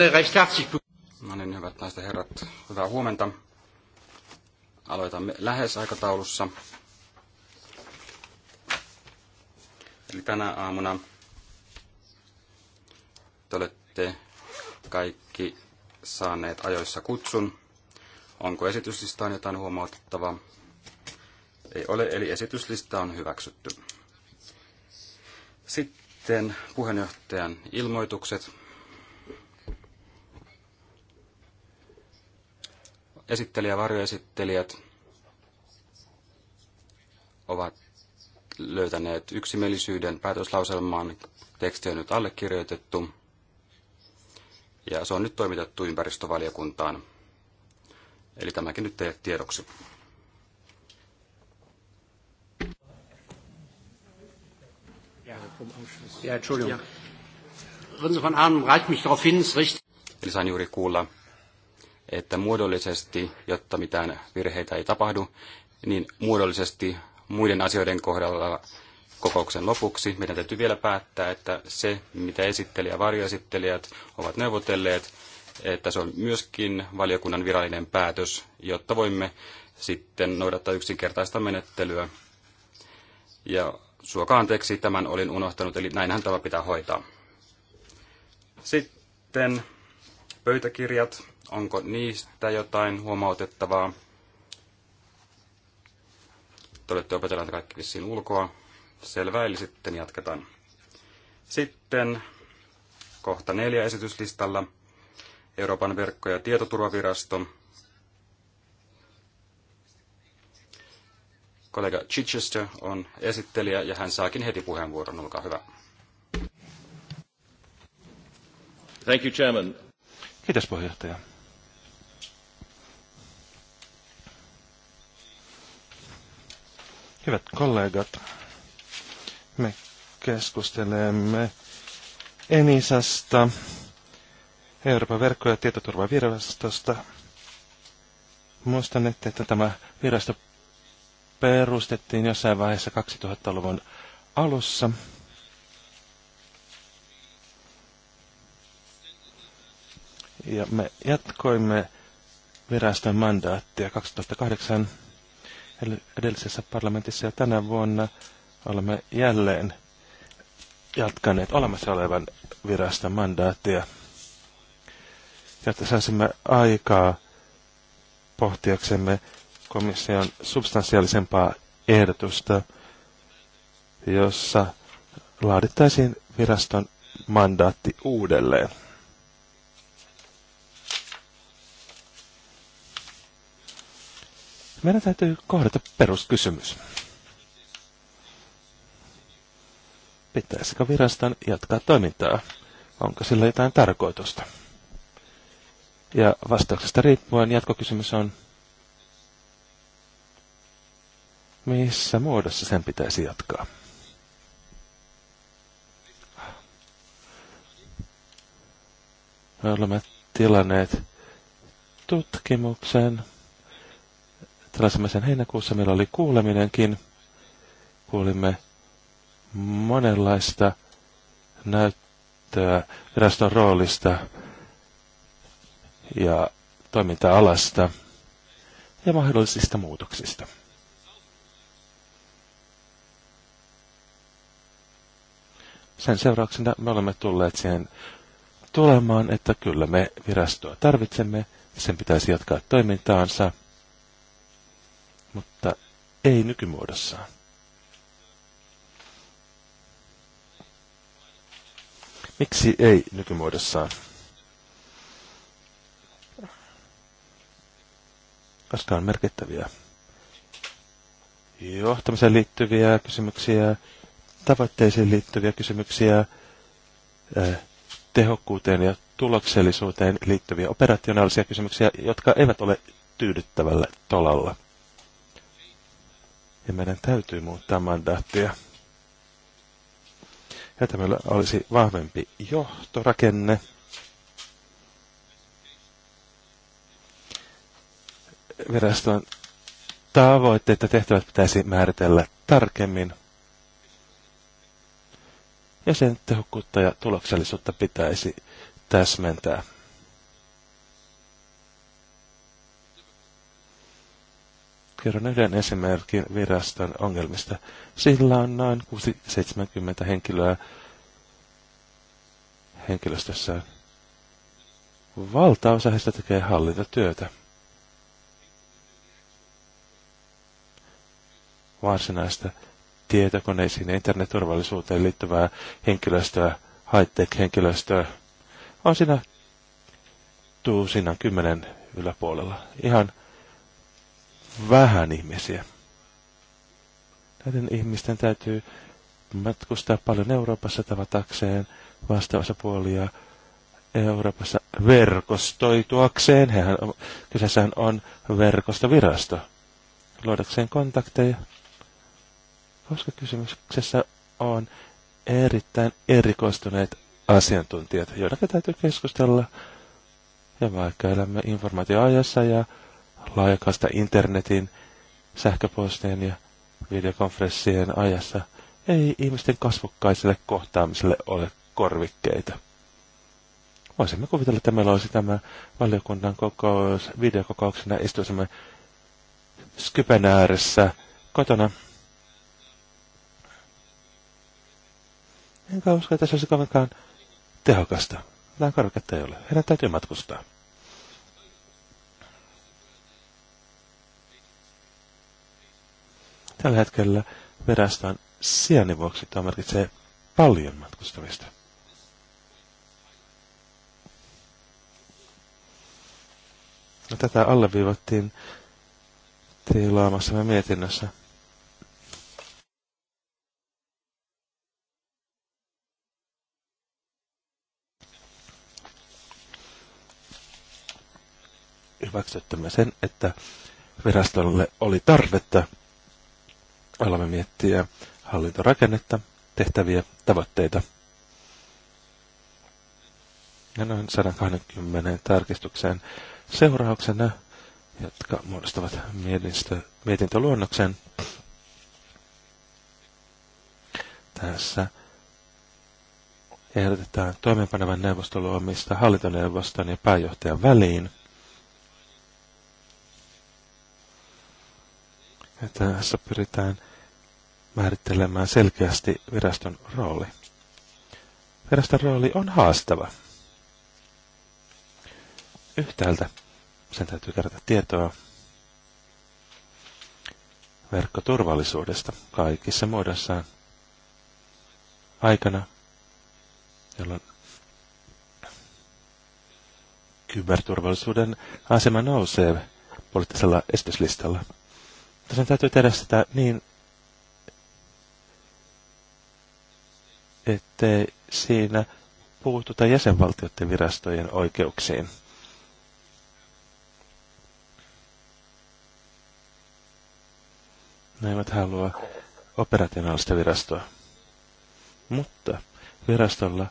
Äh, no niin, hyvät naiset ja herrat, hyvää huomenta. Aloitamme lähes aikataulussa. Eli tänä aamuna te olette kaikki saaneet ajoissa kutsun. Onko esityslistaan jotain huomautettavaa? Ei ole, eli esityslista on hyväksytty. Sitten puheenjohtajan ilmoitukset. esittelijä, varjoesittelijät ovat löytäneet yksimielisyyden päätöslauselmaan. Teksti on nyt allekirjoitettu ja se on nyt toimitettu ympäristövaliokuntaan. Eli tämäkin nyt teet tiedoksi. Ja, Entschuldigung. Rinse von Arnim reicht mich Eli sain juuri kuulla, että muodollisesti, jotta mitään virheitä ei tapahdu, niin muodollisesti muiden asioiden kohdalla kokouksen lopuksi meidän täytyy vielä päättää, että se, mitä esittelijä ja varjoesittelijät ovat neuvotelleet, että se on myöskin valiokunnan virallinen päätös, jotta voimme sitten noudattaa yksinkertaista menettelyä. Ja suokaa anteeksi, tämän olin unohtanut, eli näinhän tämä pitää hoitaa. Sitten pöytäkirjat Onko niistä jotain huomautettavaa? Te olette opetelleet kaikki vissiin ulkoa. Selvä, eli sitten jatketaan. Sitten kohta neljä esityslistalla. Euroopan verkko- ja tietoturvavirasto. Kollega Chichester on esittelijä ja hän saakin heti puheenvuoron. Olkaa hyvä. Thank you, Chairman. Kiitos puheenjohtaja. Hyvät kollegat, me keskustelemme Enisasta, Euroopan verkko- ja tietoturvavirastosta. Muistan, että tämä virasto perustettiin jossain vaiheessa 2000-luvun alussa. Ja me jatkoimme viraston mandaattia 2008 edellisessä parlamentissa ja tänä vuonna olemme jälleen jatkaneet olemassa olevan viraston mandaattia, jotta saisimme aikaa pohtiaksemme komission substantiaalisempaa ehdotusta, jossa laadittaisiin viraston mandaatti uudelleen. Meidän täytyy kohdata peruskysymys. Pitäisikö viraston jatkaa toimintaa? Onko sillä jotain tarkoitusta? Ja vastauksesta riippuen jatkokysymys on, missä muodossa sen pitäisi jatkaa? Me olemme tilanneet tutkimuksen Tällaisen heinäkuussa meillä oli kuuleminenkin. Kuulimme monenlaista näyttöä viraston roolista ja toiminta-alasta ja mahdollisista muutoksista. Sen seurauksena me olemme tulleet siihen tulemaan, että kyllä me virastoa tarvitsemme, sen pitäisi jatkaa toimintaansa – mutta ei nykymuodossaan. Miksi ei nykymuodossaan? Koska on merkittäviä johtamiseen liittyviä kysymyksiä, tavoitteisiin liittyviä kysymyksiä, eh, tehokkuuteen ja tuloksellisuuteen liittyviä operationaalisia kysymyksiä, jotka eivät ole tyydyttävällä tolalla ja meidän täytyy muuttaa mandaattia. Ja meillä olisi vahvempi johtorakenne. Viraston tavoitteet ja tehtävät pitäisi määritellä tarkemmin. Ja sen tehokkuutta ja tuloksellisuutta pitäisi täsmentää. Kerron yhden esimerkin viraston ongelmista. Sillä on noin 670 henkilöä henkilöstössään. Valtaosa heistä tekee hallintotyötä. Varsinaista tietokoneisiin ja internetturvallisuuteen liittyvää henkilöstöä, high-tech-henkilöstöä, on siinä tuusinan kymmenen yläpuolella. Ihan vähän ihmisiä. Näiden ihmisten täytyy matkustaa paljon Euroopassa tavatakseen vastaavassa puolia Euroopassa verkostoituakseen. Hehän, kyseessähän on verkostovirasto. Luodakseen kontakteja, koska kysymyksessä on erittäin erikoistuneet asiantuntijat, joiden täytyy keskustella. Ja vaikka elämme informaatioajassa ja laajakaista internetin, sähköpostien ja videokonferenssien ajassa ei ihmisten kasvokkaiselle kohtaamiselle ole korvikkeita. Voisimme kuvitella, että meillä olisi tämä valiokunnan kokous videokokouksena istuisimme Skypen ääressä kotona. Enkä usko, että se olisi kovinkaan tehokasta. Tämä korviketta ei ole. Heidän täytyy matkustaa. Tällä hetkellä verästään sijainnin vuoksi tämä merkitsee paljon matkustamista. No, tätä alleviivattiin tilaamassamme mietinnössä. Hyväksyttämme sen, että virastolle oli tarvetta Alamme miettiä hallintorakennetta, tehtäviä, tavoitteita. Ja noin 120 tarkistukseen seurauksena, jotka muodostavat mietintö, mietintöluonnoksen. Tässä ehdotetaan toimenpanevan neuvostoluomista hallintoneuvoston ja pääjohtajan väliin – että tässä pyritään määrittelemään selkeästi viraston rooli. Viraston rooli on haastava. Yhtäältä sen täytyy kerätä tietoa verkkoturvallisuudesta kaikissa muodossaan aikana, jolloin kyberturvallisuuden asema nousee poliittisella esityslistalla. Mutta sen täytyy tehdä sitä niin, ettei siinä puututa jäsenvaltioiden virastojen oikeuksiin. Ne eivät halua operationaalista virastoa. Mutta virastolla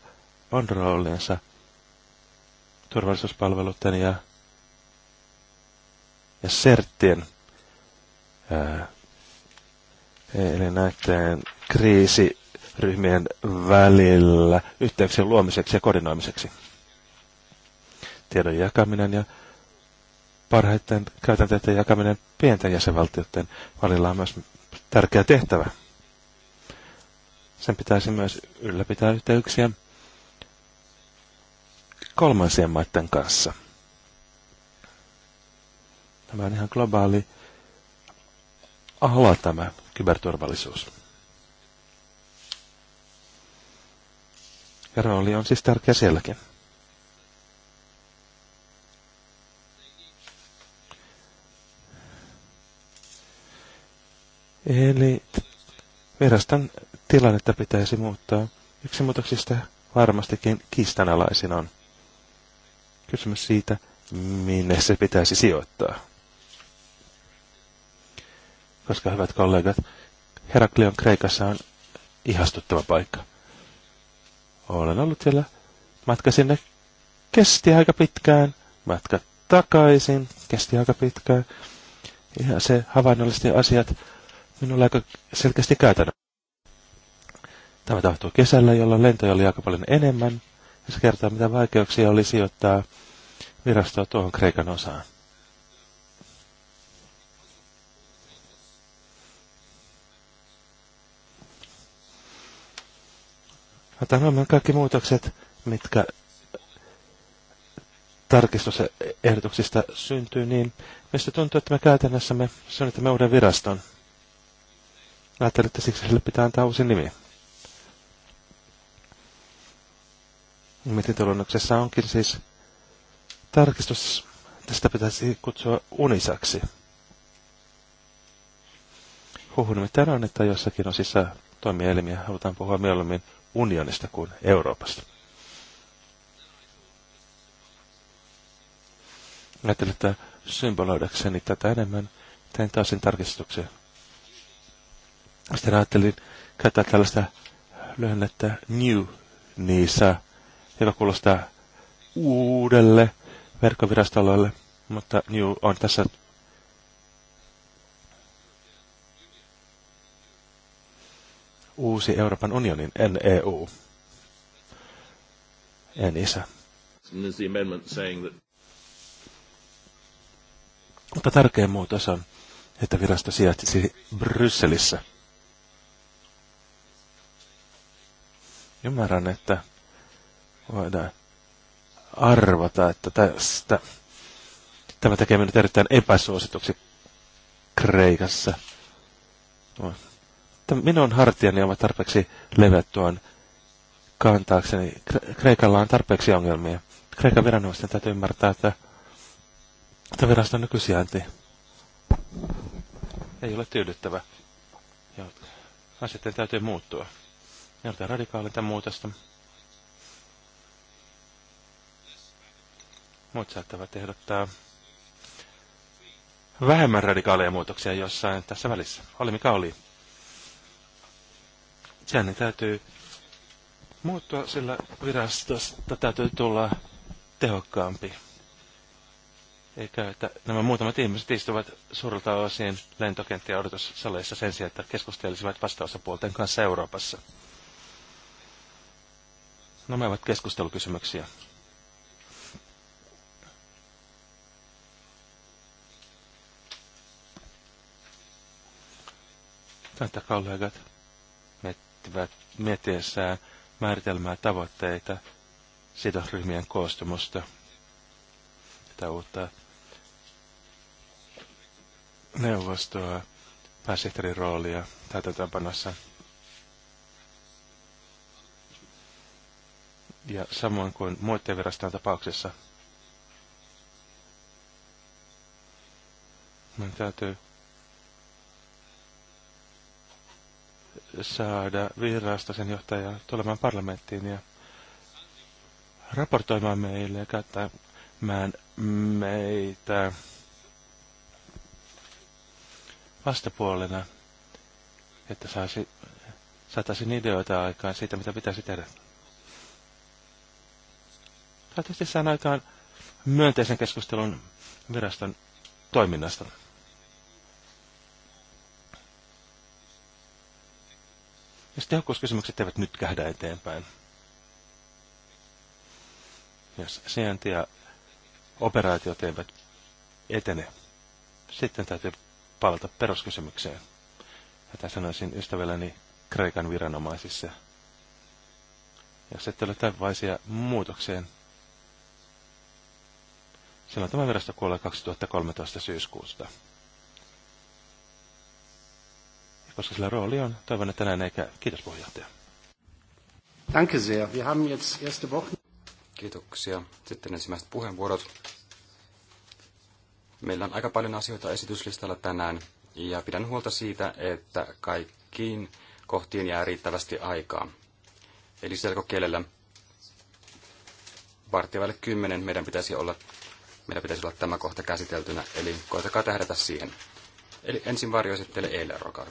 on roolinsa turvallisuuspalveluiden ja, ja serttien eli näiden kriisiryhmien välillä yhteyksien luomiseksi ja koordinoimiseksi. Tiedon jakaminen ja parhaiten käytänteiden jakaminen pienten jäsenvaltioiden välillä on myös tärkeä tehtävä. Sen pitäisi myös ylläpitää yhteyksiä kolmansien maiden kanssa. Tämä on ihan globaali ala tämä kyberturvallisuus. Ja rooli on siis tärkeä sielläkin. Eli viraston tilannetta pitäisi muuttaa. Yksi muutoksista varmastikin kiistanalaisin on kysymys siitä, minne se pitäisi sijoittaa koska hyvät kollegat, Heraklion Kreikassa on ihastuttava paikka. Olen ollut siellä. Matka sinne kesti aika pitkään. Matka takaisin kesti aika pitkään. Ja se havainnollisti asiat minulla aika selkeästi käytännön. Tämä tapahtui kesällä, jolloin lentoja oli aika paljon enemmän. Ja se kertoo, mitä vaikeuksia oli sijoittaa virastoa tuohon Kreikan osaan. Otan huomioon kaikki muutokset, mitkä tarkistusehdotuksista syntyy, niin mistä tuntuu, että me käytännössä me suunnitamme uuden viraston. Ajattelin, että siksi sille pitää antaa uusi nimi. Mietintöluonnoksessa onkin siis tarkistus, tästä pitäisi kutsua unisaksi. Huhu nimittäin on, että jossakin osissa toimielimiä halutaan puhua mieluummin unionista kuin Euroopasta. Ajattelin, että symboloidakseni tätä enemmän tein taas sen tarkistuksen. Sitten ajattelin käyttää tällaista lyhennettä New Niissä, joka kuulostaa uudelle verkkovirastolle, mutta New on tässä uusi Euroopan unionin, en EU. En isä. Mutta tärkein muutos on, että virasto sijaitsisi Brysselissä. Ymmärrän, että voidaan arvata, että tästä, tämä tekee minut erittäin epäsuosituksi Kreikassa että minun hartiani ovat tarpeeksi leveät tuon kantaakseni. Kreikalla on tarpeeksi ongelmia. Kreikan viranomaisten täytyy ymmärtää, että, että viraston nykysijainti ei ole tyydyttävä. Ja sitten täytyy muuttua. Jotain radikaalita muutosta. Muut saattavat ehdottaa vähemmän radikaaleja muutoksia jossain tässä välissä. Oli mikä oli. Sehän täytyy muuttua, sillä virastosta täytyy tulla tehokkaampi. Eikä, että nämä muutamat ihmiset istuvat suurelta osin lentokenttien odotussaleissa sen sijaan, että keskustelisivat vastaosapuolten kanssa Euroopassa. Nämä no, ovat keskustelukysymyksiä. Tätä kollegat, me miettivät miettiessään määritelmää tavoitteita, sidosryhmien koostumusta, tätä uutta neuvostoa, pääsihteerin roolia täytäntöönpanossa. Ja samoin kuin muiden virastojen tapauksessa, minun täytyy saada virrasta sen johtaja tulemaan parlamenttiin ja raportoimaan meille ja käyttämään meitä vastapuolena, että saisi, saataisiin ideoita aikaan siitä, mitä pitäisi tehdä. Toivottavasti saan aikaan myönteisen keskustelun viraston toiminnasta. tehokkuuskysymykset eivät nyt kähdä eteenpäin. Jos sijainti ja operaatiot eivät etene, sitten täytyy palata peruskysymykseen. Tätä sanoisin ystävälläni Kreikan viranomaisissa. Jos ette ole taivaisia muutokseen, silloin tämä virasto kuolee 2013 syyskuusta koska sillä rooli on. Toivon, että näin eikä. Kiitos puheenjohtaja. Danke sehr. Wir haben jetzt erste Woche. Kiitoksia. Sitten ensimmäiset puheenvuorot. Meillä on aika paljon asioita esityslistalla tänään ja pidän huolta siitä, että kaikkiin kohtiin jää riittävästi aikaa. Eli selkokielellä varttiavalle kymmenen meidän pitäisi olla, meidän pitäisi olla tämä kohta käsiteltynä, eli koetakaa tähdätä siihen. Eli ensin varjoesittele eilen, olkaa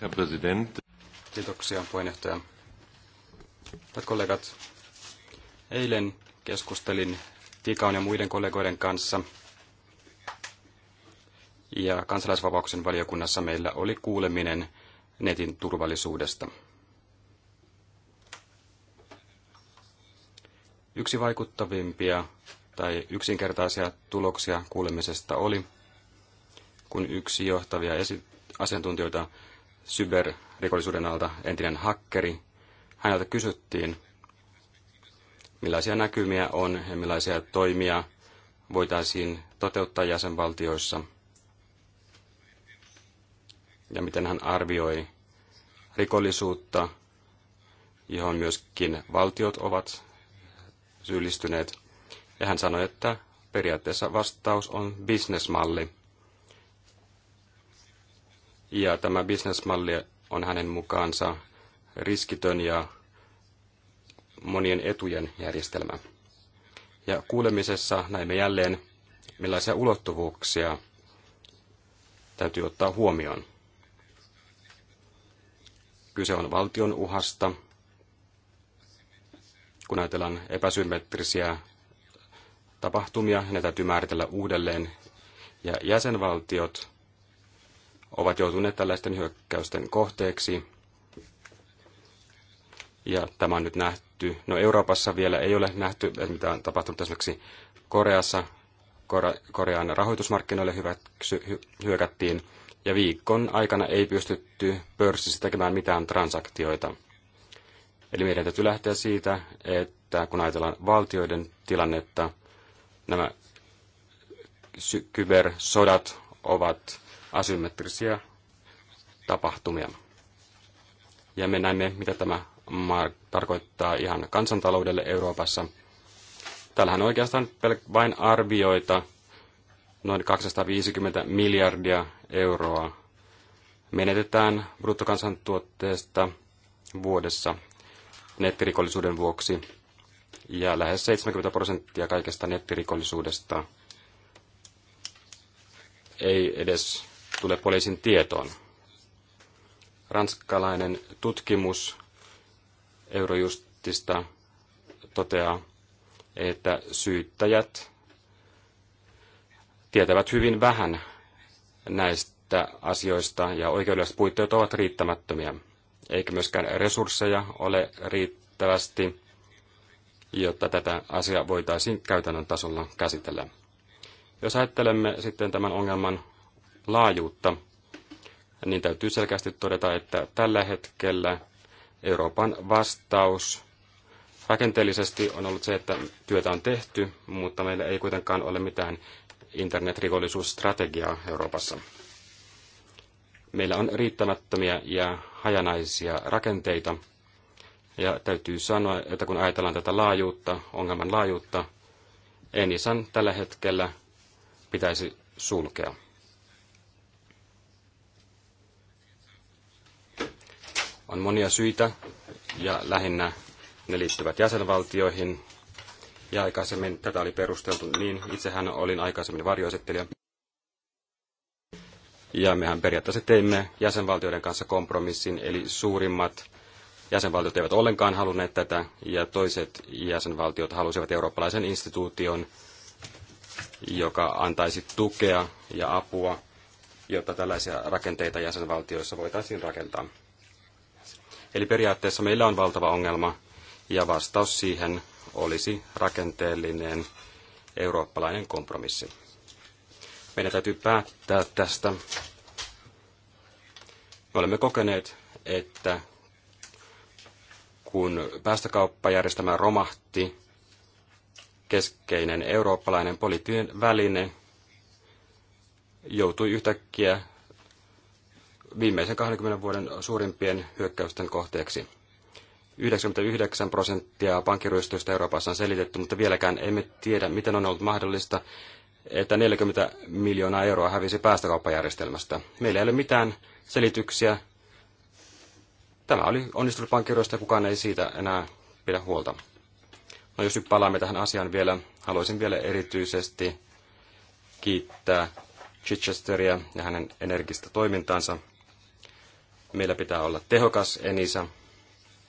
Herr President. Kiitoksia puheenjohtaja. Hyvät kollegat, eilen keskustelin Tikaun ja muiden kollegoiden kanssa ja kansalaisvapauksen valiokunnassa meillä oli kuuleminen netin turvallisuudesta. Yksi vaikuttavimpia tai yksinkertaisia tuloksia kuulemisesta oli, kun yksi johtavia esi- asiantuntijoita cyberrikollisuuden alta entinen hakkeri. Häneltä kysyttiin, millaisia näkymiä on ja millaisia toimia voitaisiin toteuttaa jäsenvaltioissa ja miten hän arvioi rikollisuutta, johon myöskin valtiot ovat syyllistyneet. Ja hän sanoi, että periaatteessa vastaus on bisnesmalli, ja tämä bisnesmalli on hänen mukaansa riskitön ja monien etujen järjestelmä. Ja kuulemisessa näimme jälleen, millaisia ulottuvuuksia täytyy ottaa huomioon. Kyse on valtion uhasta, kun ajatellaan epäsymmetrisiä tapahtumia, ne täytyy määritellä uudelleen. Ja jäsenvaltiot ovat joutuneet tällaisten hyökkäysten kohteeksi. Ja tämä on nyt nähty. No Euroopassa vielä ei ole nähty, että mitä on tapahtunut esimerkiksi Koreassa. Korean rahoitusmarkkinoille hyväksy, hyökättiin ja viikon aikana ei pystytty pörssissä tekemään mitään transaktioita. Eli meidän täytyy lähteä siitä, että kun ajatellaan valtioiden tilannetta, nämä kybersodat ovat asymmetrisiä tapahtumia. Ja me näemme, mitä tämä maa tarkoittaa ihan kansantaloudelle Euroopassa. Täällähän on oikeastaan vain arvioita noin 250 miljardia euroa menetetään bruttokansantuotteesta vuodessa nettirikollisuuden vuoksi. Ja lähes 70 prosenttia kaikesta nettirikollisuudesta ei edes tule poliisin tietoon. Ranskalainen tutkimus Eurojustista toteaa, että syyttäjät tietävät hyvin vähän näistä asioista ja oikeudelliset puitteet ovat riittämättömiä, eikä myöskään resursseja ole riittävästi, jotta tätä asiaa voitaisiin käytännön tasolla käsitellä. Jos ajattelemme sitten tämän ongelman laajuutta, niin täytyy selkeästi todeta, että tällä hetkellä Euroopan vastaus rakenteellisesti on ollut se, että työtä on tehty, mutta meillä ei kuitenkaan ole mitään internetrikollisuusstrategiaa Euroopassa. Meillä on riittämättömiä ja hajanaisia rakenteita, ja täytyy sanoa, että kun ajatellaan tätä laajuutta, ongelman laajuutta, Enisan tällä hetkellä pitäisi sulkea. On monia syitä ja lähinnä ne liittyvät jäsenvaltioihin. Ja aikaisemmin tätä oli perusteltu niin, itsehän olin aikaisemmin varjoesittelijä. Ja mehän periaatteessa teimme jäsenvaltioiden kanssa kompromissin, eli suurimmat jäsenvaltiot eivät ollenkaan halunneet tätä, ja toiset jäsenvaltiot halusivat eurooppalaisen instituution, joka antaisi tukea ja apua, jotta tällaisia rakenteita jäsenvaltioissa voitaisiin rakentaa. Eli periaatteessa meillä on valtava ongelma ja vastaus siihen olisi rakenteellinen eurooppalainen kompromissi. Meidän täytyy päättää tästä. Me olemme kokeneet, että kun päästökauppajärjestelmä romahti, keskeinen eurooppalainen poliittinen väline joutui yhtäkkiä viimeisen 20 vuoden suurimpien hyökkäysten kohteeksi. 99 prosenttia pankkiryöstöistä Euroopassa on selitetty, mutta vieläkään emme tiedä, miten on ollut mahdollista, että 40 miljoonaa euroa hävisi päästökauppajärjestelmästä. Meillä ei ole mitään selityksiä. Tämä oli onnistunut pankkiryöstö ja kukaan ei siitä enää pidä huolta. No jos nyt palaamme tähän asiaan vielä, haluaisin vielä erityisesti kiittää Chichesteria ja hänen energistä toimintaansa. Meillä pitää olla tehokas Enisa.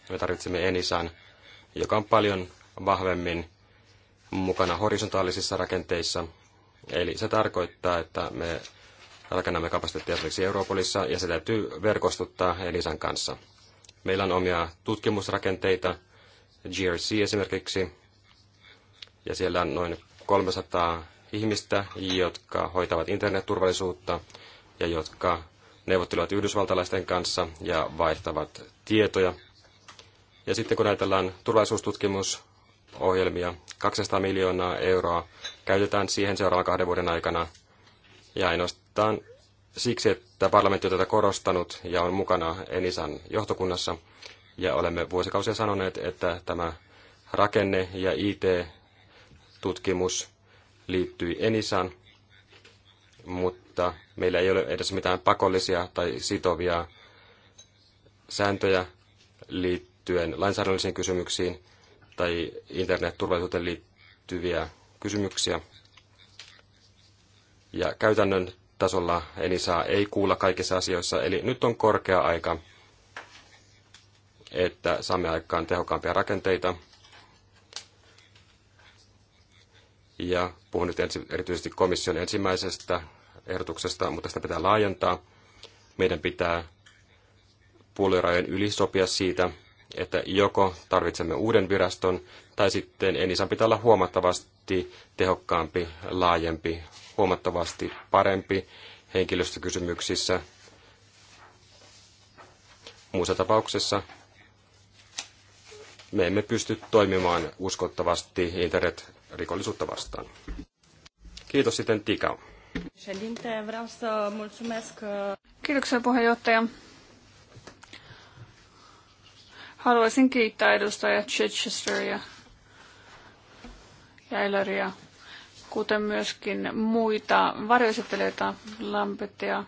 Me tarvitsemme Enisan, joka on paljon vahvemmin mukana horisontaalisissa rakenteissa. Eli se tarkoittaa, että me rakennamme kapasiteettia esimerkiksi Europolissa ja se täytyy verkostuttaa Elisan kanssa. Meillä on omia tutkimusrakenteita, GRC esimerkiksi, ja siellä on noin 300 ihmistä, jotka hoitavat internetturvallisuutta ja jotka neuvottelevat yhdysvaltalaisten kanssa ja vaihtavat tietoja. Ja sitten kun ajatellaan turvallisuustutkimusohjelmia, 200 miljoonaa euroa käytetään siihen seuraavan kahden vuoden aikana. Ja ainoastaan siksi, että parlamentti on tätä korostanut ja on mukana Enisan johtokunnassa. Ja olemme vuosikausia sanoneet, että tämä rakenne- ja IT-tutkimus liittyy Enisan mutta meillä ei ole edes mitään pakollisia tai sitovia sääntöjä liittyen lainsäädännöllisiin kysymyksiin tai internetturvallisuuteen liittyviä kysymyksiä. Ja käytännön tasolla saa ei kuulla kaikissa asioissa, eli nyt on korkea aika, että saamme aikaan tehokkaampia rakenteita – Ja puhun nyt ensi, erityisesti komission ensimmäisestä ehdotuksesta, mutta sitä pitää laajentaa. Meidän pitää puoluerajojen yli sopia siitä, että joko tarvitsemme uuden viraston, tai sitten Enisan pitää olla huomattavasti tehokkaampi, laajempi, huomattavasti parempi henkilöstökysymyksissä. Muussa tapauksessa me emme pysty toimimaan uskottavasti internet-rikollisuutta vastaan. Kiitos sitten Tika. Uh, Kiitoksia puheenjohtaja. Haluaisin kiittää edustaja Chichesteria ja Eileria, kuten myöskin muita varjoesittelijöitä, Lampetia,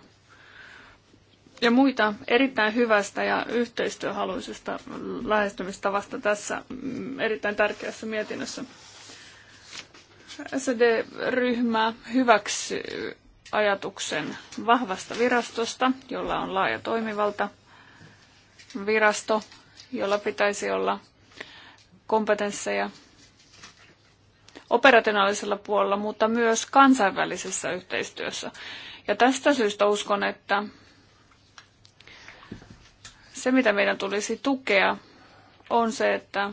ja muita erittäin hyvästä ja yhteistyöhaluisesta lähestymistavasta tässä mm, erittäin tärkeässä mietinnössä. SD-ryhmä hyväksyi ajatuksen vahvasta virastosta, jolla on laaja toimivalta virasto, jolla pitäisi olla kompetensseja operationaalisella puolella, mutta myös kansainvälisessä yhteistyössä. Ja tästä syystä uskon, että se, mitä meidän tulisi tukea, on se, että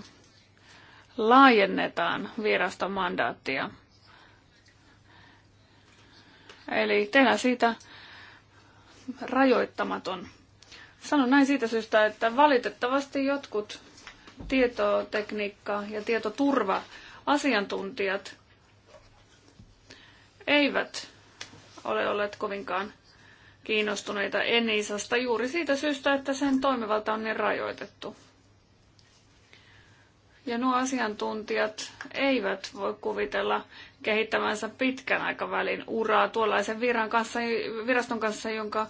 laajennetaan viraston mandaattia. Eli tehdään siitä rajoittamaton. Sanon näin siitä syystä, että valitettavasti jotkut tietotekniikka- ja tietoturva-asiantuntijat eivät ole olleet kovinkaan kiinnostuneita Enisasta juuri siitä syystä, että sen toimivalta on niin rajoitettu. Ja nuo asiantuntijat eivät voi kuvitella kehittävänsä pitkän aikavälin uraa tuollaisen viran kanssa, viraston kanssa, jonka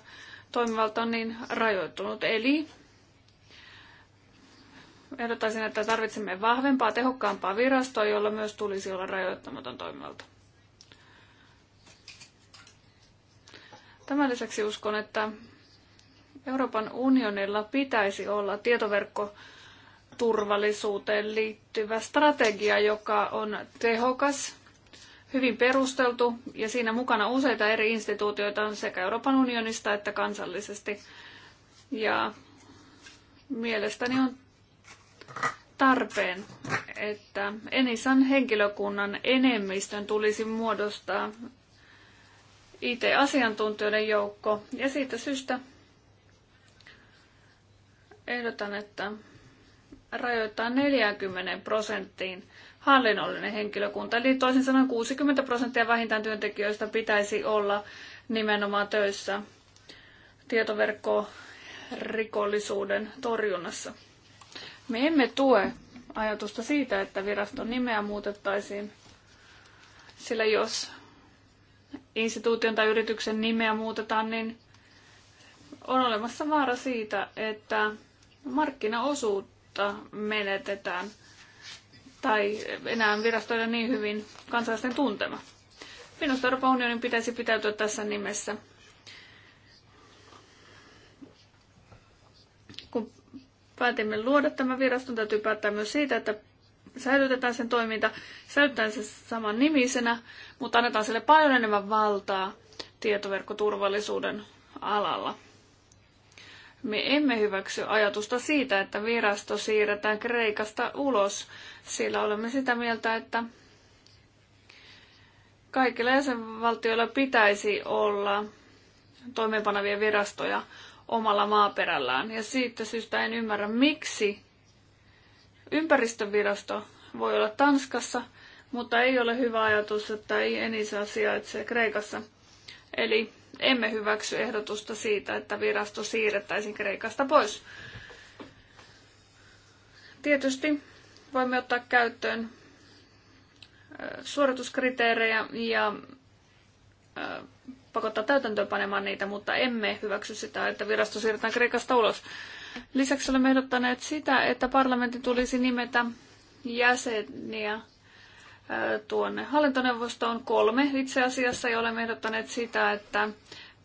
toimivalta on niin rajoittunut. Eli ehdottaisin, että tarvitsemme vahvempaa, tehokkaampaa virastoa, jolla myös tulisi olla rajoittamaton toimivalta. Tämän lisäksi uskon, että Euroopan unionilla pitäisi olla tietoverkkoturvallisuuteen liittyvä strategia, joka on tehokas, hyvin perusteltu ja siinä mukana useita eri instituutioita on sekä Euroopan unionista että kansallisesti. Ja mielestäni on tarpeen, että Enisan henkilökunnan enemmistön tulisi muodostaa IT-asiantuntijoiden joukko. Ja siitä syystä ehdotan, että rajoittaa 40 prosenttiin hallinnollinen henkilökunta. Eli toisin sanoen 60 prosenttia vähintään työntekijöistä pitäisi olla nimenomaan töissä tietoverkkorikollisuuden torjunnassa. Me emme tue ajatusta siitä, että viraston nimeä muutettaisiin, sillä jos instituution tai yrityksen nimeä muutetaan, niin on olemassa vaara siitä, että markkinaosuutta menetetään tai enää virastoida niin hyvin kansalaisten tuntema. Minusta Euroopan unionin pitäisi pitäytyä tässä nimessä. Kun päätimme luoda tämän viraston, täytyy päättää myös siitä, että säilytetään sen toiminta, säilytetään se saman nimisenä, mutta annetaan sille paljon enemmän valtaa tietoverkkoturvallisuuden alalla. Me emme hyväksy ajatusta siitä, että virasto siirretään Kreikasta ulos, sillä olemme sitä mieltä, että kaikilla jäsenvaltioilla pitäisi olla toimeenpanavia virastoja omalla maaperällään. Ja siitä syystä en ymmärrä, miksi Ympäristövirasto voi olla Tanskassa, mutta ei ole hyvä ajatus, että ei Enisa sijaitsee Kreikassa. Eli emme hyväksy ehdotusta siitä, että virasto siirrettäisiin Kreikasta pois. Tietysti voimme ottaa käyttöön suorituskriteerejä ja pakottaa panemaan niitä, mutta emme hyväksy sitä, että virasto siirretään Kreikasta ulos. Lisäksi olemme ehdottaneet sitä, että parlamentin tulisi nimetä jäseniä tuonne hallintoneuvostoon kolme itse asiassa, ja olemme ehdottaneet sitä, että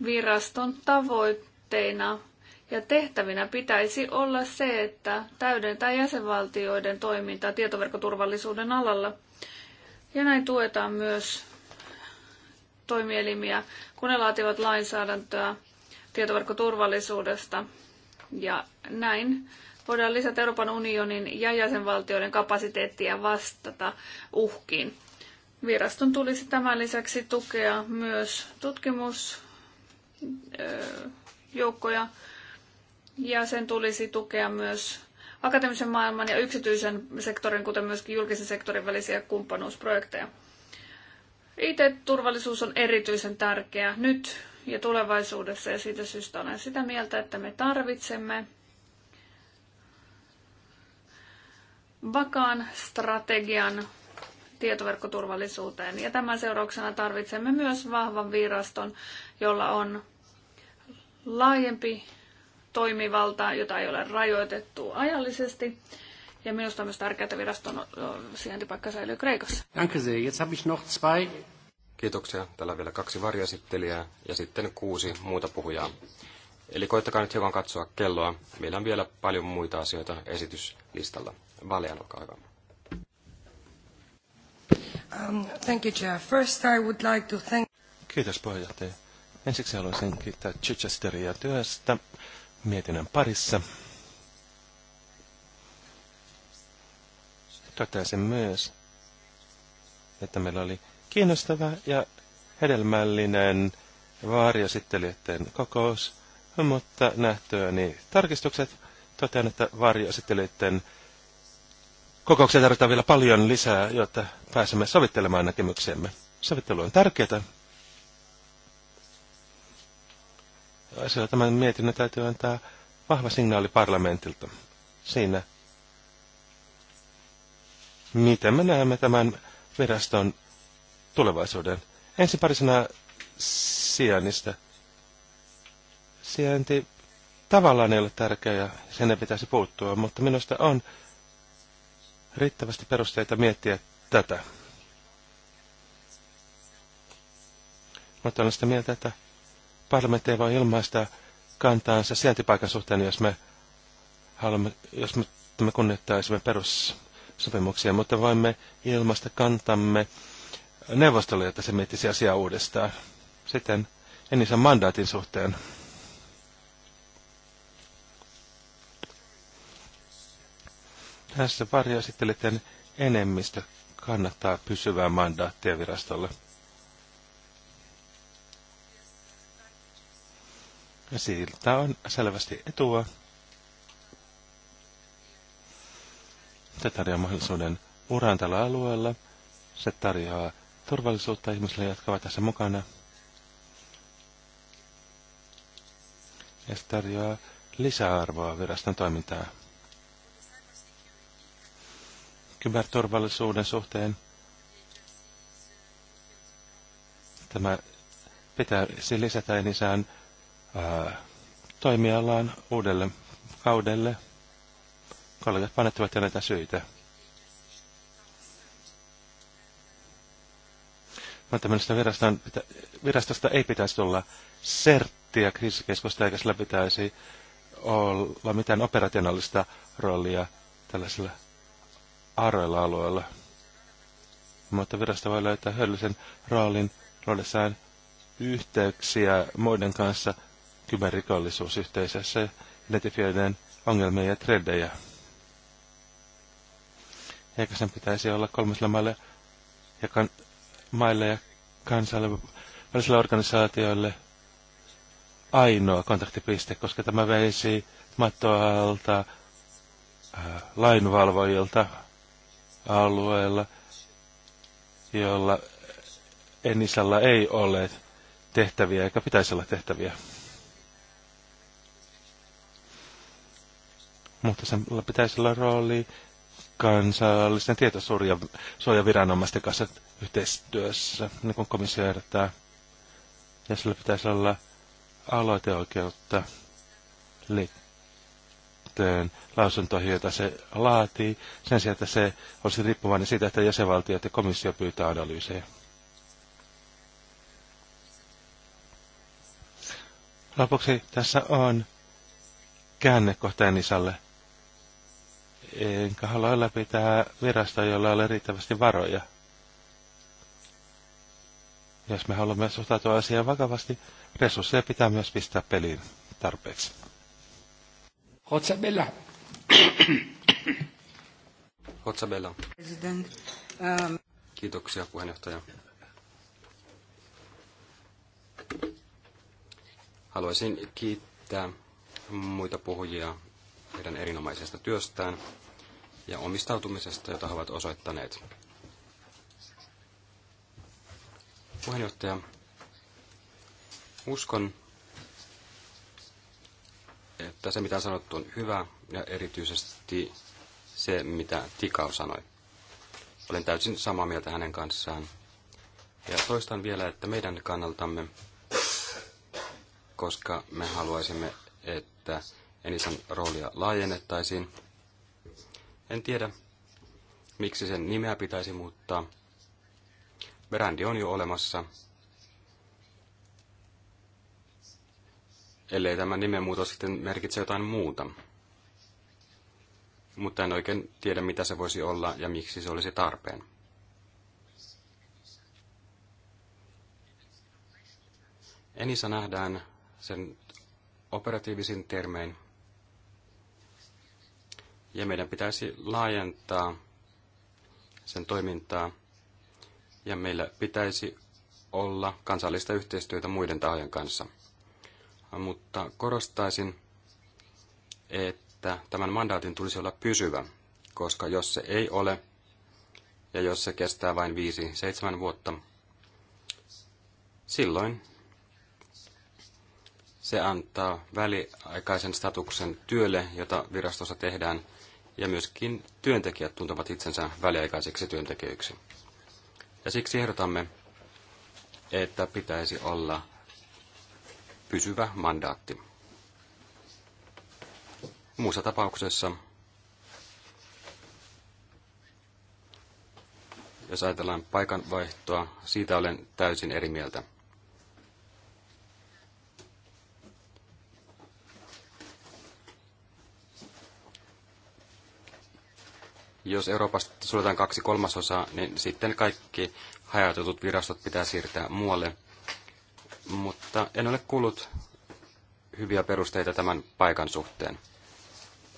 viraston tavoitteena ja tehtävinä pitäisi olla se, että täydentää jäsenvaltioiden toimintaa tietoverkkoturvallisuuden alalla. Ja näin tuetaan myös toimielimiä, kun ne laativat lainsäädäntöä tietoverkkoturvallisuudesta ja näin voidaan lisätä Euroopan unionin ja jäsenvaltioiden kapasiteettia vastata uhkiin. Viraston tulisi tämän lisäksi tukea myös tutkimusjoukkoja ja sen tulisi tukea myös akateemisen maailman ja yksityisen sektorin, kuten myöskin julkisen sektorin välisiä kumppanuusprojekteja. IT-turvallisuus on erityisen tärkeää nyt ja tulevaisuudessa ja siitä syystä olen sitä mieltä, että me tarvitsemme vakaan strategian tietoverkkoturvallisuuteen. Ja tämän seurauksena tarvitsemme myös vahvan viraston, jolla on laajempi toimivalta, jota ei ole rajoitettu ajallisesti. Ja minusta on myös tärkeää, että viraston sijaintipaikka säilyy Kreikassa. Danke sehr. Jetzt habe ich noch zwei Kiitoksia. Täällä on vielä kaksi varjasittelijää ja sitten kuusi muuta puhujaa. Eli koittakaa nyt hiukan katsoa kelloa. Meillä on vielä paljon muita asioita esityslistalla. Valean, olkaa hyvä. Um, thank you, Chair. First I would like to thank... Kiitos puheenjohtaja. Ensiksi haluaisin kiittää Chichesteria työstä mietinnän parissa. Toteaisin myös, että meillä oli kiinnostava ja hedelmällinen varjoesittelijöiden kokous, mutta nähtyäni tarkistukset totean, että varjoesittelijöiden kokouksia tarvitaan vielä paljon lisää, jotta pääsemme sovittelemaan näkemyksemme. Sovittelu on tärkeää. Sillä tämän mietinnön täytyy antaa vahva signaali parlamentilta siinä, miten me näemme tämän viraston tulevaisuuden. Ensin pari sanaa sijainnista. Sijainti tavallaan ei ole tärkeä ja sen ei pitäisi puuttua, mutta minusta on riittävästi perusteita miettiä tätä. Mutta olen sitä mieltä, että parlamentti ei voi ilmaista kantaansa sijaintipaikan suhteen, jos me, haluamme, jos me, me kunnioittaisimme perussopimuksia, mutta voimme ilmaista kantamme neuvostolle, että se miettisi asiaa uudestaan. Sitten Enisan mandaatin suhteen. Tässä varjoesittelijöiden niin enemmistö kannattaa pysyvää mandaattia virastolle. Ja siltä on selvästi etua. Se tarjoaa mahdollisuuden uran tällä alueella. Se tarjoaa turvallisuutta ihmisille, jotka ovat tässä mukana. Ja se tarjoaa lisäarvoa viraston toimintaa. Kyberturvallisuuden suhteen tämä pitäisi lisätä Enisään ää, toimialaan uudelle kaudelle. Kollegat panettavat jo näitä syitä. Mutta minusta viraston, virastosta ei pitäisi olla serttiä kriisikeskusta, eikä sillä pitäisi olla mitään operationaalista roolia tällaisilla aroilla alueella. Mutta virasto voi löytää hyödyllisen roolin roolissaan yhteyksiä muiden kanssa kyberrikollisuusyhteisössä identifioiden ongelmia ja trendejä. Eikä sen pitäisi olla kolmaselle maille ja kan- maille ja kansainvälisille organisaatioille ainoa kontaktipiste, koska tämä veisi mattoalta äh, lainvalvojilta alueella, jolla Enisalla ei ole tehtäviä eikä pitäisi olla tehtäviä. Mutta sen pitäisi olla rooli kansallisten tietosuojaviranomaisten kanssa yhteistyössä, niin kuin komissio ehdottaa. Ja sillä pitäisi olla aloiteoikeutta liittyen lausuntoihin, joita se laatii, sen sijaan, että se olisi riippuvainen siitä, että jäsenvaltiot ja komissio pyytää analyysejä. Lopuksi tässä on käännekohta Enisalle enkä halua ylläpitää virasta, jolla ei ole riittävästi varoja. Jos me haluamme suhtautua asiaan vakavasti, resursseja pitää myös pistää peliin tarpeeksi. Hotsabella. Hotsabella. Um, Kiitoksia puheenjohtaja. Haluaisin kiittää muita puhujia heidän erinomaisesta työstään ja omistautumisesta, jota he ovat osoittaneet. Puheenjohtaja, uskon, että se mitä sanottu on hyvä ja erityisesti se mitä Tikau sanoi. Olen täysin samaa mieltä hänen kanssaan. Ja toistan vielä, että meidän kannaltamme, koska me haluaisimme, että Enisan roolia laajennettaisiin, en tiedä, miksi sen nimeä pitäisi muuttaa. Brändi on jo olemassa. Ellei tämä nimenmuutos sitten merkitse jotain muuta. Mutta en oikein tiedä, mitä se voisi olla ja miksi se olisi tarpeen. Enissä nähdään sen operatiivisin termein ja meidän pitäisi laajentaa sen toimintaa ja meillä pitäisi olla kansallista yhteistyötä muiden tahojen kanssa. Mutta korostaisin, että tämän mandaatin tulisi olla pysyvä, koska jos se ei ole, ja jos se kestää vain 5-7 vuotta, silloin se antaa väliaikaisen statuksen työlle, jota virastossa tehdään, ja myöskin työntekijät tuntevat itsensä väliaikaisiksi työntekijöiksi. Ja siksi ehdotamme, että pitäisi olla pysyvä mandaatti. Muussa tapauksessa, jos ajatellaan paikanvaihtoa, siitä olen täysin eri mieltä. Jos Euroopasta suljetaan kaksi kolmasosaa, niin sitten kaikki hajautetut virastot pitää siirtää muualle. Mutta en ole kuullut hyviä perusteita tämän paikan suhteen.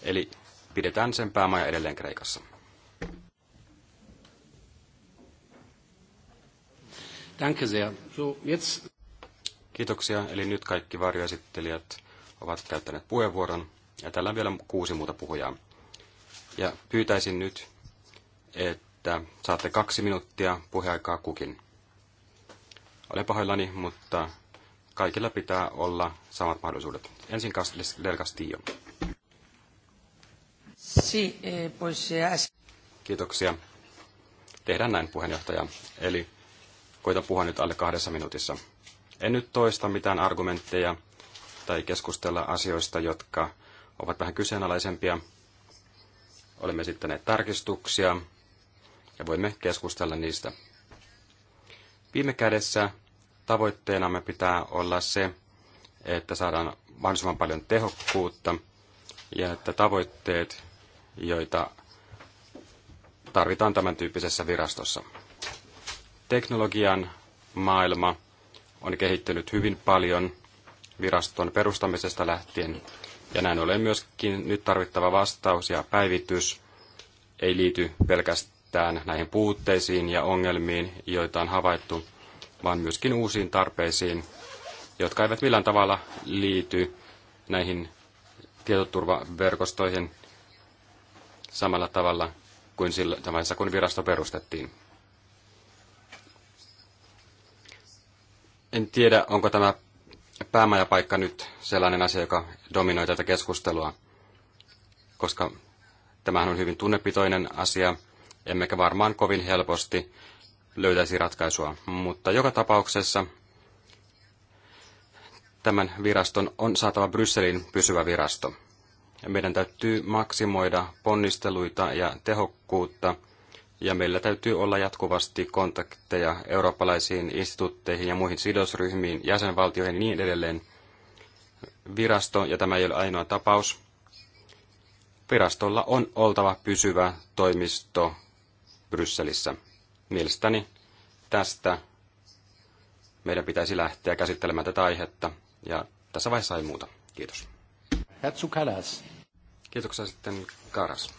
Eli pidetään sen päämaja edelleen Kreikassa. Danke sehr. So, jetzt... Kiitoksia. Eli nyt kaikki varjoesittelijät ovat käyttäneet puheenvuoron. Ja täällä on vielä kuusi muuta puhujaa. Ja pyytäisin nyt, että saatte kaksi minuuttia puheaikaa kukin. Olen pahoillani, mutta kaikilla pitää olla samat mahdollisuudet. Ensin Del Castillo. Si, eh, pues, eh, Kiitoksia. Tehdään näin, puheenjohtaja. Eli koitan puhua nyt alle kahdessa minuutissa. En nyt toista mitään argumentteja tai keskustella asioista, jotka ovat vähän kyseenalaisempia, Olemme esittäneet tarkistuksia ja voimme keskustella niistä. Viime kädessä tavoitteenamme pitää olla se, että saadaan mahdollisimman paljon tehokkuutta ja että tavoitteet, joita tarvitaan tämän tyyppisessä virastossa. Teknologian maailma on kehittynyt hyvin paljon viraston perustamisesta lähtien ja näin ollen myöskin nyt tarvittava vastaus ja päivitys ei liity pelkästään näihin puutteisiin ja ongelmiin, joita on havaittu, vaan myöskin uusiin tarpeisiin, jotka eivät millään tavalla liity näihin tietoturvaverkostoihin samalla tavalla kuin sillä tavalla, kun virasto perustettiin. En tiedä, onko tämä päämajapaikka nyt sellainen asia, joka dominoi tätä keskustelua, koska tämähän on hyvin tunnepitoinen asia, emmekä varmaan kovin helposti löytäisi ratkaisua. Mutta joka tapauksessa tämän viraston on saatava Brysselin pysyvä virasto. Meidän täytyy maksimoida ponnisteluita ja tehokkuutta – ja meillä täytyy olla jatkuvasti kontakteja eurooppalaisiin instituutteihin ja muihin sidosryhmiin, jäsenvaltioihin ja niin edelleen. Virasto, ja tämä ei ole ainoa tapaus, virastolla on oltava pysyvä toimisto Brysselissä. Mielestäni tästä meidän pitäisi lähteä käsittelemään tätä aihetta, ja tässä vaiheessa ei muuta. Kiitos. Kiitoksia sitten Karas.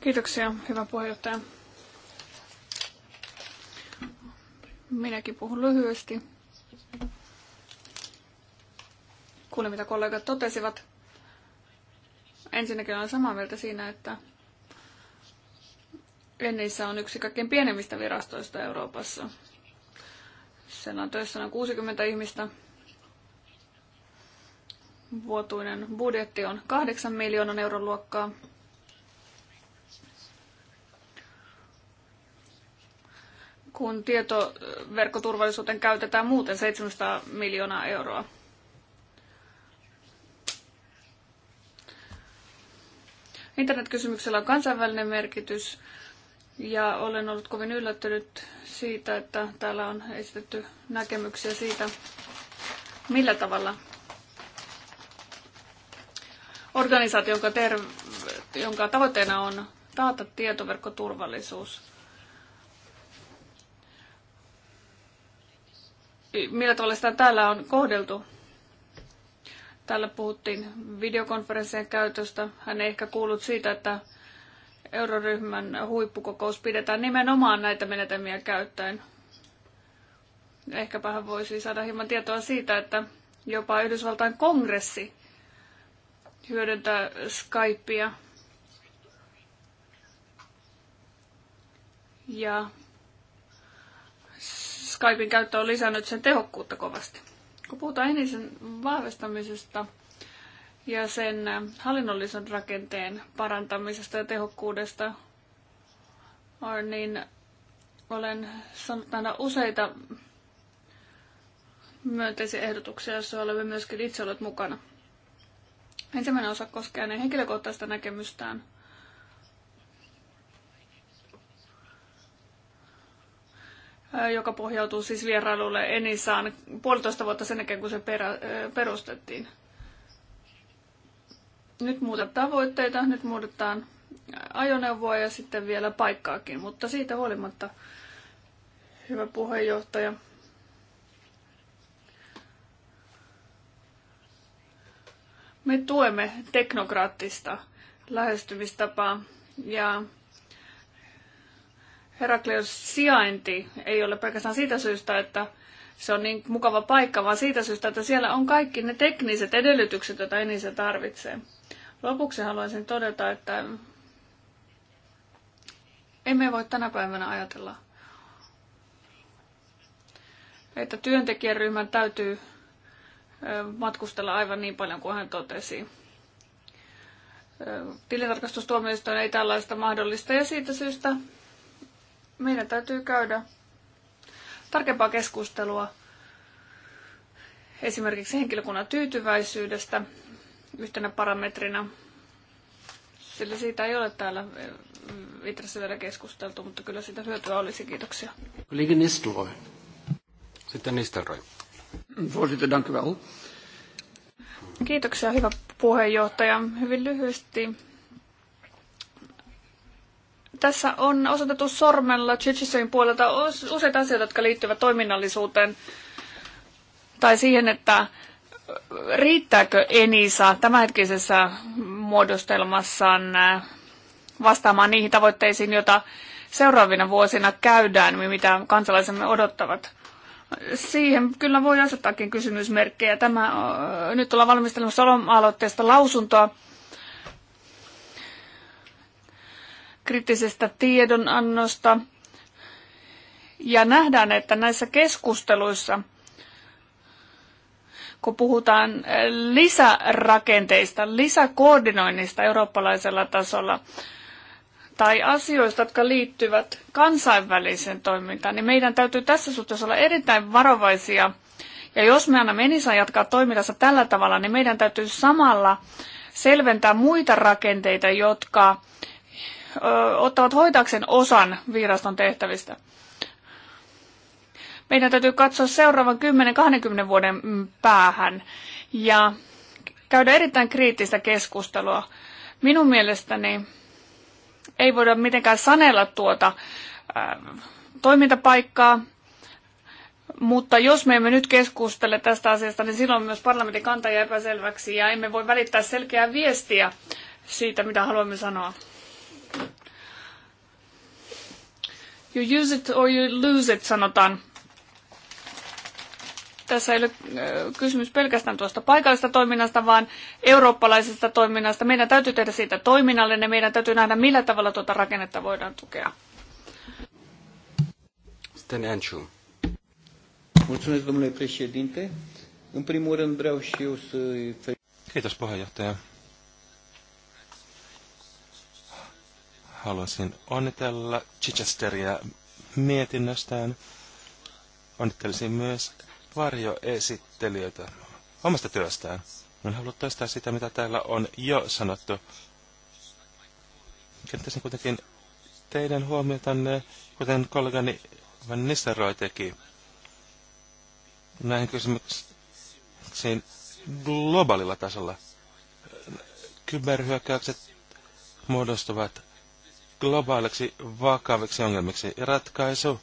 Kiitoksia, hyvä puheenjohtaja. Minäkin puhun lyhyesti. Kuulin, mitä kollegat totesivat. Ensinnäkin olen samaa mieltä siinä, että Ennissä on yksi kaikkein pienemmistä virastoista Euroopassa. Sen on töissä noin 60 ihmistä vuotuinen budjetti on 8 miljoonan euron luokkaa. kun tietoverkkoturvallisuuteen käytetään muuten 700 miljoonaa euroa. Internetkysymyksellä on kansainvälinen merkitys ja olen ollut kovin yllättynyt siitä, että täällä on esitetty näkemyksiä siitä, millä tavalla organisaatio, jonka, ter- jonka tavoitteena on taata tietoverkkoturvallisuus. Millä tavalla sitä täällä on kohdeltu? Täällä puhuttiin videokonferenssien käytöstä. Hän ei ehkä kuullut siitä, että euroryhmän huippukokous pidetään nimenomaan näitä menetelmiä käyttäen. Ehkäpä hän voisi saada hieman tietoa siitä, että jopa Yhdysvaltain kongressi hyödyntää Skypea. Ja Skypein käyttö on lisännyt sen tehokkuutta kovasti. Kun puhutaan eniten vahvistamisesta ja sen hallinnollisen rakenteen parantamisesta ja tehokkuudesta, niin olen saanut aina useita myönteisiä ehdotuksia, joissa olemme myöskin itse olleet mukana. Ensimmäinen osa koskee hänen henkilökohtaista näkemystään. joka pohjautuu siis vierailulle Enisaan puolitoista vuotta sen jälkeen, kun se perä, perustettiin. Nyt muutetaan tavoitteita, nyt muutetaan ajoneuvoa ja sitten vielä paikkaakin, mutta siitä huolimatta, hyvä puheenjohtaja, Me tuemme teknokraattista lähestymistapaa ja Herakleos sijainti ei ole pelkästään siitä syystä, että se on niin mukava paikka, vaan siitä syystä, että siellä on kaikki ne tekniset edellytykset, joita se tarvitsee. Lopuksi haluaisin todeta, että emme voi tänä päivänä ajatella, että työntekijäryhmän täytyy matkustella aivan niin paljon kuin hän totesi. Tilintarkastustuomioistuin ei tällaista mahdollista ja siitä syystä meidän täytyy käydä tarkempaa keskustelua esimerkiksi henkilökunnan tyytyväisyydestä yhtenä parametrina, sillä siitä ei ole täällä Vitrassa vielä keskusteltu, mutta kyllä siitä hyötyä olisi. Kiitoksia. Kollega Sitten Nistelroi. Voorzitter, dank u wel. Kiitoksia, hyvä puheenjohtaja. Hyvin lyhyesti. Tässä on osoitettu sormella Chichisöin puolelta useita asioita, jotka liittyvät toiminnallisuuteen tai siihen, että riittääkö Enisa tämänhetkisessä muodostelmassaan vastaamaan niihin tavoitteisiin, joita seuraavina vuosina käydään, mitä kansalaisemme odottavat. Siihen kyllä voi asettaakin kysymysmerkkejä. Tämä, nyt ollaan valmistelemassa aloitteesta lausuntoa kriittisestä tiedonannosta. Ja nähdään, että näissä keskusteluissa, kun puhutaan lisärakenteista, lisäkoordinoinnista eurooppalaisella tasolla, tai asioista, jotka liittyvät kansainväliseen toimintaan, niin meidän täytyy tässä suhteessa olla erittäin varovaisia. Ja jos me annamme Enisan jatkaa toimintansa tällä tavalla, niin meidän täytyy samalla selventää muita rakenteita, jotka ö, ottavat hoitakseen osan viraston tehtävistä. Meidän täytyy katsoa seuraavan 10-20 vuoden päähän ja käydä erittäin kriittistä keskustelua. Minun mielestäni ei voida mitenkään sanella tuota ähm, toimintapaikkaa, mutta jos me emme nyt keskustele tästä asiasta, niin silloin myös parlamentin kanta jää epäselväksi ja emme voi välittää selkeää viestiä siitä, mitä haluamme sanoa. You use it or you lose it, sanotaan. Tässä ei ole kysymys pelkästään tuosta paikallisesta toiminnasta, vaan eurooppalaisesta toiminnasta. Meidän täytyy tehdä siitä toiminnallinen, meidän täytyy nähdä, millä tavalla tuota rakennetta voidaan tukea. Sitten Andrew. Mulțumesc, domnule președinte. În primul rând vreau și eu să... Kiitos, puheenjohtaja. Haluaisin onnitella Chichesteria mietinnöstään. Onnittelisin myös varjoesittelijöitä omasta työstään. En halua toistaa sitä, mitä täällä on jo sanottu. Kenttäisin kuitenkin teidän huomiotanne, kuten kollegani Van Nistelrooy teki, näihin kysymyksiin globaalilla tasolla. Kyberhyökkäykset muodostuvat globaaliksi vakaviksi ongelmiksi ratkaisu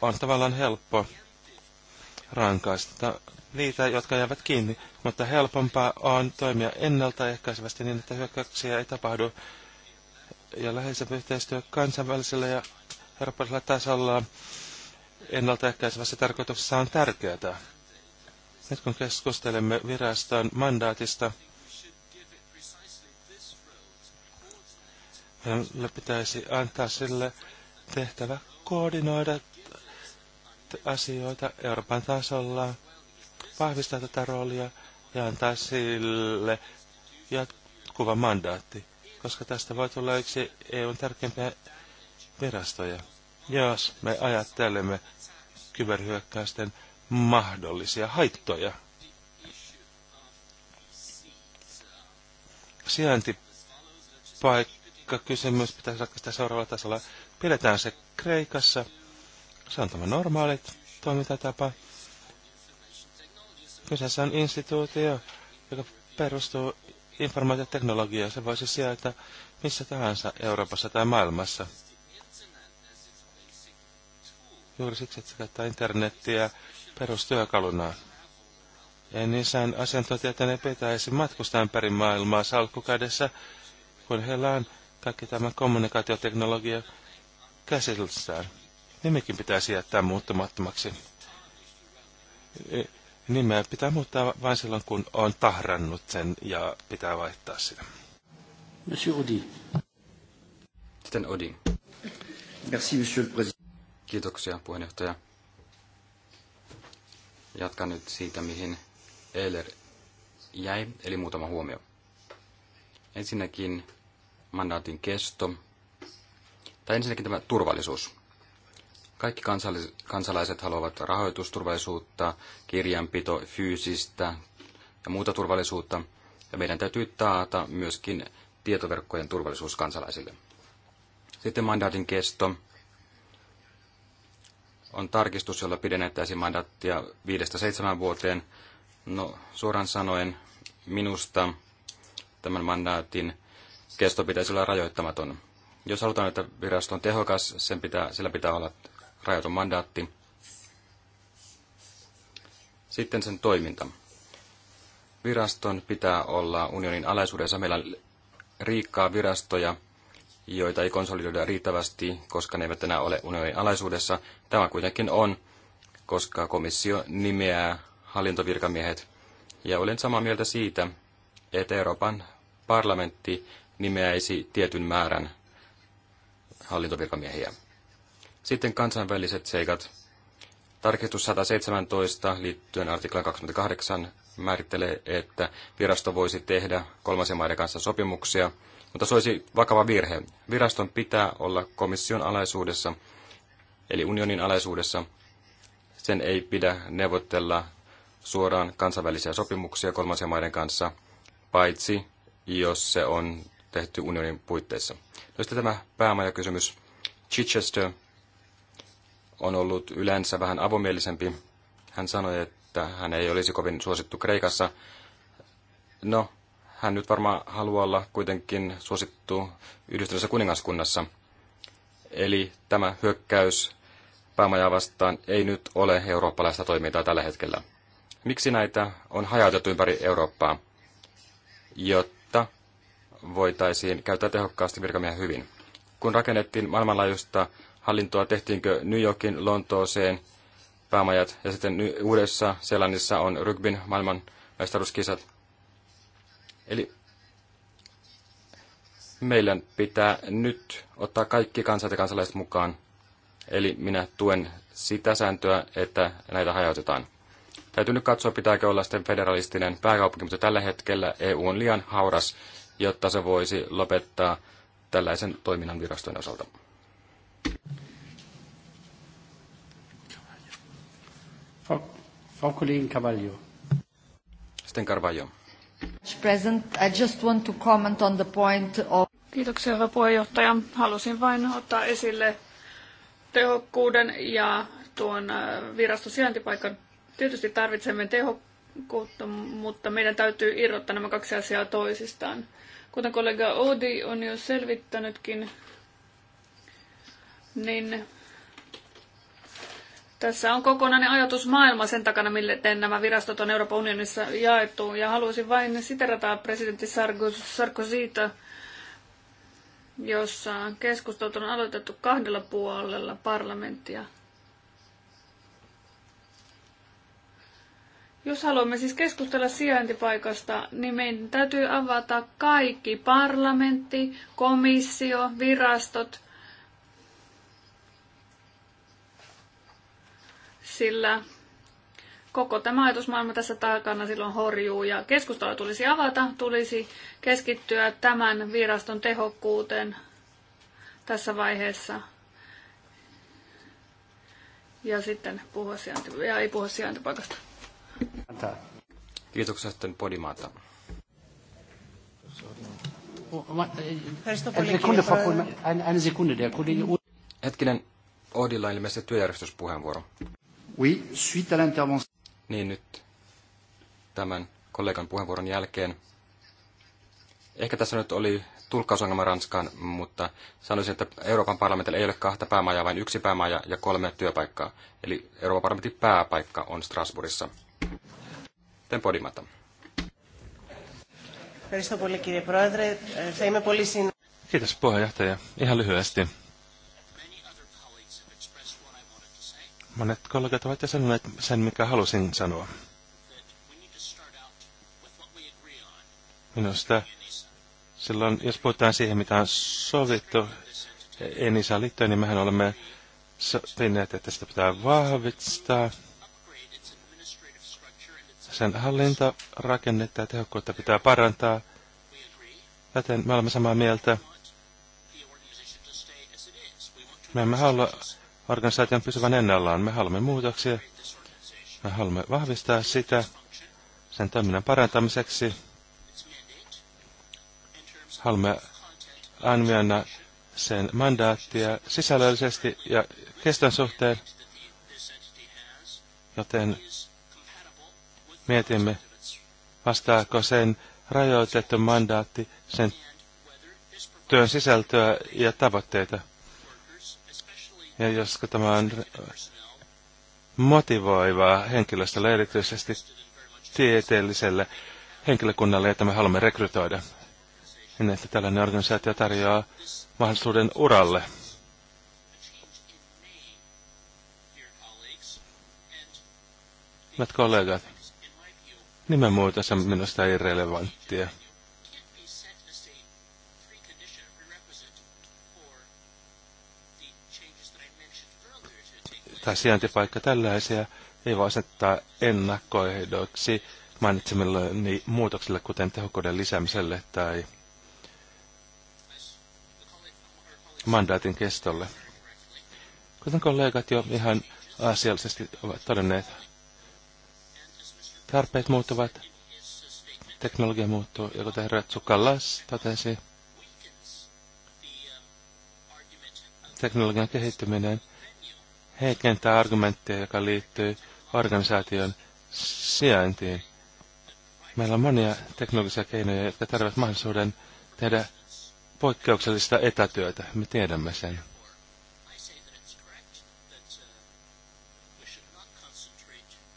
on tavallaan helppo rankaista niitä, jotka jäävät kiinni, mutta helpompaa on toimia ennaltaehkäisevästi niin, että hyökkäyksiä ei tapahdu. Ja läheisempi yhteistyö kansainvälisellä ja eurooppalaisella tasolla ennaltaehkäisevässä tarkoituksessa on tärkeää. Nyt kun keskustelemme viraston mandaatista, meidän pitäisi antaa sille tehtävä koordinoida asioita Euroopan tasolla, vahvistaa tätä roolia ja antaa sille jatkuva mandaatti, koska tästä voi tulla yksi EUn tärkeimpiä virastoja, jos me ajattelemme kyberhyökkäysten mahdollisia haittoja. Sijaintipaikka kysymys pitäisi ratkaista seuraavalla tasolla. Pidetään se Kreikassa – se on tämä normaali toimintatapa. Kyseessä on instituutio, joka perustuu informaatioteknologiaan. Se voisi sijaita missä tahansa Euroopassa tai maailmassa. Juuri siksi, että se käyttää internettiä perustyökaluna. Ja niissä asiantuntijat ne pitäisi matkustaa ympäri maailmaa salkkukädessä, kun heillä on kaikki tämä kommunikaatioteknologia käsitellessään nimikin niin pitäisi jättää muuttamattomaksi. E, Nimeä niin pitää muuttaa vain silloin, kun on tahrannut sen ja pitää vaihtaa sitä. Monsieur Odi. Sitten Odi. Merci, monsieur le président. Kiitoksia, puheenjohtaja. Jatkan nyt siitä, mihin Eiler jäi, eli muutama huomio. Ensinnäkin mandaatin kesto, tai ensinnäkin tämä turvallisuus. Kaikki kansalaiset haluavat rahoitusturvallisuutta, kirjanpito, fyysistä ja muuta turvallisuutta, ja meidän täytyy taata myöskin tietoverkkojen turvallisuus kansalaisille. Sitten mandaatin kesto on tarkistus, jolla pidennettäisiin mandaattia viidestä seitsemän vuoteen. No suoraan sanoen minusta tämän mandaatin kesto pitäisi olla rajoittamaton. Jos halutaan, että virasto on tehokas, sen pitää, sillä pitää olla rajaton mandaatti. Sitten sen toiminta. Viraston pitää olla unionin alaisuudessa. Meillä on riikkaa virastoja, joita ei konsolidoida riittävästi, koska ne eivät enää ole unionin alaisuudessa. Tämä kuitenkin on, koska komissio nimeää hallintovirkamiehet. Ja olen samaa mieltä siitä, että Euroopan parlamentti nimeäisi tietyn määrän hallintovirkamiehiä. Sitten kansainväliset seikat. Tarkistus 117 liittyen artiklan 28 määrittelee, että virasto voisi tehdä kolmansien maiden kanssa sopimuksia, mutta se olisi vakava virhe. Viraston pitää olla komission alaisuudessa, eli unionin alaisuudessa. Sen ei pidä neuvotella suoraan kansainvälisiä sopimuksia kolmansien maiden kanssa, paitsi jos se on tehty unionin puitteissa. No sitten tämä päämajakysymys. Chichester on ollut yleensä vähän avomielisempi. Hän sanoi, että hän ei olisi kovin suosittu Kreikassa. No, hän nyt varmaan haluaa olla kuitenkin suosittu yhdistyneessä kuningaskunnassa. Eli tämä hyökkäys päämajaa vastaan ei nyt ole eurooppalaista toimintaa tällä hetkellä. Miksi näitä on hajautettu ympäri Eurooppaa? Jotta voitaisiin käyttää tehokkaasti virkamiehen hyvin. Kun rakennettiin maailmanlaajuista hallintoa, tehtiinkö New Yorkin, Lontooseen päämajat ja sitten Uudessa Seelannissa on rugbyn maailman mestaruuskisat. Eli meidän pitää nyt ottaa kaikki kansat ja kansalaiset mukaan. Eli minä tuen sitä sääntöä, että näitä hajautetaan. Täytyy nyt katsoa, pitääkö olla sitten federalistinen pääkaupunki, mutta tällä hetkellä EU on liian hauras, jotta se voisi lopettaa tällaisen toiminnan virastojen osalta. Frau Kollegin Carvalho. Carvalho. I just want to comment on the point of... Kiitoksia, herra puheenjohtaja. Halusin vain ottaa esille tehokkuuden ja tuon äh, virastosijaintipaikan. sijaintipaikan. Tietysti tarvitsemme tehokkuutta, mutta meidän täytyy irrottaa nämä kaksi asiaa toisistaan. Kuten kollega Odi on jo selvittänytkin, niin tässä on kokonainen ajatus maailma sen takana, miten nämä virastot on Euroopan unionissa jaettu. Ja haluaisin vain siterata presidentti Sarkozyta, jossa keskustelut on aloitettu kahdella puolella parlamenttia. Jos haluamme siis keskustella sijaintipaikasta, niin meidän täytyy avata kaikki parlamentti, komissio, virastot – sillä koko tämä ajatusmaailma tässä takana silloin horjuu ja keskustelua tulisi avata, tulisi keskittyä tämän viraston tehokkuuteen tässä vaiheessa. Ja sitten puhua sijainti, ja ei puhua sijaintipaikasta. Kiitoksia sitten Podimata. Hetkinen, Odilla ilmeisesti työjärjestyspuheenvuoro. Oui, suite à l'intervention. Niin nyt tämän kollegan puheenvuoron jälkeen. Ehkä tässä nyt oli tulkkausongelma Ranskaan, mutta sanoisin, että Euroopan parlamentilla ei ole kahta päämajaa, vain yksi päämaja ja kolme työpaikkaa. Eli Euroopan parlamentin pääpaikka on Strasbourgissa. Tempodimata. Kiitos puheenjohtaja. Ihan lyhyesti. Monet kollegat ovat jo sanoneet sen, mikä halusin sanoa. Minusta silloin, jos puhutaan siihen, mitä on sovittu Enisaan liittyen, niin mehän olemme sopineet, että sitä pitää vahvistaa. Sen hallintarakennetta ja tehokkuutta pitää parantaa. Täten me olemme samaa mieltä. Me emme halua organisaation pysyvän ennallaan. Me haluamme muutoksia, me haluamme vahvistaa sitä sen toiminnan parantamiseksi. Haluamme arvioida sen mandaattia sisällöllisesti ja keston suhteen, joten mietimme, vastaako sen rajoitettu mandaatti sen työn sisältöä ja tavoitteita. Ja jos tämä on motivoivaa henkilöstölle, erityisesti tieteelliselle henkilökunnalle, että me haluamme rekrytoida, niin että tällainen organisaatio tarjoaa mahdollisuuden uralle. Hyvät kollegat, nimenmuutos on minusta irrelevanttia. tai sijaintipaikka tällaisia ei voi asettaa ennakkoehdoksi mainitsemillani muutoksille, kuten tehokkuuden lisäämiselle tai mandaatin kestolle. Kuten kollegat jo ihan asiallisesti ovat todenneet, tarpeet muuttuvat, teknologia muuttuu, ja kuten herra Tsukalas totesi, teknologian kehittyminen heikentää argumentteja, joka liittyy organisaation sijaintiin. Meillä on monia teknologisia keinoja, jotka tarvitsevat mahdollisuuden tehdä poikkeuksellista etätyötä. Me tiedämme sen.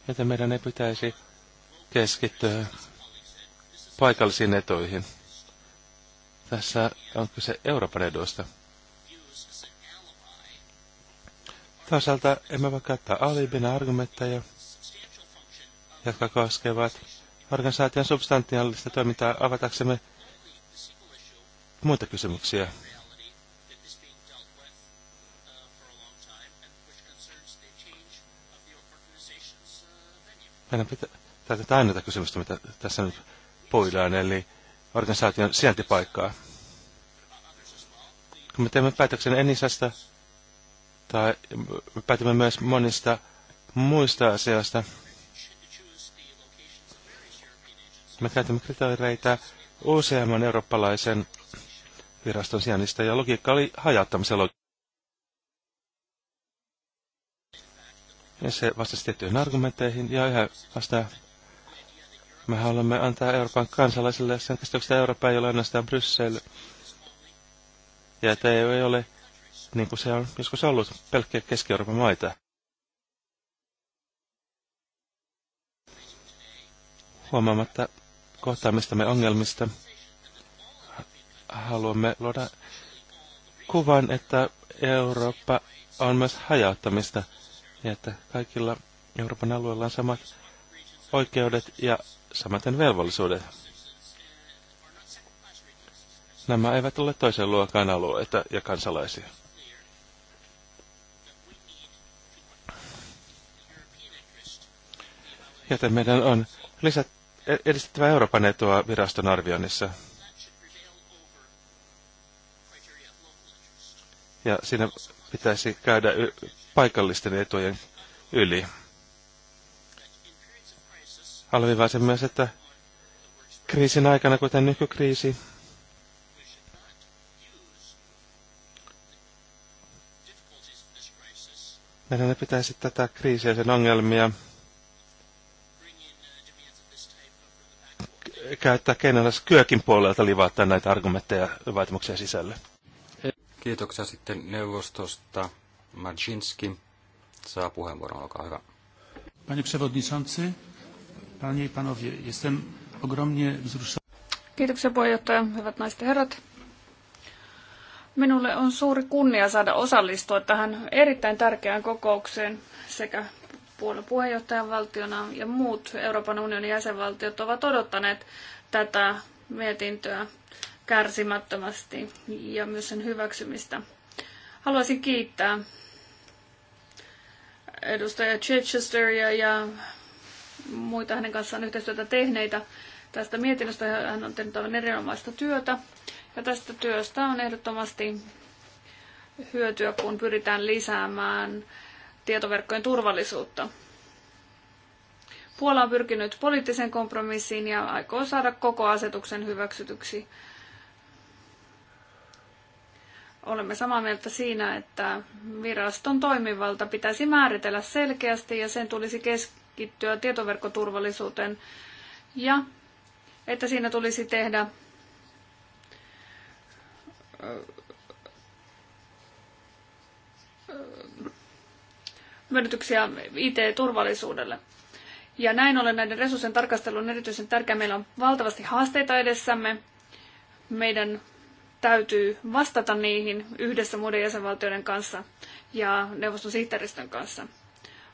Joten meidän ei pitäisi keskittyä paikallisiin etoihin. Tässä on kyse Euroopan edusta? Toisaalta emme voi käyttää alibina argumentteja, jotka koskevat organisaation substantiaalista toimintaa avataksemme muita kysymyksiä. Meidän pitää, täytyy ainoita kysymystä, mitä tässä nyt poidaan, eli organisaation sijaintipaikkaa. Kun me teemme päätöksen Enisasta, tai päätimme myös monista muista asioista. Me käytämme kriteereitä useamman eurooppalaisen viraston sijainnista ja logiikka oli hajauttamisen logiikka. Ja se vastasi tiettyihin argumentteihin ja yhä vasta Me haluamme antaa Euroopan kansalaisille sen käsityksen, että Eurooppa ei ole ainoastaan Bryssel ja että EU ei ole niin kuin se on joskus ollut pelkkiä Keski-Euroopan maita. Huomaamatta kohtaamistamme ongelmista haluamme luoda kuvan, että Eurooppa on myös hajauttamista ja että kaikilla Euroopan alueella on samat oikeudet ja samaten velvollisuudet. Nämä eivät ole toisen luokan alueita ja kansalaisia. joten meidän on lisät, e-, edistettävä Euroopan etua viraston arvioinnissa. Ja siinä pitäisi käydä paikallisten etujen yli. Alvivaisen myös, että kriisin aikana, kuten nykykriisi, meidän pitäisi tätä kriisiä ja sen ongelmia käyttää keinoilla kyökin puolelta livata näitä argumentteja vaatimuksia sisälle. Kiitoksia sitten neuvostosta. Marcinski saa puheenvuoron, olkaa hyvä. Panie przewodniczący, panie i panowie, jestem ogromnie wzruszony. Kiitoksia puheenjohtaja, hyvät naiset ja herrat. Minulle on suuri kunnia saada osallistua tähän erittäin tärkeään kokoukseen sekä puolueen valtiona ja muut Euroopan unionin jäsenvaltiot ovat odottaneet tätä mietintöä kärsimättömästi ja myös sen hyväksymistä. Haluaisin kiittää edustaja Chichesteria ja muita hänen kanssaan yhteistyötä tehneitä tästä mietinnöstä. Hän on tehnyt aivan erinomaista työtä ja tästä työstä on ehdottomasti hyötyä, kun pyritään lisäämään tietoverkkojen turvallisuutta. Puola on pyrkinyt poliittiseen kompromissiin ja aikoo saada koko asetuksen hyväksytyksi. Olemme samaa mieltä siinä, että viraston toimivalta pitäisi määritellä selkeästi ja sen tulisi keskittyä tietoverkkoturvallisuuteen ja että siinä tulisi tehdä myönnytyksiä IT-turvallisuudelle. Ja näin ollen näiden resurssien tarkastelu on erityisen tärkeää. Meillä on valtavasti haasteita edessämme. Meidän täytyy vastata niihin yhdessä muiden jäsenvaltioiden kanssa ja neuvoston sihteeristön kanssa.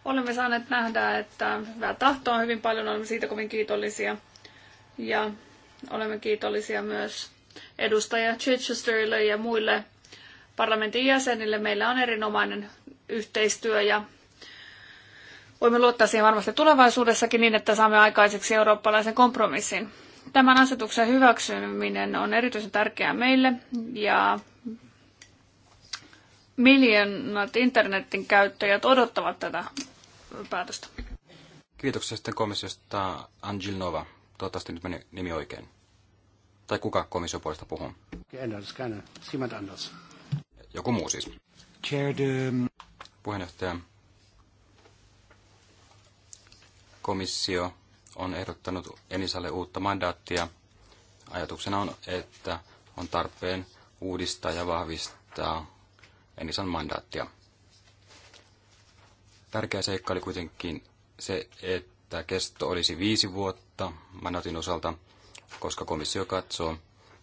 Olemme saaneet nähdä, että hyvää tahtoa on hyvin paljon, olemme siitä kovin kiitollisia. Ja olemme kiitollisia myös edustaja Chichesterille ja muille parlamentin jäsenille. Meillä on erinomainen yhteistyö ja Voimme luottaa siihen varmasti tulevaisuudessakin niin, että saamme aikaiseksi eurooppalaisen kompromissin. Tämän asetuksen hyväksyminen on erityisen tärkeää meille ja miljoonat internetin käyttäjät odottavat tätä päätöstä. Kiitoksia sitten komissiosta Angel Nova. Toivottavasti nyt meni nimi oikein. Tai kuka komission puolesta puhuu? Joku muu siis. Puheenjohtaja, komissio on ehdottanut Enisalle uutta mandaattia. Ajatuksena on, että on tarpeen uudistaa ja vahvistaa Enisan mandaattia. Tärkeä seikka oli kuitenkin se, että kesto olisi viisi vuotta mandaatin osalta, koska komissio katsoo,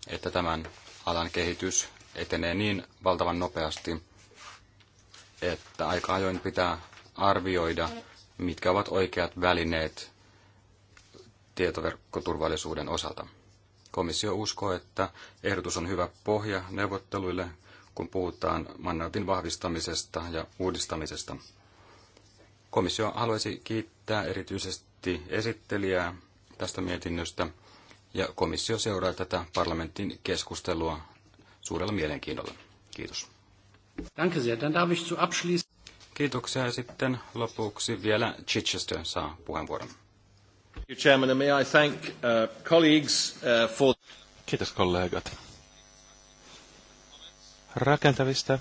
että tämän alan kehitys etenee niin valtavan nopeasti, että aika ajoin pitää arvioida mitkä ovat oikeat välineet tietoverkkoturvallisuuden osalta. Komissio uskoo, että ehdotus on hyvä pohja neuvotteluille, kun puhutaan mannautin vahvistamisesta ja uudistamisesta. Komissio haluaisi kiittää erityisesti esittelijää tästä mietinnöstä, ja komissio seuraa tätä parlamentin keskustelua suurella mielenkiinnolla. Kiitos. Danke sehr. Dann darf ich zu abschließen. Kiitoksia ja sitten lopuksi vielä Chichester saa puheenvuoron. Uh, uh, Kiitos kollegat rakentavista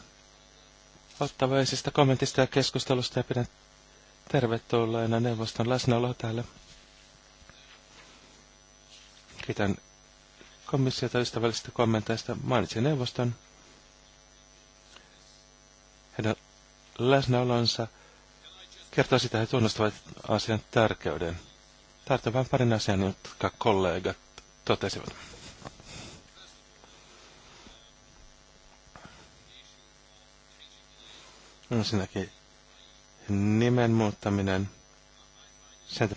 ottavaisista kommentista ja keskustelusta ja pidän tervetulleena neuvoston läsnäoloa täällä. Kiitän komissiota ystävällisistä kommenteista. Mainitsin neuvoston. Heidän läsnäolonsa kertoo sitä, että tunnustavat asian tärkeyden. Tartun vain parin asian, jotka kollegat totesivat. Ensinnäkin nimen muuttaminen,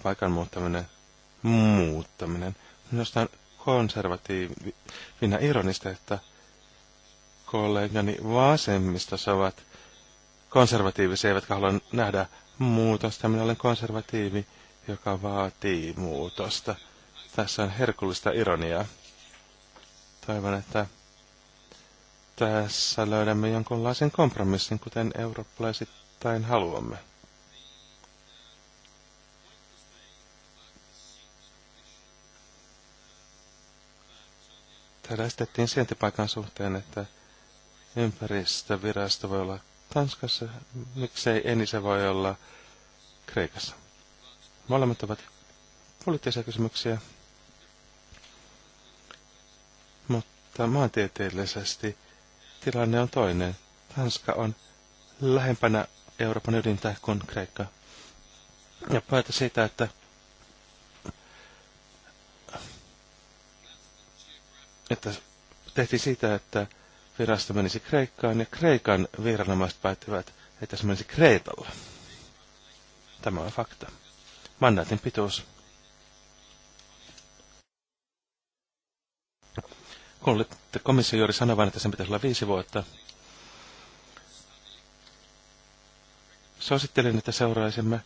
paikan muuttaminen, muuttaminen. Minusta on konservatiivina ironista, että kollegani vasemmistossa ovat konservatiivisia, eivätkä halua nähdä muutosta. Minä olen konservatiivi, joka vaatii muutosta. Tässä on herkullista ironiaa. Toivon, että tässä löydämme jonkunlaisen kompromissin, kuten eurooppalaisittain haluamme. Täällä estettiin sijaintipaikan suhteen, että ympäristövirasto voi olla Tanskassa, miksei Enisa voi olla Kreikassa. Molemmat ovat poliittisia kysymyksiä, mutta maantieteellisesti tilanne on toinen. Tanska on lähempänä Euroopan ydintä kuin Kreikka. Ja päätä siitä, että että tehtiin siitä, että virasto menisi Kreikkaan ja Kreikan viranomaiset päättivät, että se menisi Kreetalle. Tämä on fakta. Mandaatin pituus. Kuulitte komissio juuri sanovan, että sen pitäisi olla viisi vuotta. Suosittelen, että seuraisimme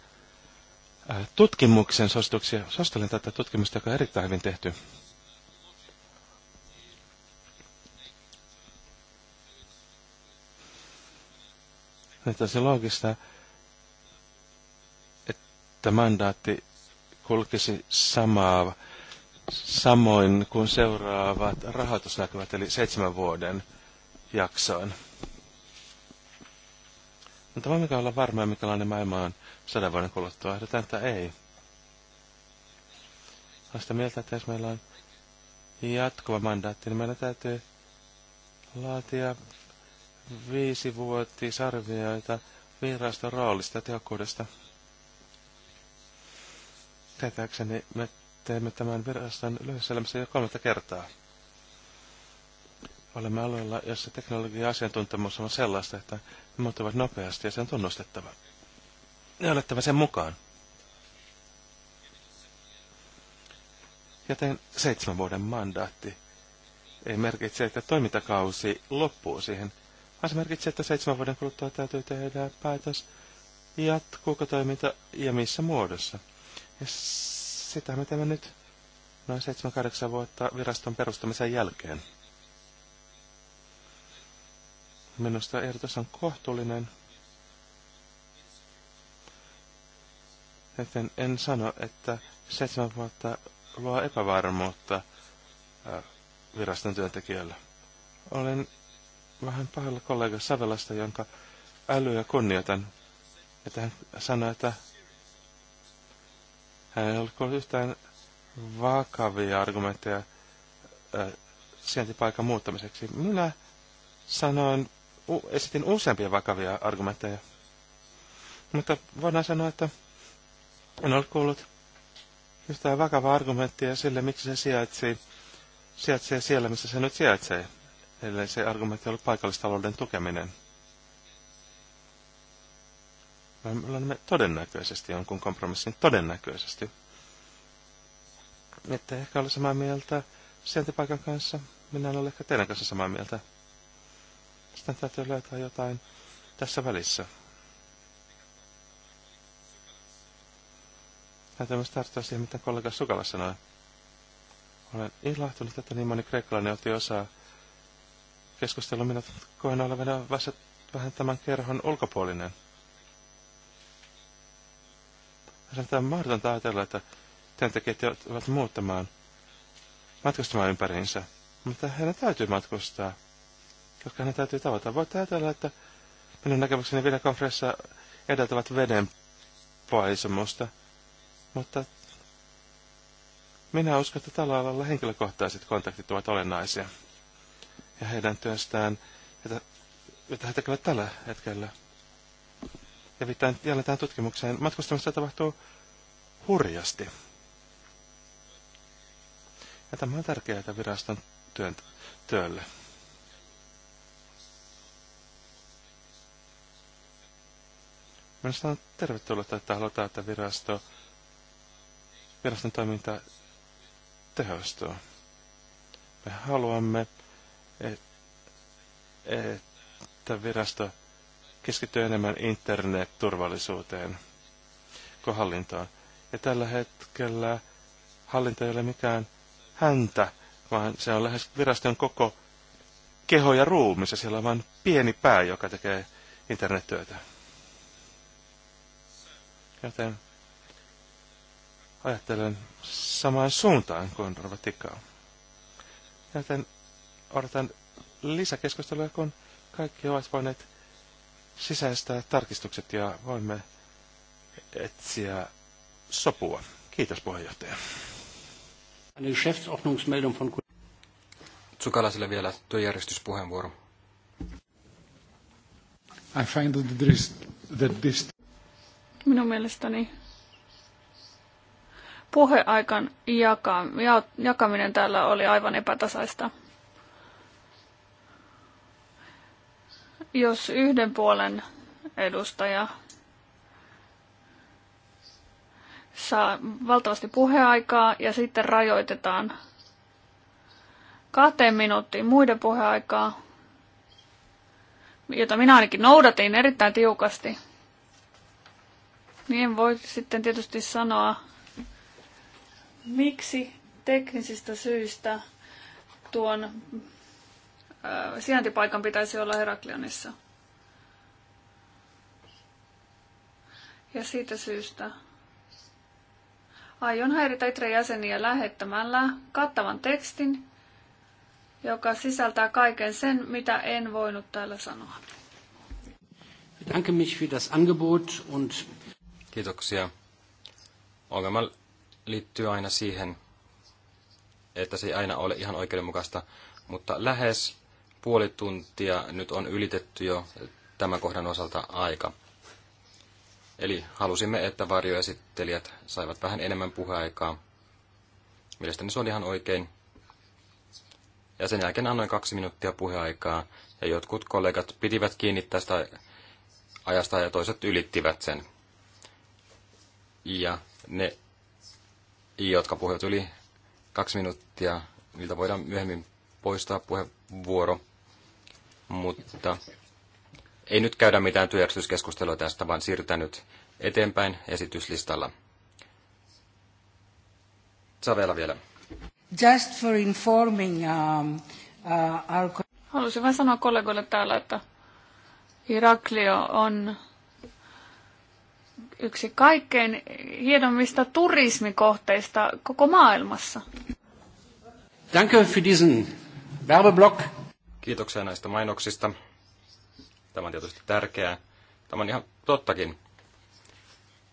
äh, tutkimuksen suosituksia. Suosittelen tätä tutkimusta, joka on erittäin hyvin tehty. että se loogista, että mandaatti kulkisi samaa, samoin kuin seuraavat rahoitusnäkymät, eli seitsemän vuoden jaksoon. Mutta voimmeko olla varmaa, mikälainen maailma on sadan vuoden kuluttua? Ehdotan, että ei. Olen sitä mieltä, että jos meillä on jatkuva mandaatti, niin meidän täytyy laatia viisivuotisarvioita viraston roolista ja tehokkuudesta. Tietääkseni me teemme tämän viraston lyhyessä elämässä jo kolmatta kertaa. Olemme alueella, jossa teknologia asiantuntemus on sellaista, että ne muuttuvat nopeasti ja se on tunnustettava. Ne olettava sen mukaan. Joten seitsemän vuoden mandaatti ei merkitse, että toimintakausi loppuu siihen vaan ah, se merkitsee, että seitsemän vuoden kuluttua täytyy tehdä päätös, jatkuuko toiminta ja missä muodossa. Ja sitä me teemme nyt noin 7-8 vuotta viraston perustamisen jälkeen. Minusta ehdotus on kohtuullinen, joten en sano, että seitsemän vuotta luo epävarmuutta äh, viraston työntekijöille. Olen vähän pahalla kollega Savelasta, jonka älyä kunnioitan. Että hän sanoi, että hän ei ollut yhtään vakavia argumentteja äh, sijaintipaikan muuttamiseksi. Minä sanoin, u, esitin useampia vakavia argumentteja. Mutta voidaan sanoa, että en ollut kuullut yhtään vakavaa argumenttia sille, miksi se sijaitsee siellä, missä se nyt sijaitsee ellei se argumentti ollut paikallistalouden tukeminen. Me olemme todennäköisesti jonkun kompromissin todennäköisesti. Ette ehkä ole samaa mieltä sijaintipaikan kanssa. Minä en ole ehkä teidän kanssa samaa mieltä. Sitten täytyy löytää jotain tässä välissä. Täytyy myös tarttua siihen, mitä kollega Sukala sanoi. Olen ilahtunut, että niin moni kreikkalainen otti osaa keskustelu. Minä koen olevana vähän tämän kerhon ulkopuolinen. Sanotaan mahdotonta ajatella, että työntekijät ovat muuttamaan, matkustamaan ympäriinsä. Mutta heidän täytyy matkustaa, koska heidän täytyy tavata. Voit ajatella, että minun näkemykseni konfressa edeltävät veden paisumusta. Mutta minä uskon, että tällä alalla henkilökohtaiset kontaktit ovat olennaisia ja heidän työstään, jota, jota he tekevät tällä hetkellä. Ja viittain jälleen tähän tutkimukseen. Matkustamista tapahtuu hurjasti. Ja tämä on tärkeää viraston työn, työlle. Minusta on tervetullut, että halutaan, että virasto, viraston toiminta tehostuu. Me haluamme että virasto keskittyy enemmän internet-turvallisuuteen kuin hallintoon. Ja tällä hetkellä hallinta ei ole mikään häntä, vaan se on lähes viraston koko keho ja ruumi. Se siellä on vain pieni pää, joka tekee internettyötä. Joten ajattelen samaan suuntaan kuin robotiikkaa. Joten odotan lisäkeskustelua, kun kaikki ovat voineet sisäistää tarkistukset ja voimme etsiä sopua. Kiitos puheenjohtaja. Tsukalaisille vielä työjärjestyspuheenvuoro. I find that this, that this... Minun mielestäni puheaikan jaka, ja, jakaminen täällä oli aivan epätasaista. jos yhden puolen edustaja saa valtavasti puheaikaa ja sitten rajoitetaan kahteen minuuttiin muiden puheaikaa, jota minä ainakin noudatin erittäin tiukasti, niin en voi sitten tietysti sanoa, miksi teknisistä syistä tuon sijaintipaikan pitäisi olla Heraklionissa. Ja siitä syystä aion häiritä Itren jäseniä lähettämällä kattavan tekstin, joka sisältää kaiken sen, mitä en voinut täällä sanoa. mich für das Angebot und Kiitoksia. Ongelma liittyy aina siihen, että se ei aina ole ihan oikeudenmukaista, mutta lähes puoli tuntia nyt on ylitetty jo tämän kohdan osalta aika. Eli halusimme, että varjoesittelijät saivat vähän enemmän puheaikaa. Mielestäni se oli ihan oikein. Ja sen jälkeen annoin kaksi minuuttia puheaikaa, ja jotkut kollegat pitivät kiinni tästä ajasta ja toiset ylittivät sen. Ja ne, jotka puhuivat yli kaksi minuuttia, niiltä voidaan myöhemmin poistaa puheenvuoro mutta ei nyt käydä mitään työjärjestyskeskustelua tästä, vaan siirrytään nyt eteenpäin esityslistalla. Savela vielä. Just for informing um, uh, our... Haluaisin vain sanoa kollegoille täällä, että Iraklio on yksi kaikkein hienommista turismikohteista koko maailmassa. Danke für diesen Werbeblock. Kiitoksia näistä mainoksista. Tämä on tietysti tärkeää. Tämä on ihan tottakin.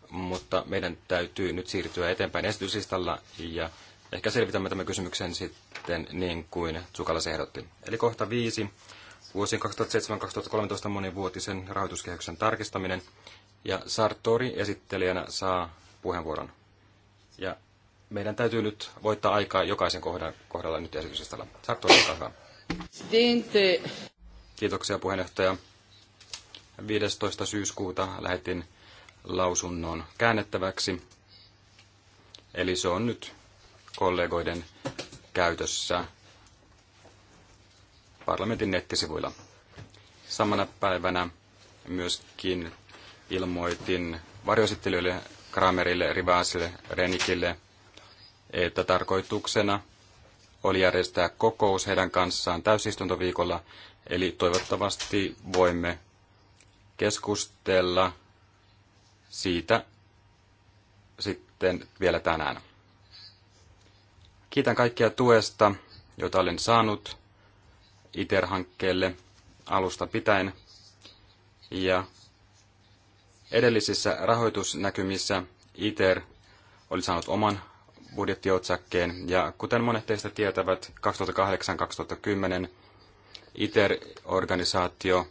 Mutta meidän täytyy nyt siirtyä eteenpäin esityslistalla ja ehkä selvitämme tämän kysymyksen sitten niin kuin Tsukalas ehdotti. Eli kohta viisi. Vuosien 2007-2013 monivuotisen rahoituskehyksen tarkistaminen. Ja Sartori esittelijänä saa puheenvuoron. Ja meidän täytyy nyt voittaa aikaa jokaisen kohdan, kohdalla nyt esityslistalla. Sartori, olkaa hyvä. Presidente. Kiitoksia puheenjohtaja. 15. syyskuuta lähetin lausunnon käännettäväksi. Eli se on nyt kollegoiden käytössä parlamentin nettisivuilla. Samana päivänä myöskin ilmoitin varjoesittelijöille Kramerille, Rivasille, Renikille, että tarkoituksena – oli järjestää kokous heidän kanssaan täysistuntoviikolla, eli toivottavasti voimme keskustella siitä sitten vielä tänään. Kiitän kaikkia tuesta, jota olen saanut ITER-hankkeelle alusta pitäen. Ja edellisissä rahoitusnäkymissä ITER oli saanut oman budjettiotsakkeen. Ja kuten monet teistä tietävät, 2008-2010 ITER-organisaatio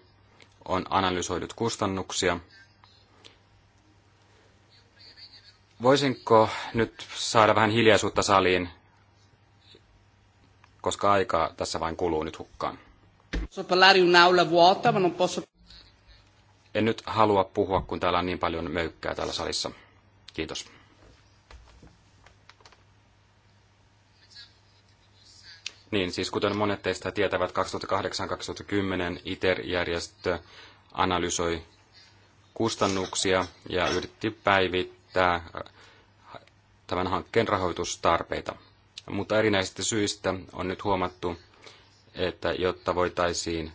on analysoidut kustannuksia. Voisinko nyt saada vähän hiljaisuutta saliin, koska aikaa tässä vain kuluu nyt hukkaan. En nyt halua puhua, kun täällä on niin paljon möykkää täällä salissa. Kiitos. Niin, siis kuten monet teistä tietävät, 2008-2010 ITER-järjestö analysoi kustannuksia ja yritti päivittää äh, tämän hankkeen rahoitustarpeita. Mutta erinäisistä syistä on nyt huomattu, että jotta voitaisiin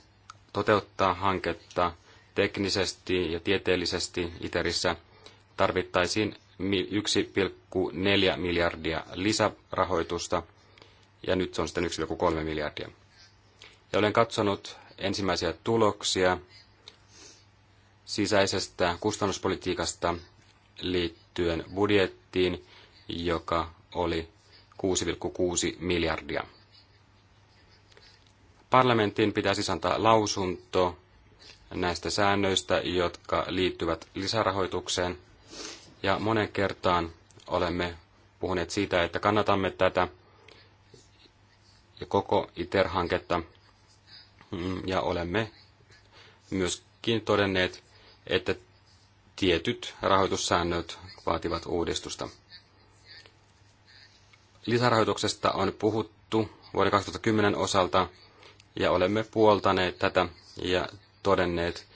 toteuttaa hanketta teknisesti ja tieteellisesti ITERissä, tarvittaisiin 1,4 miljardia lisärahoitusta – ja nyt se on sitten 1,3 miljardia. Ja olen katsonut ensimmäisiä tuloksia sisäisestä kustannuspolitiikasta liittyen budjettiin, joka oli 6,6 miljardia. Parlamentin pitää siis antaa lausunto näistä säännöistä, jotka liittyvät lisärahoitukseen. Ja monen kertaan olemme puhuneet siitä, että kannatamme tätä – ja koko ITER-hanketta. Mm, ja olemme myöskin todenneet, että tietyt rahoitussäännöt vaativat uudistusta. Lisärahoituksesta on puhuttu vuoden 2010 osalta ja olemme puoltaneet tätä ja todenneet,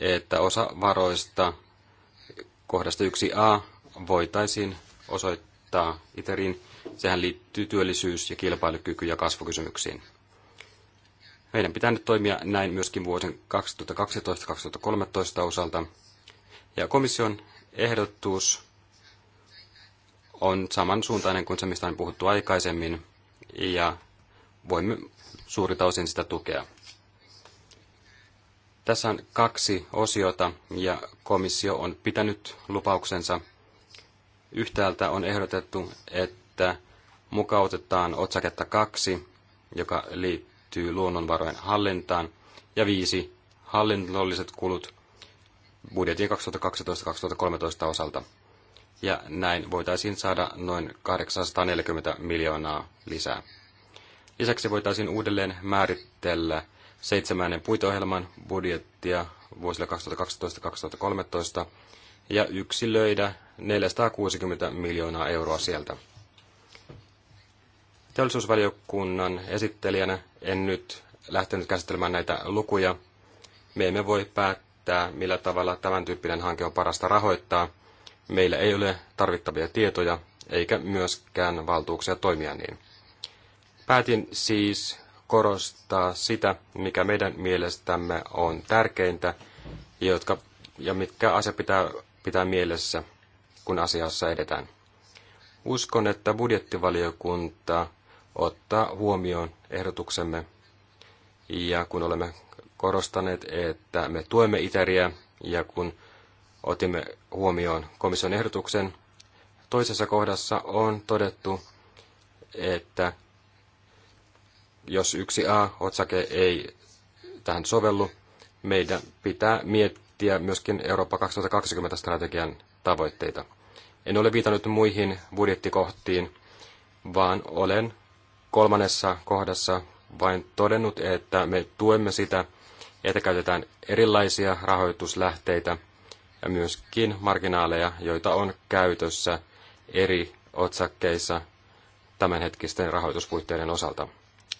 että osa varoista kohdasta 1a voitaisiin osoittaa ITERin Sehän liittyy työllisyys- ja kilpailukyky- ja kasvukysymyksiin. Meidän pitää nyt toimia näin myöskin vuosien 2012-2013 osalta. Ja komission ehdotus on samansuuntainen kuin se, mistä on puhuttu aikaisemmin, ja voimme suurilta osin sitä tukea. Tässä on kaksi osiota, ja komissio on pitänyt lupauksensa. Yhtäältä on ehdotettu, että mukautetaan otsaketta 2, joka liittyy luonnonvarojen hallintaan, ja 5, hallinnolliset kulut budjetin 2012-2013 osalta. Ja näin voitaisiin saada noin 840 miljoonaa lisää. Lisäksi voitaisiin uudelleen määritellä seitsemännen puitoohjelman budjettia vuosille 2012-2013 ja yksilöidä 460 miljoonaa euroa sieltä teollisuusvaliokunnan esittelijänä en nyt lähtenyt käsittelemään näitä lukuja. Me emme voi päättää, millä tavalla tämän tyyppinen hanke on parasta rahoittaa. Meillä ei ole tarvittavia tietoja eikä myöskään valtuuksia toimia niin. Päätin siis korostaa sitä, mikä meidän mielestämme on tärkeintä jotka, ja mitkä asiat pitää pitää mielessä, kun asiassa edetään. Uskon, että budjettivaliokunta ottaa huomioon ehdotuksemme. Ja kun olemme korostaneet, että me tuemme Itäriä ja kun otimme huomioon komission ehdotuksen, toisessa kohdassa on todettu, että jos yksi A-otsake ei tähän sovellu, meidän pitää miettiä myöskin Eurooppa 2020-strategian tavoitteita. En ole viitannut muihin budjettikohtiin, vaan olen kolmannessa kohdassa vain todennut, että me tuemme sitä, että käytetään erilaisia rahoituslähteitä ja myöskin marginaaleja, joita on käytössä eri otsakkeissa tämänhetkisten rahoituspuitteiden osalta.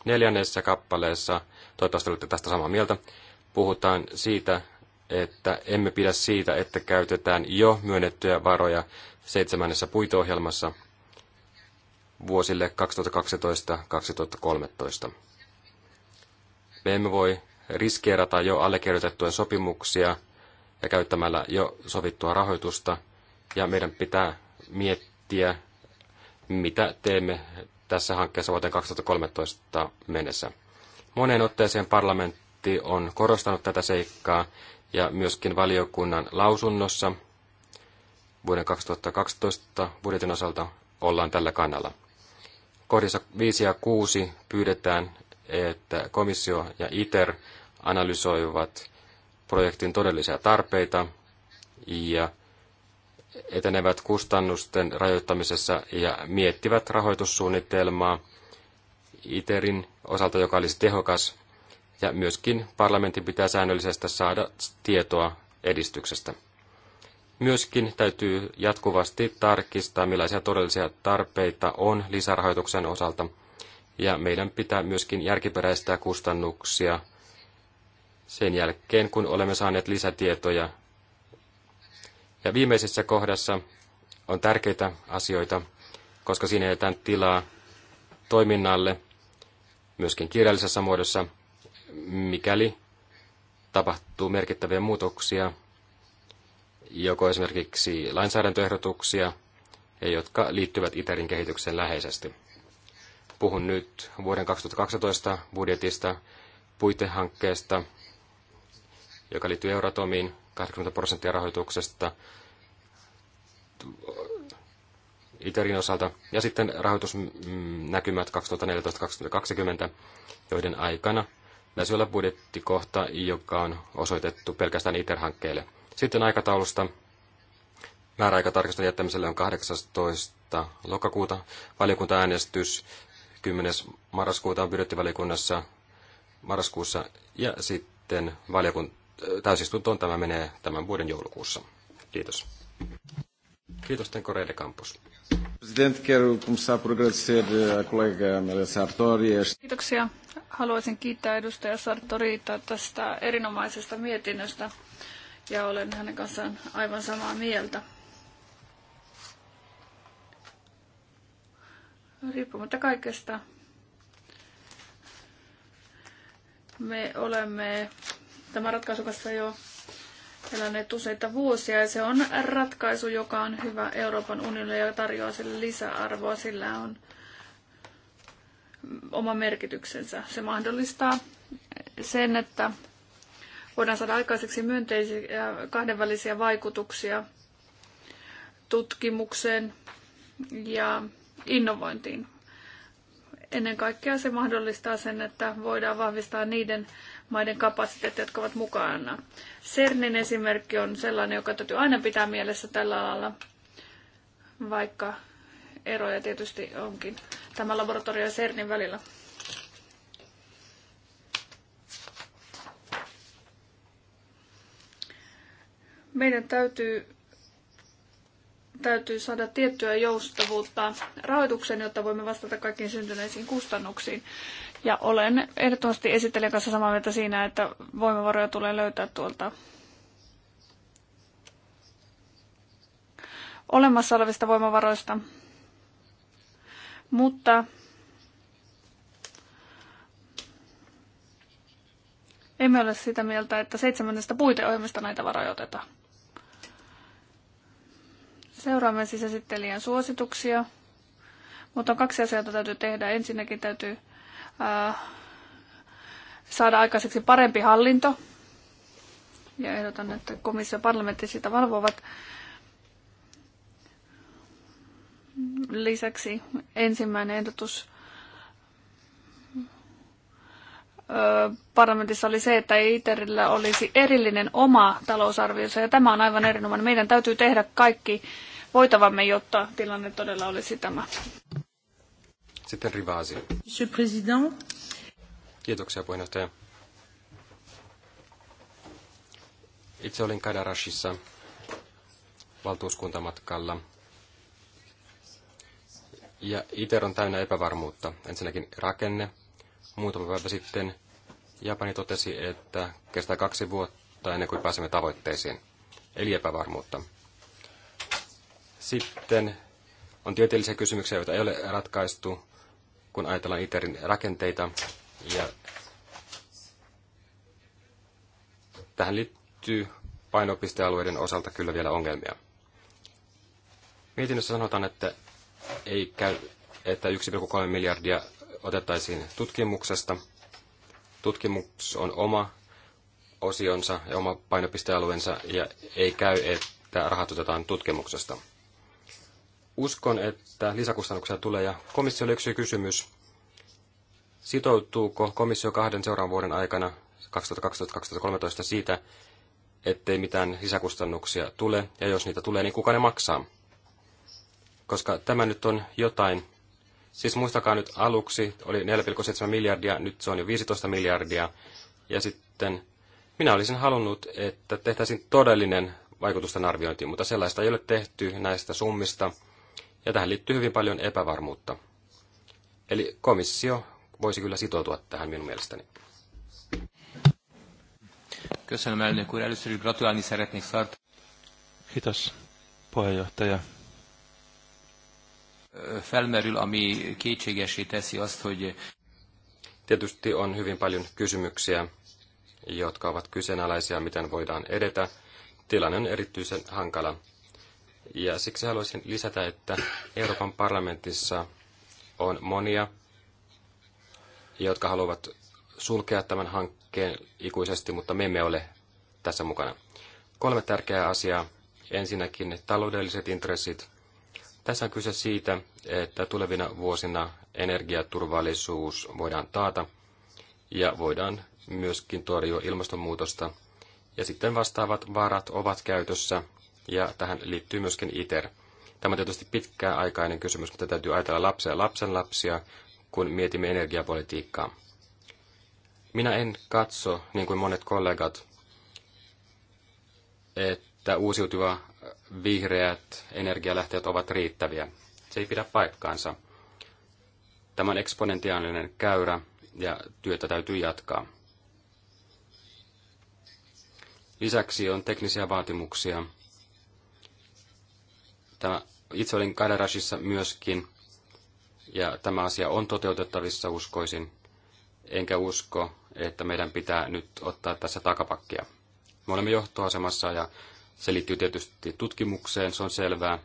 Neljännessä kappaleessa, toivottavasti olette tästä samaa mieltä, puhutaan siitä, että emme pidä siitä, että käytetään jo myönnettyjä varoja seitsemännessä puiteohjelmassa – vuosille 2012-2013. Me emme voi riskeerata jo allekirjoitettujen sopimuksia ja käyttämällä jo sovittua rahoitusta, ja meidän pitää miettiä, mitä teemme tässä hankkeessa vuoteen 2013 mennessä. Moneen otteeseen parlamentti on korostanut tätä seikkaa, ja myöskin valiokunnan lausunnossa vuoden 2012 budjetin osalta ollaan tällä kannalla. Kohdissa 5 ja 6 pyydetään, että komissio ja ITER analysoivat projektin todellisia tarpeita ja etenevät kustannusten rajoittamisessa ja miettivät rahoitussuunnitelmaa ITERin osalta, joka olisi tehokas, ja myöskin parlamentin pitää säännöllisesti saada tietoa edistyksestä. Myöskin täytyy jatkuvasti tarkistaa, millaisia todellisia tarpeita on lisärahoituksen osalta. Ja meidän pitää myöskin järkiperäistää kustannuksia sen jälkeen, kun olemme saaneet lisätietoja. Ja viimeisessä kohdassa on tärkeitä asioita, koska siinä jätetään tilaa toiminnalle, myöskin kirjallisessa muodossa, mikäli tapahtuu merkittäviä muutoksia joko esimerkiksi lainsäädäntöehdotuksia, jotka liittyvät ITERin kehitykseen läheisesti. Puhun nyt vuoden 2012 budjetista, puitehankkeesta, joka liittyy Euratomiin, 80 prosenttia rahoituksesta ITERin osalta, ja sitten rahoitusnäkymät 2014-2020, joiden aikana taisi olla budjettikohta, joka on osoitettu pelkästään ITER-hankkeelle – sitten aikataulusta. Määräaikatarkistuksen jättämiselle on 18. lokakuuta. Valiokuntaäänestys 10. marraskuuta on budjettivaliokunnassa marraskuussa ja sitten valiokunta, äh, täysistuntoon tämä menee tämän vuoden joulukuussa. Kiitos. Kiitos, Tenko Reide Kampus. Kiitoksia. Haluaisin kiittää edustaja Sartorita tästä erinomaisesta mietinnöstä ja olen hänen kanssaan aivan samaa mieltä. Riippumatta kaikesta, me olemme tämän ratkaisun kanssa jo eläneet useita vuosia ja se on ratkaisu, joka on hyvä Euroopan unionille ja tarjoaa sille lisäarvoa. Sillä on oma merkityksensä. Se mahdollistaa sen, että voidaan saada aikaiseksi myönteisiä kahdenvälisiä vaikutuksia tutkimukseen ja innovointiin. Ennen kaikkea se mahdollistaa sen, että voidaan vahvistaa niiden maiden kapasiteettia, jotka ovat mukana. CERNin esimerkki on sellainen, joka täytyy aina pitää mielessä tällä alalla, vaikka eroja tietysti onkin tämä laboratorio ja CERNin välillä. Meidän täytyy, täytyy saada tiettyä joustavuutta rahoitukseen, jotta voimme vastata kaikkiin syntyneisiin kustannuksiin. Ja olen ehdottomasti esittelijän kanssa samaa mieltä siinä, että voimavaroja tulee löytää tuolta olemassa olevista voimavaroista. Mutta emme ole sitä mieltä, että seitsemännestä puiteohjelmista näitä varoja otetaan. Seuraamme siis suosituksia, mutta on kaksi asiaa, joita täytyy tehdä. Ensinnäkin täytyy ää, äh, saada aikaiseksi parempi hallinto, ja ehdotan, että komissio ja parlamentti sitä valvovat. Lisäksi ensimmäinen ehdotus parlamentissa oli se, että ITERillä olisi erillinen oma talousarviossa ja tämä on aivan erinomainen. Meidän täytyy tehdä kaikki voitavamme, jotta tilanne todella olisi tämä. Sitten Rivasi. Monsieur President. Kiitoksia puheenjohtaja. Itse olin Kadarashissa valtuuskuntamatkalla. Ja ITER on täynnä epävarmuutta. Ensinnäkin rakenne, muutama päivä sitten Japani totesi, että kestää kaksi vuotta ennen kuin pääsemme tavoitteisiin, eli epävarmuutta. Sitten on tieteellisiä kysymyksiä, joita ei ole ratkaistu, kun ajatellaan ITERin rakenteita. Ja tähän liittyy painopistealueiden osalta kyllä vielä ongelmia. Mietinnössä sanotaan, että ei käy, että 1,3 miljardia otettaisiin tutkimuksesta. Tutkimus on oma osionsa ja oma painopistealueensa ja ei käy, että rahat otetaan tutkimuksesta. Uskon, että lisäkustannuksia tulee ja komissio yksi kysymys. Sitoutuuko komissio kahden seuraavan vuoden aikana 2012-2013 siitä, ettei mitään lisäkustannuksia tule, ja jos niitä tulee, niin kuka ne maksaa? Koska tämä nyt on jotain, Siis muistakaa nyt aluksi, oli 4,7 miljardia, nyt se on jo 15 miljardia. Ja sitten minä olisin halunnut, että tehtäisiin todellinen vaikutusten arviointi, mutta sellaista ei ole tehty näistä summista, ja tähän liittyy hyvin paljon epävarmuutta. Eli komissio voisi kyllä sitoutua tähän minun mielestäni. Köszönöm elnök úr, először is gratulálni szeretnék Szart. Kiitos puheenjohtaja felmerül, ami kétségesé teszi azt, hogy... Tietysti on hyvin paljon kysymyksiä, jotka ovat kyseenalaisia, miten voidaan edetä. Tilanne on erityisen hankala. Ja siksi haluaisin lisätä, että Euroopan parlamentissa on monia, jotka haluavat sulkea tämän hankkeen ikuisesti, mutta me emme ole tässä mukana. Kolme tärkeää asiaa. Ensinnäkin taloudelliset intressit, tässä on kyse siitä, että tulevina vuosina energiaturvallisuus voidaan taata ja voidaan myöskin torjua ilmastonmuutosta. Ja sitten vastaavat varat ovat käytössä ja tähän liittyy myöskin ITER. Tämä on tietysti pitkäaikainen kysymys, mutta täytyy ajatella lapsia ja lapsenlapsia, kun mietimme energiapolitiikkaa. Minä en katso, niin kuin monet kollegat, että uusiutuva vihreät energialähteet ovat riittäviä. Se ei pidä paikkaansa. Tämä on eksponentiaalinen käyrä ja työtä täytyy jatkaa. Lisäksi on teknisiä vaatimuksia. Tämä, itse olin Kaderashissa myöskin, ja tämä asia on toteutettavissa uskoisin, enkä usko, että meidän pitää nyt ottaa tässä takapakkia. Me olemme johtoasemassa ja se liittyy tietysti tutkimukseen, se on selvää.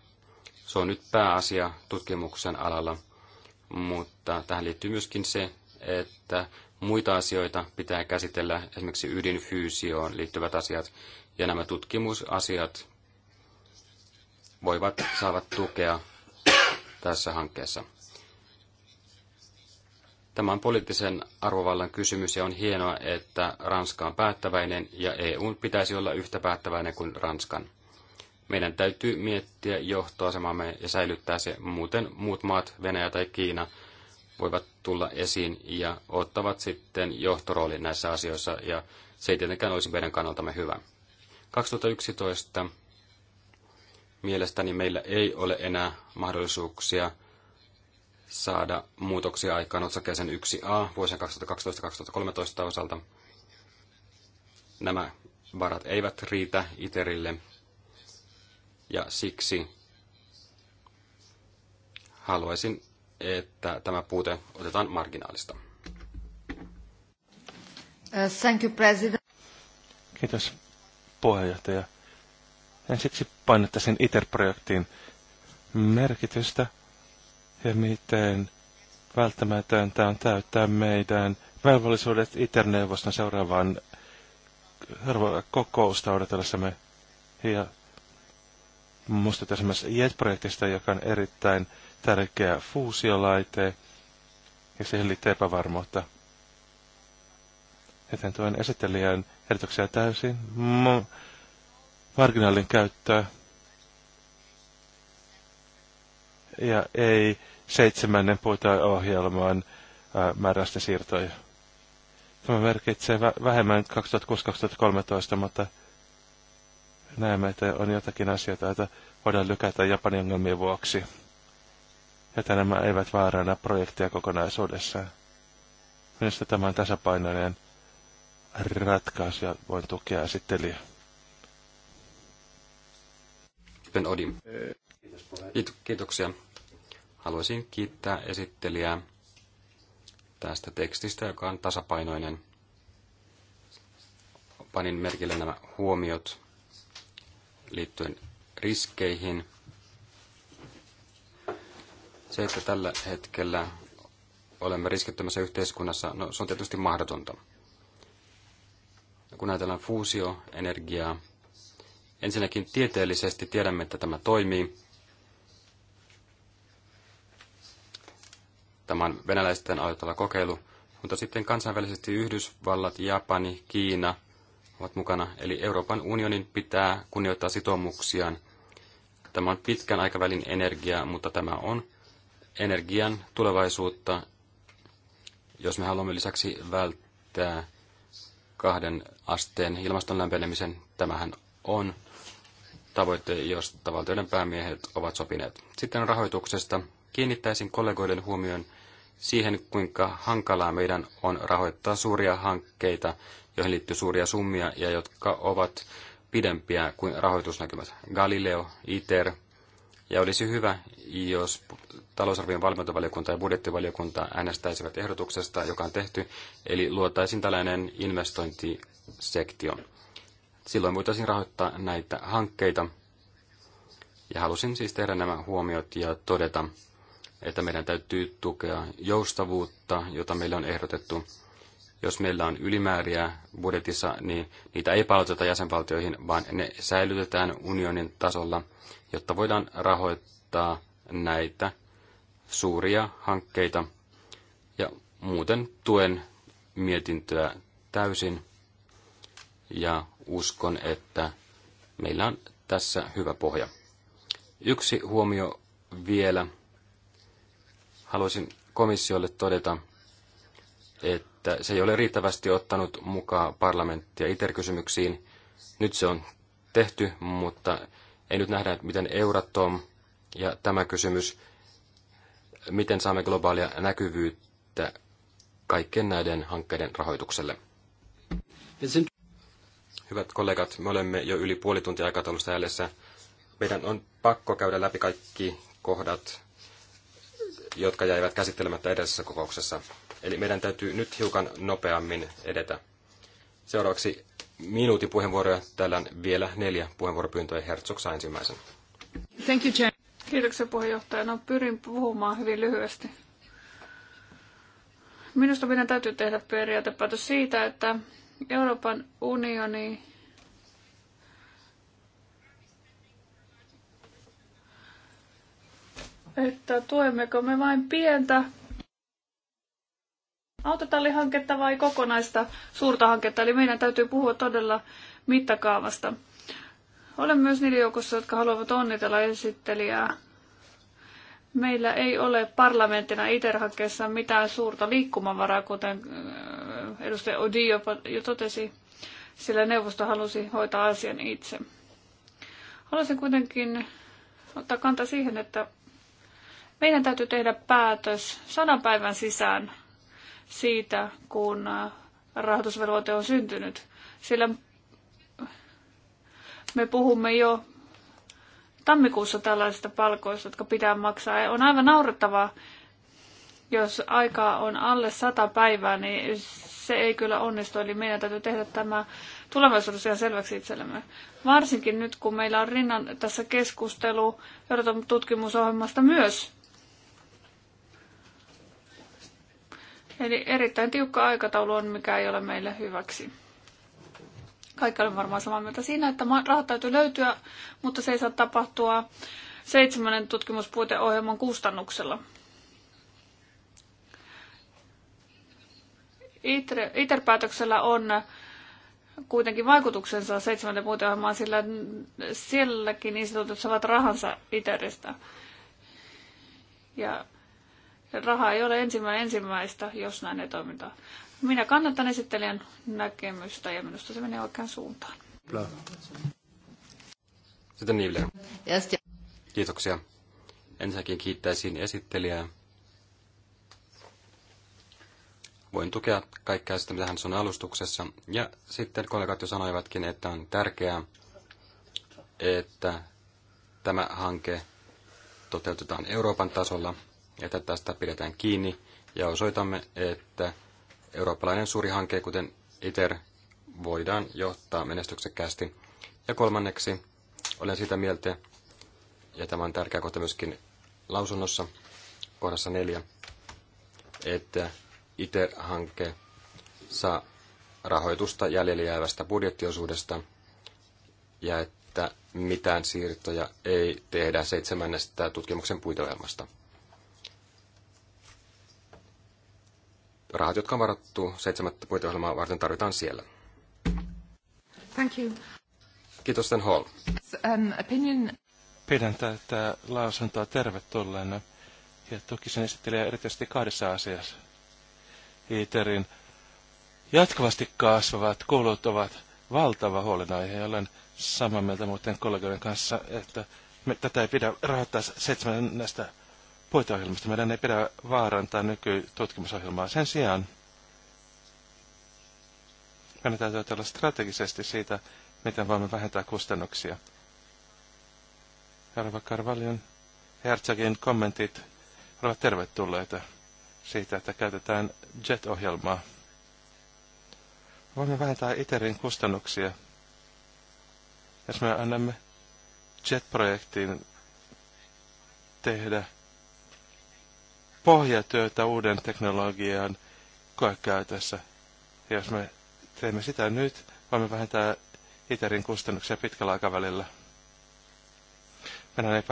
Se on nyt pääasia tutkimuksen alalla, mutta tähän liittyy myöskin se, että muita asioita pitää käsitellä, esimerkiksi ydinfyysioon liittyvät asiat, ja nämä tutkimusasiat voivat saavat tukea tässä hankkeessa. Tämä on poliittisen arvovallan kysymys ja on hienoa, että Ranska on päättäväinen ja EU pitäisi olla yhtä päättäväinen kuin Ranskan. Meidän täytyy miettiä johtoasemamme ja säilyttää se, muuten muut maat, Venäjä tai Kiina, voivat tulla esiin ja ottavat sitten johtoroolin näissä asioissa, ja se ei tietenkään olisi meidän kannaltamme hyvä. 2011 mielestäni meillä ei ole enää mahdollisuuksia – saada muutoksia aikaan otsakkeeseen 1a vuosien 2012-2013 osalta. Nämä varat eivät riitä ITERille ja siksi haluaisin, että tämä puute otetaan marginaalista. Uh, thank you, President. Kiitos, puheenjohtaja. Ensiksi painettaisin ITER-projektiin merkitystä – ja miten välttämätöntä on täyttää meidän velvollisuudet Itäneuvoston seuraavaan kokousta odotellessamme. Ja muistut tässä JET-projektista, joka on erittäin tärkeä fuusiolaite, ja siihen liittyy epävarmuutta. Joten tuen esittelijän erityksiä täysin. M- marginaalin käyttöä. Ja ei seitsemännen puiteohjelman määrästä siirtoja. Tämä merkitsee vähemmän 2006-2013, mutta näemme, että on jotakin asioita, joita voidaan lykätä Japanin ongelmien vuoksi. Että nämä eivät vaarana projektia kokonaisuudessaan. Minusta tämä on tasapainoinen ratkaisu ja voin tukea esittelijä. Kiitos Kiitoksia Haluaisin kiittää esittelijää tästä tekstistä, joka on tasapainoinen. Panin merkille nämä huomiot liittyen riskeihin. Se, että tällä hetkellä olemme riskittömässä yhteiskunnassa, no se on tietysti mahdotonta. Kun ajatellaan fuusioenergiaa, ensinnäkin tieteellisesti tiedämme, että tämä toimii. Tämä on venäläisten aloittava kokeilu, mutta sitten kansainvälisesti Yhdysvallat, Japani, Kiina ovat mukana. Eli Euroopan unionin pitää kunnioittaa sitoumuksiaan. Tämä on pitkän aikavälin energia, mutta tämä on energian tulevaisuutta, jos me haluamme lisäksi välttää kahden asteen ilmaston lämpenemisen. Tämähän on tavoite, josta valtioiden päämiehet ovat sopineet. Sitten rahoituksesta. Kiinnittäisin kollegoiden huomioon siihen, kuinka hankalaa meidän on rahoittaa suuria hankkeita, joihin liittyy suuria summia ja jotka ovat pidempiä kuin rahoitusnäkymät. Galileo, ITER, ja olisi hyvä, jos talousarvion valvontavaliokunta ja budjettivaliokunta äänestäisivät ehdotuksesta, joka on tehty, eli luotaisiin tällainen investointisektio. Silloin voitaisiin rahoittaa näitä hankkeita. Ja halusin siis tehdä nämä huomiot ja todeta, että meidän täytyy tukea joustavuutta, jota meillä on ehdotettu. Jos meillä on ylimääriä budjetissa, niin niitä ei palauteta jäsenvaltioihin, vaan ne säilytetään unionin tasolla, jotta voidaan rahoittaa näitä suuria hankkeita. Ja muuten tuen mietintöä täysin ja uskon, että meillä on tässä hyvä pohja. Yksi huomio vielä Haluaisin komissiolle todeta, että se ei ole riittävästi ottanut mukaan parlamenttia ITER-kysymyksiin. Nyt se on tehty, mutta ei nyt nähdä, miten Euratom ja tämä kysymys, miten saamme globaalia näkyvyyttä kaikkien näiden hankkeiden rahoitukselle. Hyvät kollegat, me olemme jo yli puoli tuntia aikataulusta jäljessä. Meidän on pakko käydä läpi kaikki kohdat jotka jäivät käsittelemättä edellisessä kokouksessa. Eli meidän täytyy nyt hiukan nopeammin edetä. Seuraavaksi minuutin puheenvuoroja. Täällä on vielä neljä puheenvuoropyyntöä. Herzog saa ensimmäisen. Thank you, Chair. Kiitoksia No, Pyrin puhumaan hyvin lyhyesti. Minusta meidän täytyy tehdä periaatepäätös siitä, että Euroopan unioni että tuemmeko me vain pientä autotallihanketta vai kokonaista suurta hanketta. Eli meidän täytyy puhua todella mittakaavasta. Olen myös niiden joukossa, jotka haluavat onnitella esittelijää. Meillä ei ole parlamenttina ITER-hankkeessa mitään suurta liikkumavaraa, kuten äh, edustaja Odi jo totesi, sillä neuvosto halusi hoitaa asian itse. Haluaisin kuitenkin ottaa kanta siihen, että meidän täytyy tehdä päätös sadan päivän sisään siitä, kun äh, rahoitusvelvoite on syntynyt. Sillä me puhumme jo tammikuussa tällaisista palkoista, jotka pitää maksaa. On aivan naurettavaa, jos aikaa on alle sata päivää, niin se ei kyllä onnistu. Eli meidän täytyy tehdä tämä tulevaisuudessa ihan selväksi itsellemme. Varsinkin nyt, kun meillä on rinnan tässä keskustelu Euroopan tutkimusohjelmasta myös. Eli erittäin tiukka aikataulu on, mikä ei ole meille hyväksi. Kaikki olemme varmaan samaa mieltä siinä, että rahat täytyy löytyä, mutta se ei saa tapahtua seitsemännen tutkimuspuiteohjelman kustannuksella. ITER-päätöksellä on kuitenkin vaikutuksensa seitsemännen puiteohjelmaan, sillä sielläkin instituutit saavat rahansa ITERistä. Ja raha ei ole ensimmäinen ensimmäistä, jos näin ei toiminta. Minä kannatan esittelijän näkemystä ja minusta se menee oikeaan suuntaan. Sitten niille. Kiitoksia. Ensinnäkin kiittäisin esittelijää. Voin tukea kaikkea sitä, mitä hän sanoi alustuksessa. Ja sitten kollegat jo sanoivatkin, että on tärkeää, että tämä hanke toteutetaan Euroopan tasolla – että tästä pidetään kiinni ja osoitamme, että eurooppalainen suuri hanke, kuten ITER, voidaan johtaa menestyksekkäästi. Ja kolmanneksi, olen sitä mieltä, ja tämä on tärkeä kohta myöskin lausunnossa, kohdassa neljä, että ITER-hanke saa rahoitusta jäljellä jäävästä budjettiosuudesta ja että mitään siirtoja ei tehdä seitsemännestä tutkimuksen puiteohjelmasta. rahat, jotka on varattu seitsemättä puiteohjelmaa varten, tarvitaan siellä. Thank you. Kiitos, Sten Hall. Um, opinion... Pidän tätä lausuntoa tervetulleena. Ja toki sen esittelee erityisesti kahdessa asiassa. ITERin jatkuvasti kasvavat kulut ovat valtava huolenaihe, olen samaa mieltä muuten kollegoiden kanssa, että me tätä ei pidä rahoittaa seitsemännestä puiteohjelmasta. Meidän ei pidä vaarantaa nykytutkimusohjelmaa. Sen sijaan meidän täytyy ajatella strategisesti siitä, miten voimme vähentää kustannuksia. Herra Karvalion Herzogin kommentit ovat tervetulleita siitä, että käytetään JET-ohjelmaa. Voimme vähentää ITERin kustannuksia, jos me annamme JET-projektiin tehdä pohjatyötä uuden teknologian koekäytössä. Ja jos me teemme sitä nyt, voimme vähentää ITERin kustannuksia pitkällä aikavälillä. Meidän ei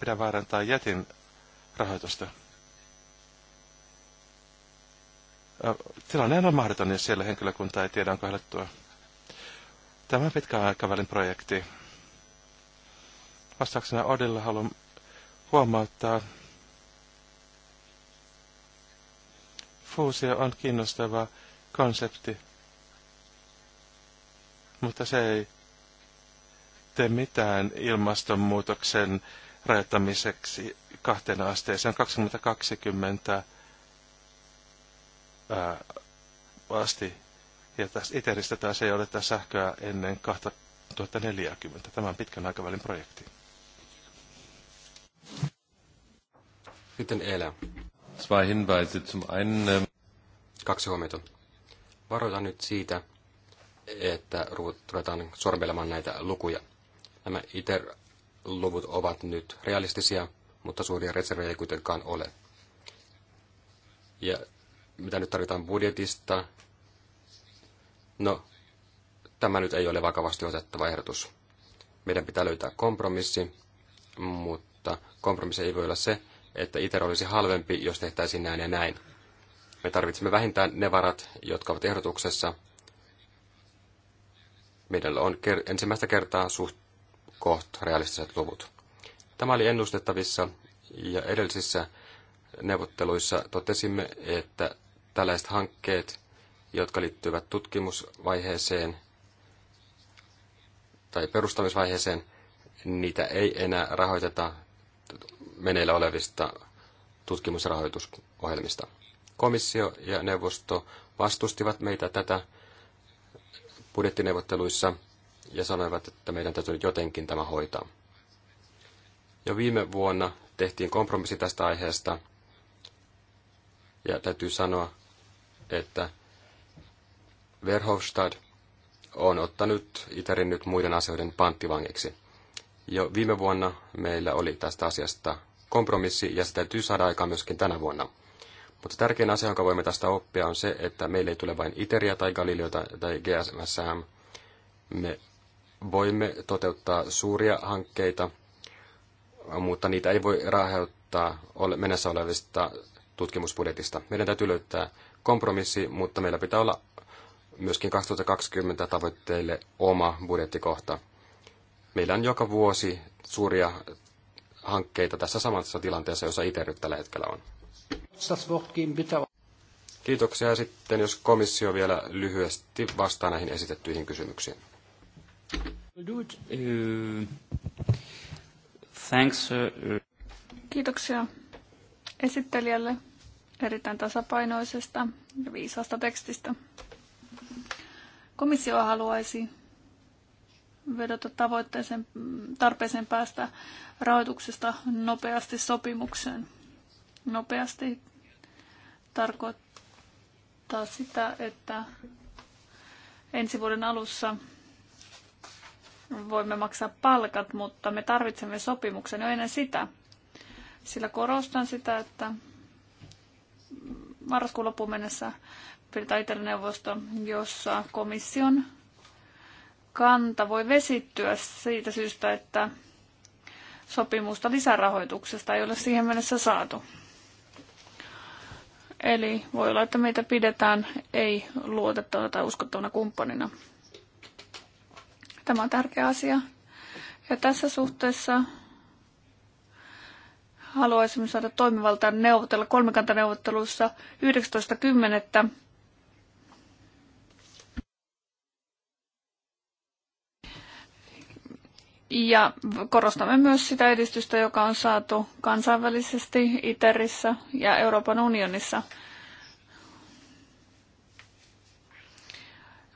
pidä vaarantaa jätin rahoitusta. Tilanne on mahdoton, jos siellä henkilökunta ei tiedä, onko helettua. Tämä on pitkän aikavälin projekti. Vastauksena Odilla haluan huomauttaa, Fuusio on kiinnostava konsepti, mutta se ei tee mitään ilmastonmuutoksen rajoittamiseksi kahteen asteeseen 2020 ää, asti. Ja tästä Iteristä taas ei ole sähköä ennen 2040. Tämä on pitkän aikavälin projekti. Sitten Elä. Zwei Hinweise. Zum einen... Ähm, Kaksi huomiota. Varoitan nyt siitä, että ruvetaan sormelemaan näitä lukuja. Nämä ITER-luvut ovat nyt realistisia, mutta suuria reservejä ei kuitenkaan ole. Ja mitä nyt tarvitaan budjetista? No, tämä nyt ei ole vakavasti otettava ehdotus. Meidän pitää löytää kompromissi, mutta kompromissi ei voi olla se, että ITER olisi halvempi, jos tehtäisiin näin ja näin. Me tarvitsemme vähintään ne varat, jotka ovat ehdotuksessa. Meillä on ensimmäistä kertaa suht koht realistiset luvut. Tämä oli ennustettavissa ja edellisissä neuvotteluissa totesimme, että tällaiset hankkeet, jotka liittyvät tutkimusvaiheeseen tai perustamisvaiheeseen, niitä ei enää rahoiteta meneillä olevista tutkimusrahoitusohjelmista. Komissio ja neuvosto vastustivat meitä tätä budjettineuvotteluissa ja sanoivat, että meidän täytyy jotenkin tämä hoitaa. Jo viime vuonna tehtiin kompromissi tästä aiheesta ja täytyy sanoa, että Verhofstadt on ottanut Itärin nyt muiden asioiden panttivangiksi. Jo viime vuonna meillä oli tästä asiasta kompromissi ja se täytyy saada aikaan myöskin tänä vuonna. Mutta tärkein asia, jonka voimme tästä oppia, on se, että meille ei tule vain Iteria tai Galileota tai GSM. Me voimme toteuttaa suuria hankkeita, mutta niitä ei voi rahoittaa mennessä olevista tutkimusbudjetista. Meidän täytyy löytää kompromissi, mutta meillä pitää olla myöskin 2020 tavoitteille oma budjettikohta. Meillä on joka vuosi suuria hankkeita tässä samassa tilanteessa, jossa itse nyt tällä hetkellä on. Kiitoksia sitten, jos komissio vielä lyhyesti vastaa näihin esitettyihin kysymyksiin. Kiitoksia esittelijälle erittäin tasapainoisesta ja viisaasta tekstistä. Komissio haluaisi vedota tavoitteeseen, tarpeeseen päästä rahoituksesta nopeasti sopimukseen. Nopeasti tarkoittaa sitä, että ensi vuoden alussa voimme maksaa palkat, mutta me tarvitsemme sopimuksen jo ennen sitä. Sillä korostan sitä, että marraskuun loppuun mennessä pidetään neuvosto, jossa komission kanta voi vesittyä siitä syystä, että sopimusta lisärahoituksesta ei ole siihen mennessä saatu. Eli voi olla, että meitä pidetään ei luotettavana tai uskottavana kumppanina. Tämä on tärkeä asia. Ja tässä suhteessa haluaisimme saada toimivaltaan neuvotella kolmikantaneuvotteluissa 19.10. Ja korostamme myös sitä edistystä, joka on saatu kansainvälisesti ITERissä ja Euroopan unionissa.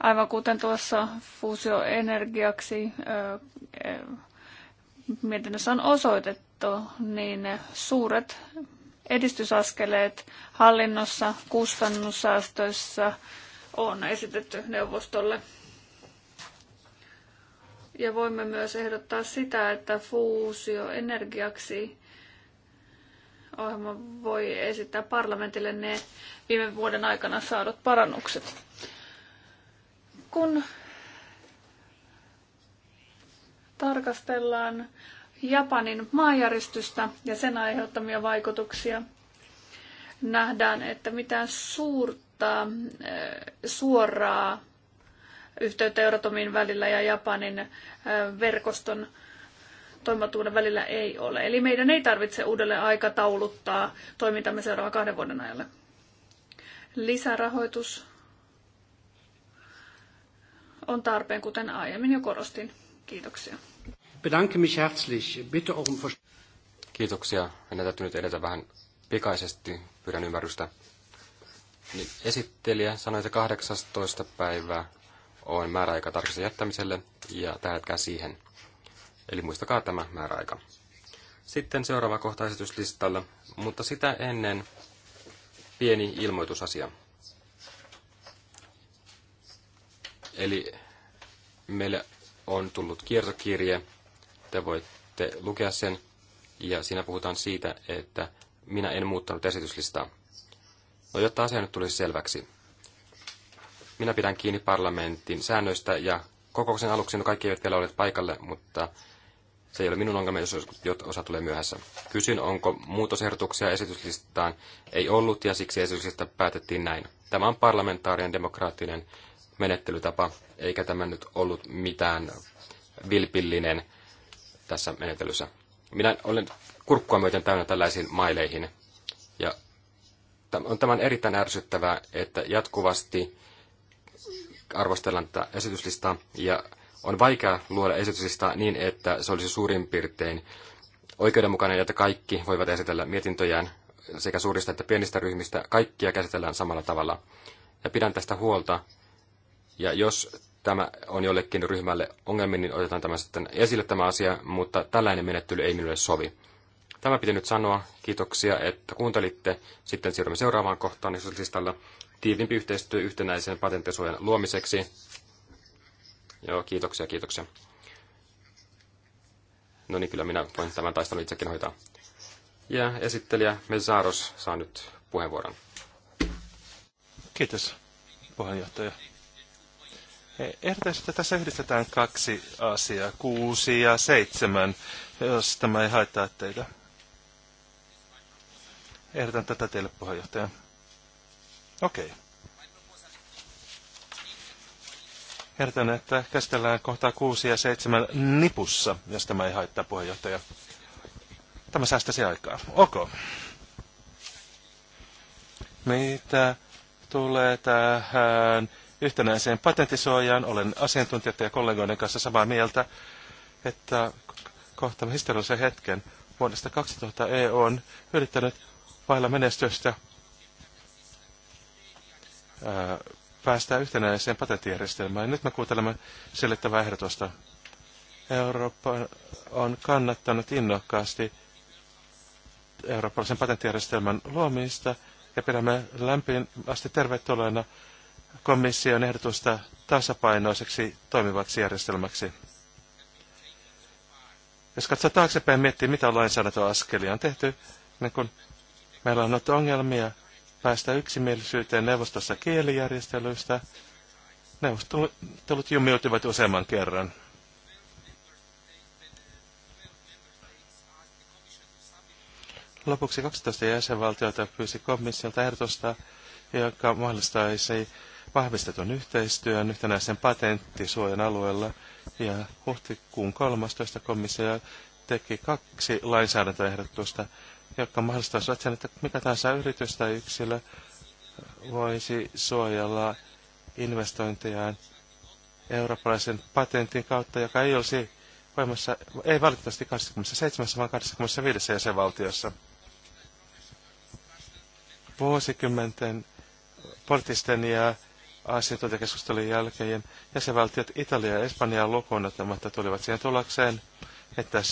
Aivan kuten tuossa fuusioenergiaksi mietinnössä on osoitettu, niin suuret edistysaskeleet hallinnossa, kustannussäästöissä on esitetty neuvostolle – ja voimme myös ehdottaa sitä, että fuusio energiaksi ohjelma voi esittää parlamentille ne viime vuoden aikana saadut parannukset. Kun tarkastellaan Japanin maanjäristystä ja sen aiheuttamia vaikutuksia, nähdään, että mitään suurta eh, suoraa yhteyttä Euratomin välillä ja Japanin verkoston toimimattomuuden välillä ei ole. Eli meidän ei tarvitse uudelleen aikatauluttaa toimintamme seuraavan kahden vuoden ajalle. Lisärahoitus on tarpeen, kuten aiemmin jo korostin. Kiitoksia. Bedanke mich herzlich. Bitte auch um Kiitoksia. Meidän täytyy nyt edetä vähän pikaisesti. Pyydän ymmärrystä. Niin esittelijä sanoi, että 18. päivää on määräaika tarkistuksen jättämiselle ja tähdätkää siihen. Eli muistakaa tämä määräaika. Sitten seuraava kohta esityslistalla, mutta sitä ennen pieni ilmoitusasia. Eli meille on tullut kiertokirje, te voitte lukea sen, ja siinä puhutaan siitä, että minä en muuttanut esityslistaa. No jotta asia nyt tulisi selväksi. Minä pidän kiinni parlamentin säännöistä ja kokouksen aluksi no kaikki eivät vielä ole paikalle, mutta se ei ole minun ongelma, jos osa tulee myöhässä. Kysyn, onko muutosehdotuksia esityslistaan ei ollut ja siksi esityslista päätettiin näin. Tämä on parlamentaarinen demokraattinen menettelytapa, eikä tämä nyt ollut mitään vilpillinen tässä menettelyssä. Minä olen kurkkua myöten täynnä tällaisiin maileihin. Ja on tämän erittäin ärsyttävää, että jatkuvasti arvostellaan tätä esityslistaa, ja on vaikea luoda esityslistaa niin, että se olisi suurin piirtein oikeudenmukainen, että kaikki voivat esitellä mietintöjään sekä suurista että pienistä ryhmistä. Kaikkia käsitellään samalla tavalla. Ja pidän tästä huolta. Ja jos tämä on jollekin ryhmälle ongelmi, niin otetaan tämä sitten esille tämä asia, mutta tällainen menettely ei minulle sovi. Tämä piti nyt sanoa. Kiitoksia, että kuuntelitte. Sitten siirrymme seuraavaan kohtaan esityslistalla tiivimpi yhteistyö yhtenäisen patenttisuojan luomiseksi. Joo, kiitoksia, kiitoksia. No niin, kyllä minä voin tämän taistelun itsekin hoitaa. Ja esittelijä Mezaros saa nyt puheenvuoron. Kiitos, puheenjohtaja. Ehdotan, että tässä yhdistetään kaksi asiaa, kuusi ja seitsemän, jos tämä ei haittaa teitä. Ehdotan tätä teille, puheenjohtaja. Okei. Okay. Ehdotan, että käsitellään kohtaa 6 ja 7 nipussa, jos tämä ei haittaa puheenjohtaja. Tämä säästäisi aikaa. Okay. Mitä tulee tähän yhtenäiseen patentisuojaan, olen asiantuntijoiden ja kollegoiden kanssa samaa mieltä, että kohtamme historiallisen hetken. Vuodesta 2000 EU on yrittänyt vailla menestystä Äh, päästään yhtenäiseen patenttijärjestelmään. Nyt me kuuntelemme selittävää ehdotusta. Eurooppa on kannattanut innokkaasti eurooppalaisen patenttijärjestelmän luomista ja pidämme lämpimästi tervetulleena komission ehdotusta tasapainoiseksi toimivaksi järjestelmäksi. Jos katsoo taaksepäin ja miettii, mitä lainsäädäntöaskelia on tehty, niin kun meillä on ollut ongelmia päästä yksimielisyyteen neuvostossa kielijärjestelyistä. Neuvostelut jumiutuivat useamman kerran. Lopuksi 12 jäsenvaltiota pyysi komissiolta ehdotusta, joka mahdollistaisi vahvistetun yhteistyön yhtenäisen patenttisuojan alueella. Ja huhtikuun 13. komissio teki kaksi lainsäädäntöehdotusta, jotka mahdollistaisivat sen, että mikä tahansa yritys tai yksilö voisi suojella investointejaan eurooppalaisen patentin kautta, joka ei olisi voimassa, ei valitettavasti 27, vaan 25 jäsenvaltiossa. Vuosikymmenten poliittisten ja asiantuntijakeskustelujen jälkeen jäsenvaltiot Italia ja Espanja lukuun ottamatta tulivat siihen tulokseen, että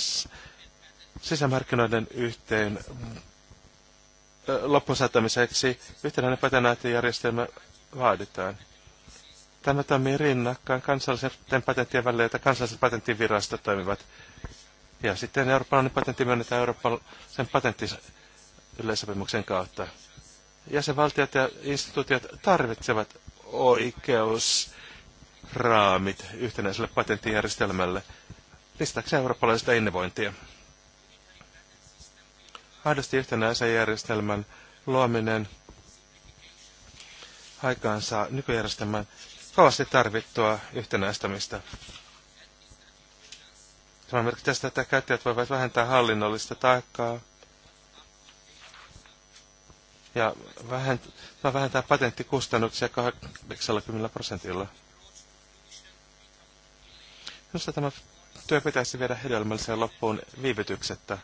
sisämarkkinoiden yhteen loppuun saattamiseksi yhtenäinen patenttijärjestelmä vaaditaan. Tämä toimii rinnakkaan kansallisten patenttien välillä, joita kansalliset patenttivirastot toimivat. Ja sitten eurooppalainen patentti myönnetään eurooppalaisen patenttiyleissopimuksen kautta. Jäsenvaltiot ja instituutiot tarvitsevat oikeusraamit yhtenäiselle patenttijärjestelmälle lisätäkseen eurooppalaisista innovointia aidosti yhtenäisen järjestelmän luominen aikaansaa nykyjärjestelmän kovasti tarvittua yhtenäistämistä. Tämä merkitsee sitä, että käyttäjät voivat vähentää hallinnollista taakkaa ja vähentää, vähentää patenttikustannuksia 80 prosentilla. Minusta tämä työ pitäisi viedä hedelmälliseen loppuun viivytyksettä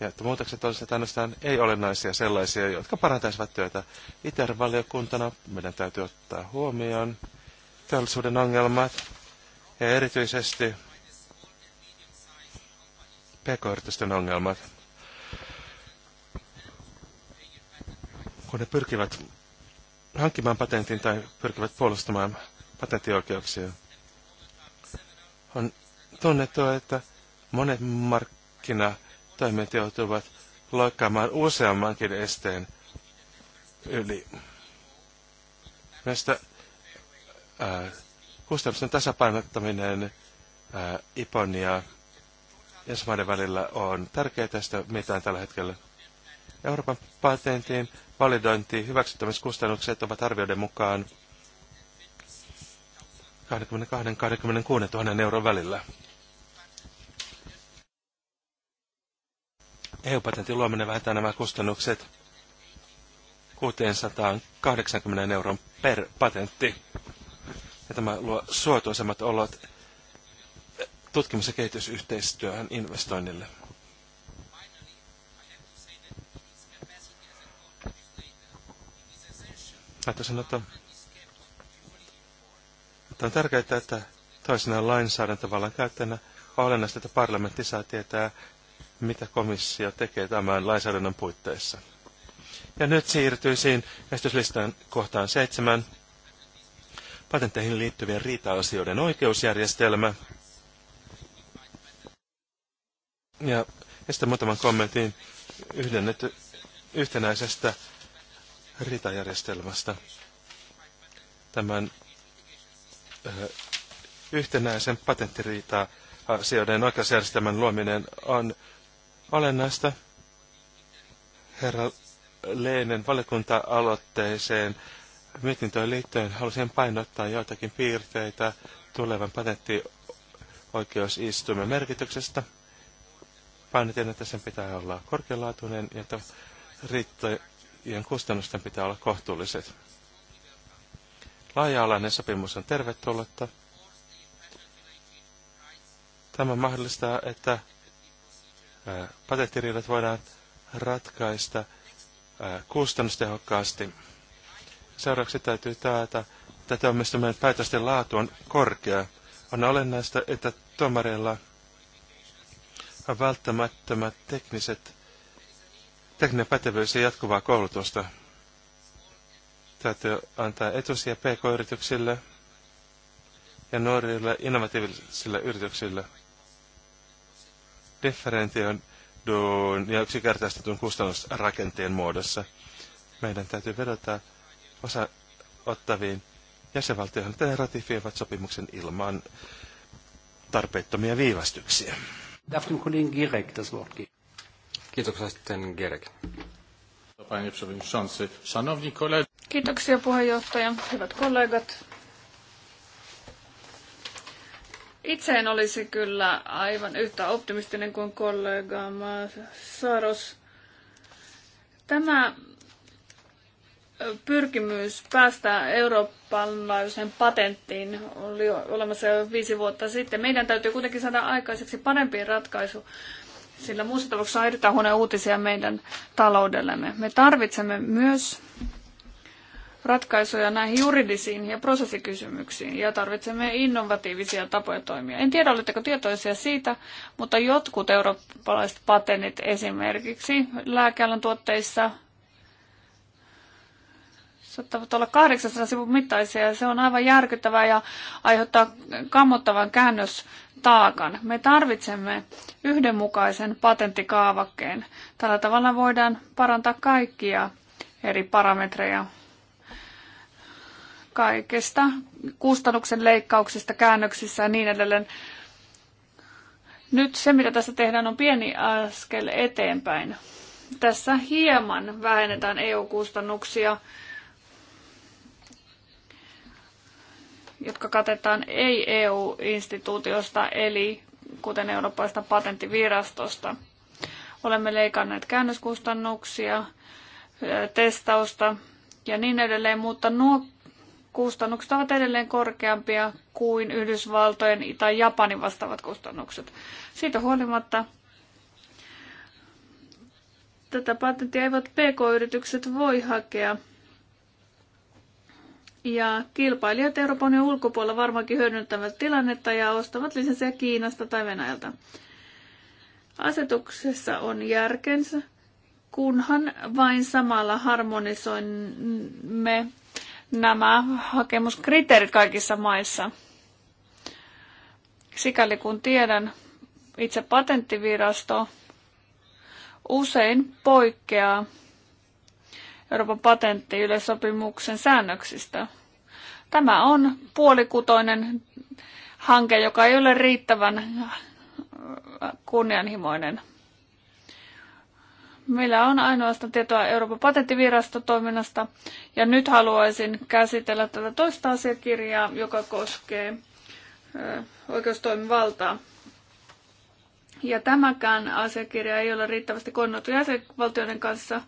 ja että muutokset olisivat ainoastaan ei-olennaisia sellaisia, jotka parantaisivat työtä. Itervaliokuntana meidän täytyy ottaa huomioon teollisuuden ongelmat ja erityisesti pk ongelmat. Kun ne pyrkivät hankkimaan patentin tai pyrkivät puolustamaan patenttioikeuksia, on tunnettu, että monet markkina toimet joutuvat loikkaamaan useammankin esteen yli. Meistä äh, kustannusten tasapainottaminen ää, äh, IPON ja jäsenmaiden välillä on tärkeää tästä mitään tällä hetkellä. Euroopan patentin validointi hyväksyttämiskustannukset ovat arvioiden mukaan 22 000 euron välillä. EU-patentin luominen vähentää nämä kustannukset 680 euron per patentti. Ja tämä luo suotuisemmat olot tutkimus- ja kehitysyhteistyöhön investoinnille. sanoa, että, että on tärkeää, että toisena lainsäädäntövallan käyttäjänä on olennaista, että parlamentti saa tietää mitä komissio tekee tämän lainsäädännön puitteissa. Ja nyt siirtyisin esityslistan kohtaan seitsemän. Patentteihin liittyvien riita-asioiden oikeusjärjestelmä. Ja sitten muutaman kommentin yhdennetty, yhtenäisestä riitajärjestelmästä. Tämän ö, yhtenäisen patenttiriita-asioiden oikeusjärjestelmän luominen on olennaista herra Leenen valiokunta-aloitteeseen mietintöön liittyen halusin painottaa joitakin piirteitä tulevan patenttioikeusistuimen merkityksestä. Painotin, että sen pitää olla korkealaatuinen ja että riittojen kustannusten pitää olla kohtuulliset. Laaja-alainen sopimus on tervetullutta. Tämä mahdollistaa, että patenttiriidat voidaan ratkaista kustannustehokkaasti. Seuraavaksi täytyy taata, että tuomioistuimen päätösten laatu on korkea. On olennaista, että tuomareilla on välttämättömät tekniset, tekninen pätevyys ja jatkuvaa koulutusta. Täytyy antaa etusia pk-yrityksille ja nuorille innovatiivisille yrityksille – differentioidun ja yksinkertaistetun kustannusrakenteen muodossa. Meidän täytyy vedota osa ottaviin jäsenvaltioihin, että ratifioivat sopimuksen ilman tarpeettomia viivästyksiä. Kiitoksia sitten Gerek. Kiitoksia puheenjohtaja, hyvät kollegat. Itse en olisi kyllä aivan yhtä optimistinen kuin kollega Saros. Tämä pyrkimys päästä eurooppalaisen patenttiin oli olemassa jo viisi vuotta sitten. Meidän täytyy kuitenkin saada aikaiseksi parempi ratkaisu, sillä muussa tapauksessa on erittäin huonoja uutisia meidän taloudellemme. Me tarvitsemme myös ratkaisuja näihin juridisiin ja prosessikysymyksiin ja tarvitsemme innovatiivisia tapoja toimia. En tiedä, oletteko tietoisia siitä, mutta jotkut eurooppalaiset patentit esimerkiksi lääkealan tuotteissa saattavat olla 800 sivun mittaisia ja se on aivan järkyttävää ja aiheuttaa kammottavan käännöstaakan. Me tarvitsemme yhdenmukaisen patenttikaavakkeen. Tällä tavalla voidaan parantaa kaikkia eri parametreja kaikesta kustannuksen leikkauksista, käännöksissä ja niin edelleen. Nyt se, mitä tässä tehdään, on pieni askel eteenpäin. Tässä hieman vähennetään EU-kustannuksia, jotka katetaan ei-EU-instituutiosta, eli kuten Euroopasta patenttivirastosta. Olemme leikanneet käännöskustannuksia, testausta ja niin edelleen, mutta nuo kustannukset ovat edelleen korkeampia kuin Yhdysvaltojen tai Japanin vastaavat kustannukset. Siitä huolimatta tätä patenttia eivät pk-yritykset voi hakea. Ja kilpailijat Euroopan ja ulkopuolella varmaankin hyödyntävät tilannetta ja ostavat lisenssejä Kiinasta tai Venäjältä. Asetuksessa on järkensä, kunhan vain samalla harmonisoimme nämä hakemuskriteerit kaikissa maissa. Sikäli kun tiedän, itse patenttivirasto usein poikkeaa Euroopan patenttiyleissopimuksen säännöksistä. Tämä on puolikutoinen hanke, joka ei ole riittävän kunnianhimoinen. Meillä on ainoastaan tietoa Euroopan patenttiviraston toiminnasta ja nyt haluaisin käsitellä tätä toista asiakirjaa, joka koskee oikeustoimivaltaa. Ja tämäkään asiakirja ei ole riittävästi koordinoitu jäsenvaltioiden kanssa.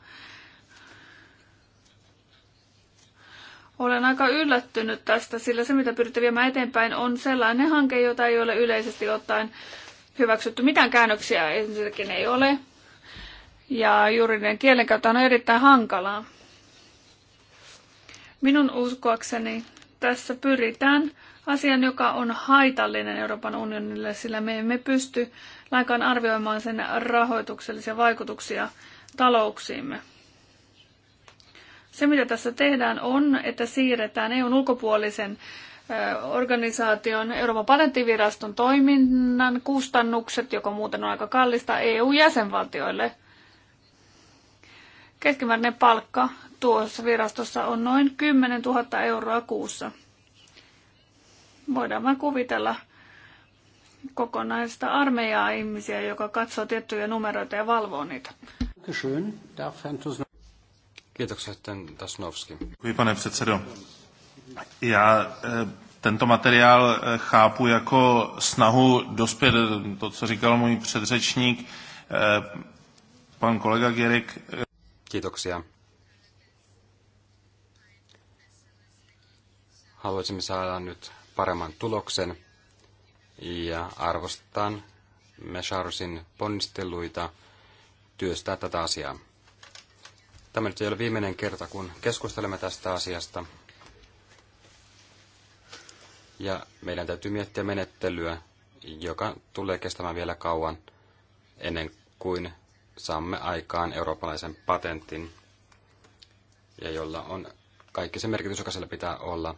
Olen aika yllättynyt tästä, sillä se mitä pyritte viemään eteenpäin on sellainen hanke, jota ei ole yleisesti ottaen hyväksytty. Mitään käännöksiä ensinnäkin ei ole ja juridinen kielenkäyttö on erittäin hankalaa. Minun uskoakseni tässä pyritään asian, joka on haitallinen Euroopan unionille, sillä me emme pysty lainkaan arvioimaan sen rahoituksellisia vaikutuksia talouksiimme. Se, mitä tässä tehdään, on, että siirretään EUn ulkopuolisen organisaation Euroopan patenttiviraston toiminnan kustannukset, joka muuten on aika kallista EU-jäsenvaltioille – Keskimääräinen palkka tuossa virastossa on noin 10 000 euroa kuussa. Voidaan vain kuvitella kokonaista armeijaa ihmisiä, joka katsoo tiettyjä numeroita ja valvoo niitä. Kiitoksia, Tasnovski. Děkuji, pane předsedo. Já eh, tento materiál eh, chápu jako snahu dospět, eh, to, co říkal můj předřečník, pan kolega Gerik. Kiitoksia. Haluaisimme saada nyt paremman tuloksen ja arvostan Mesharusin ponnisteluita työstää tätä asiaa. Tämä nyt ei ole viimeinen kerta, kun keskustelemme tästä asiasta. Ja meidän täytyy miettiä menettelyä, joka tulee kestämään vielä kauan ennen kuin saamme aikaan eurooppalaisen patentin, ja jolla on kaikki se merkitys, joka siellä pitää olla.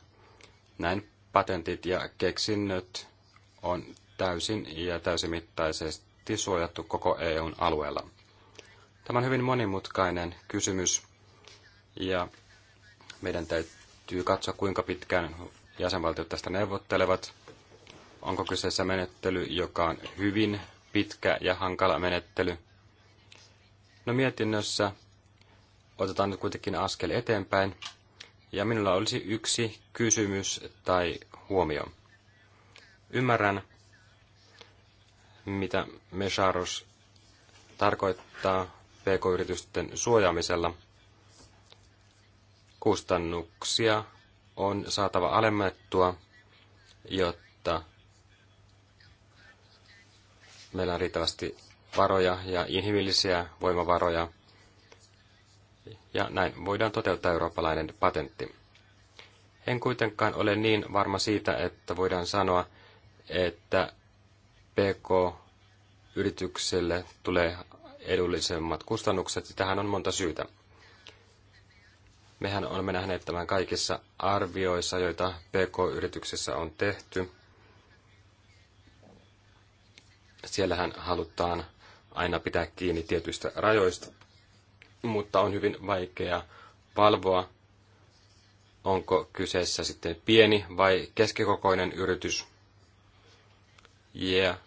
Näin patentit ja keksinnöt on täysin ja täysimittaisesti suojattu koko EUn alueella. Tämä on hyvin monimutkainen kysymys, ja meidän täytyy katsoa, kuinka pitkään jäsenvaltiot tästä neuvottelevat. Onko kyseessä menettely, joka on hyvin pitkä ja hankala menettely – No mietinnössä otetaan nyt kuitenkin askel eteenpäin. Ja minulla olisi yksi kysymys tai huomio. Ymmärrän, mitä Mesharos tarkoittaa pk-yritysten suojaamisella. Kustannuksia on saatava alemmettua, jotta meillä on riittävästi varoja ja inhimillisiä voimavaroja. Ja näin voidaan toteuttaa eurooppalainen patentti. En kuitenkaan ole niin varma siitä, että voidaan sanoa, että PK-yritykselle tulee edullisemmat kustannukset. Tähän on monta syytä. Mehän olemme nähneet tämän kaikissa arvioissa, joita PK-yrityksissä on tehty. Siellähän halutaan aina pitää kiinni tietyistä rajoista, mutta on hyvin vaikea valvoa, onko kyseessä sitten pieni vai keskikokoinen yritys. Ja yeah.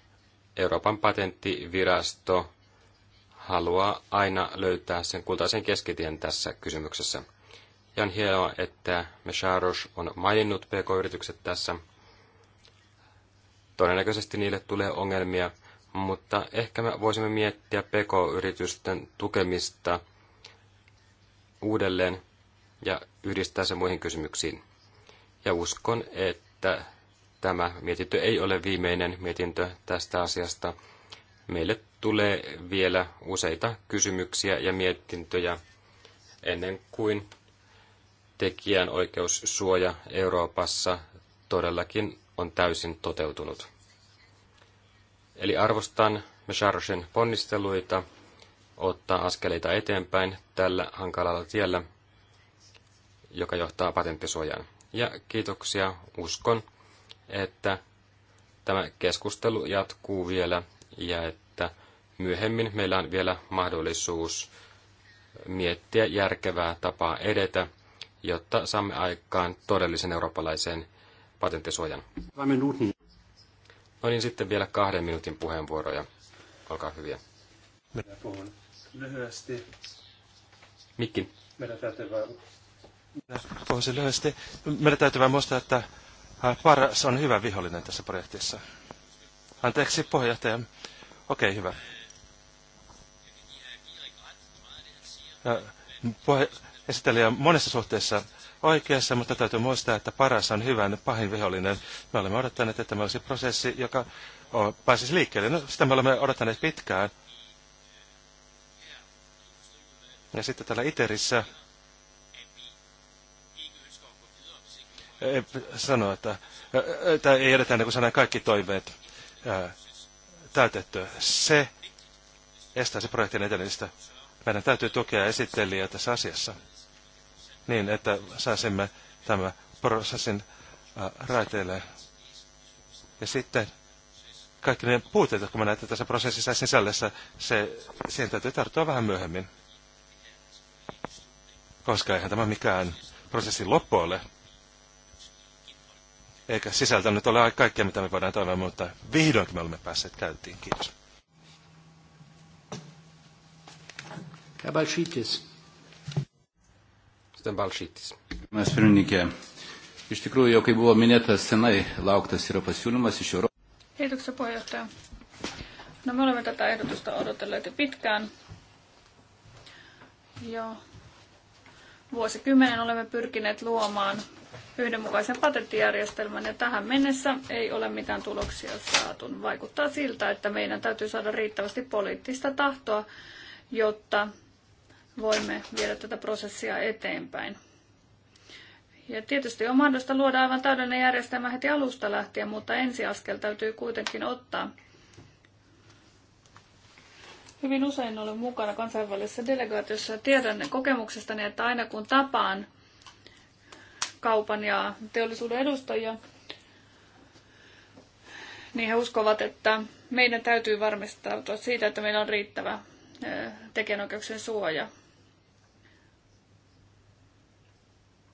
Euroopan patenttivirasto haluaa aina löytää sen kultaisen keskitien tässä kysymyksessä. Ja on hienoa, että Mesharos on maininnut pk-yritykset tässä. Todennäköisesti niille tulee ongelmia – mutta ehkä me voisimme miettiä PK-yritysten tukemista uudelleen ja yhdistää se muihin kysymyksiin. Ja uskon, että tämä mietintö ei ole viimeinen mietintö tästä asiasta. Meille tulee vielä useita kysymyksiä ja mietintöjä ennen kuin tekijän oikeussuoja Euroopassa todellakin on täysin toteutunut. Eli arvostan Mesharosen ponnisteluita ottaa askeleita eteenpäin tällä hankalalla tiellä, joka johtaa patenttisuojaan. Ja kiitoksia, uskon, että tämä keskustelu jatkuu vielä ja että myöhemmin meillä on vielä mahdollisuus miettiä järkevää tapaa edetä, jotta saamme aikaan todellisen eurooppalaisen patenttisuojan. No niin, sitten vielä kahden minuutin puheenvuoroja. Olkaa hyviä. Minä puhun lyhyesti. Mikki. Meidän täytyy vain... Minä lyhyesti. Meidän täytyy vain muistaa, että paras on hyvä vihollinen tässä projektissa. Anteeksi, puheenjohtaja. Okei, okay, hyvä. Puhe- esittelijä monessa suhteessa oikeassa, mutta täytyy muistaa, että paras on hyvän pahin vihollinen. Me olemme odottaneet, että tämä olisi prosessi, joka pääsisi liikkeelle. No, sitä me olemme odottaneet pitkään. Ja sitten täällä Iterissä e, sanoa, että, e, e, tämä ei edetä niin kuin saadaan kaikki toiveet täytettyä. Se estää se projektin etenemistä. Meidän täytyy tukea esittelijää tässä asiassa niin, että saisimme tämä prosessin raiteille. Ja sitten kaikki ne puutteet, jotka me näette tässä prosessissa sisällössä, se, siihen täytyy tarttua vähän myöhemmin. Koska eihän tämä mikään prosessin loppu ole. Eikä sisältö nyt ole kaikkea, mitä me voidaan toivoa, mutta vihdoinkin me olemme päässeet käyntiin. Kiitos. Kabalchitis ten Balšytis. Mes pirmininkė, iš tikrųjų jau kaip buvo minėtas senai lauktas yra pasiūlymas iš Europos. Kiitoksia puheenjohtaja. No me olemme tätä ehdotusta odotelleet jo pitkään. Jo vuosikymmenen olemme pyrkineet luomaan yhdenmukaisen patenttijärjestelmän ja tähän mennessä ei ole mitään tuloksia saatu. Vaikuttaa siltä, että meidän täytyy saada riittävästi poliittista tahtoa, jotta voimme viedä tätä prosessia eteenpäin. Ja tietysti on mahdollista luoda aivan täydellinen järjestelmä heti alusta lähtien, mutta ensiaskel täytyy kuitenkin ottaa. Hyvin usein olen mukana kansainvälisessä delegaatiossa ja tiedän kokemuksestani, että aina kun tapaan kaupan ja teollisuuden edustajia, niin he uskovat, että meidän täytyy varmistautua siitä, että meillä on riittävä tekijänoikeuksien suoja.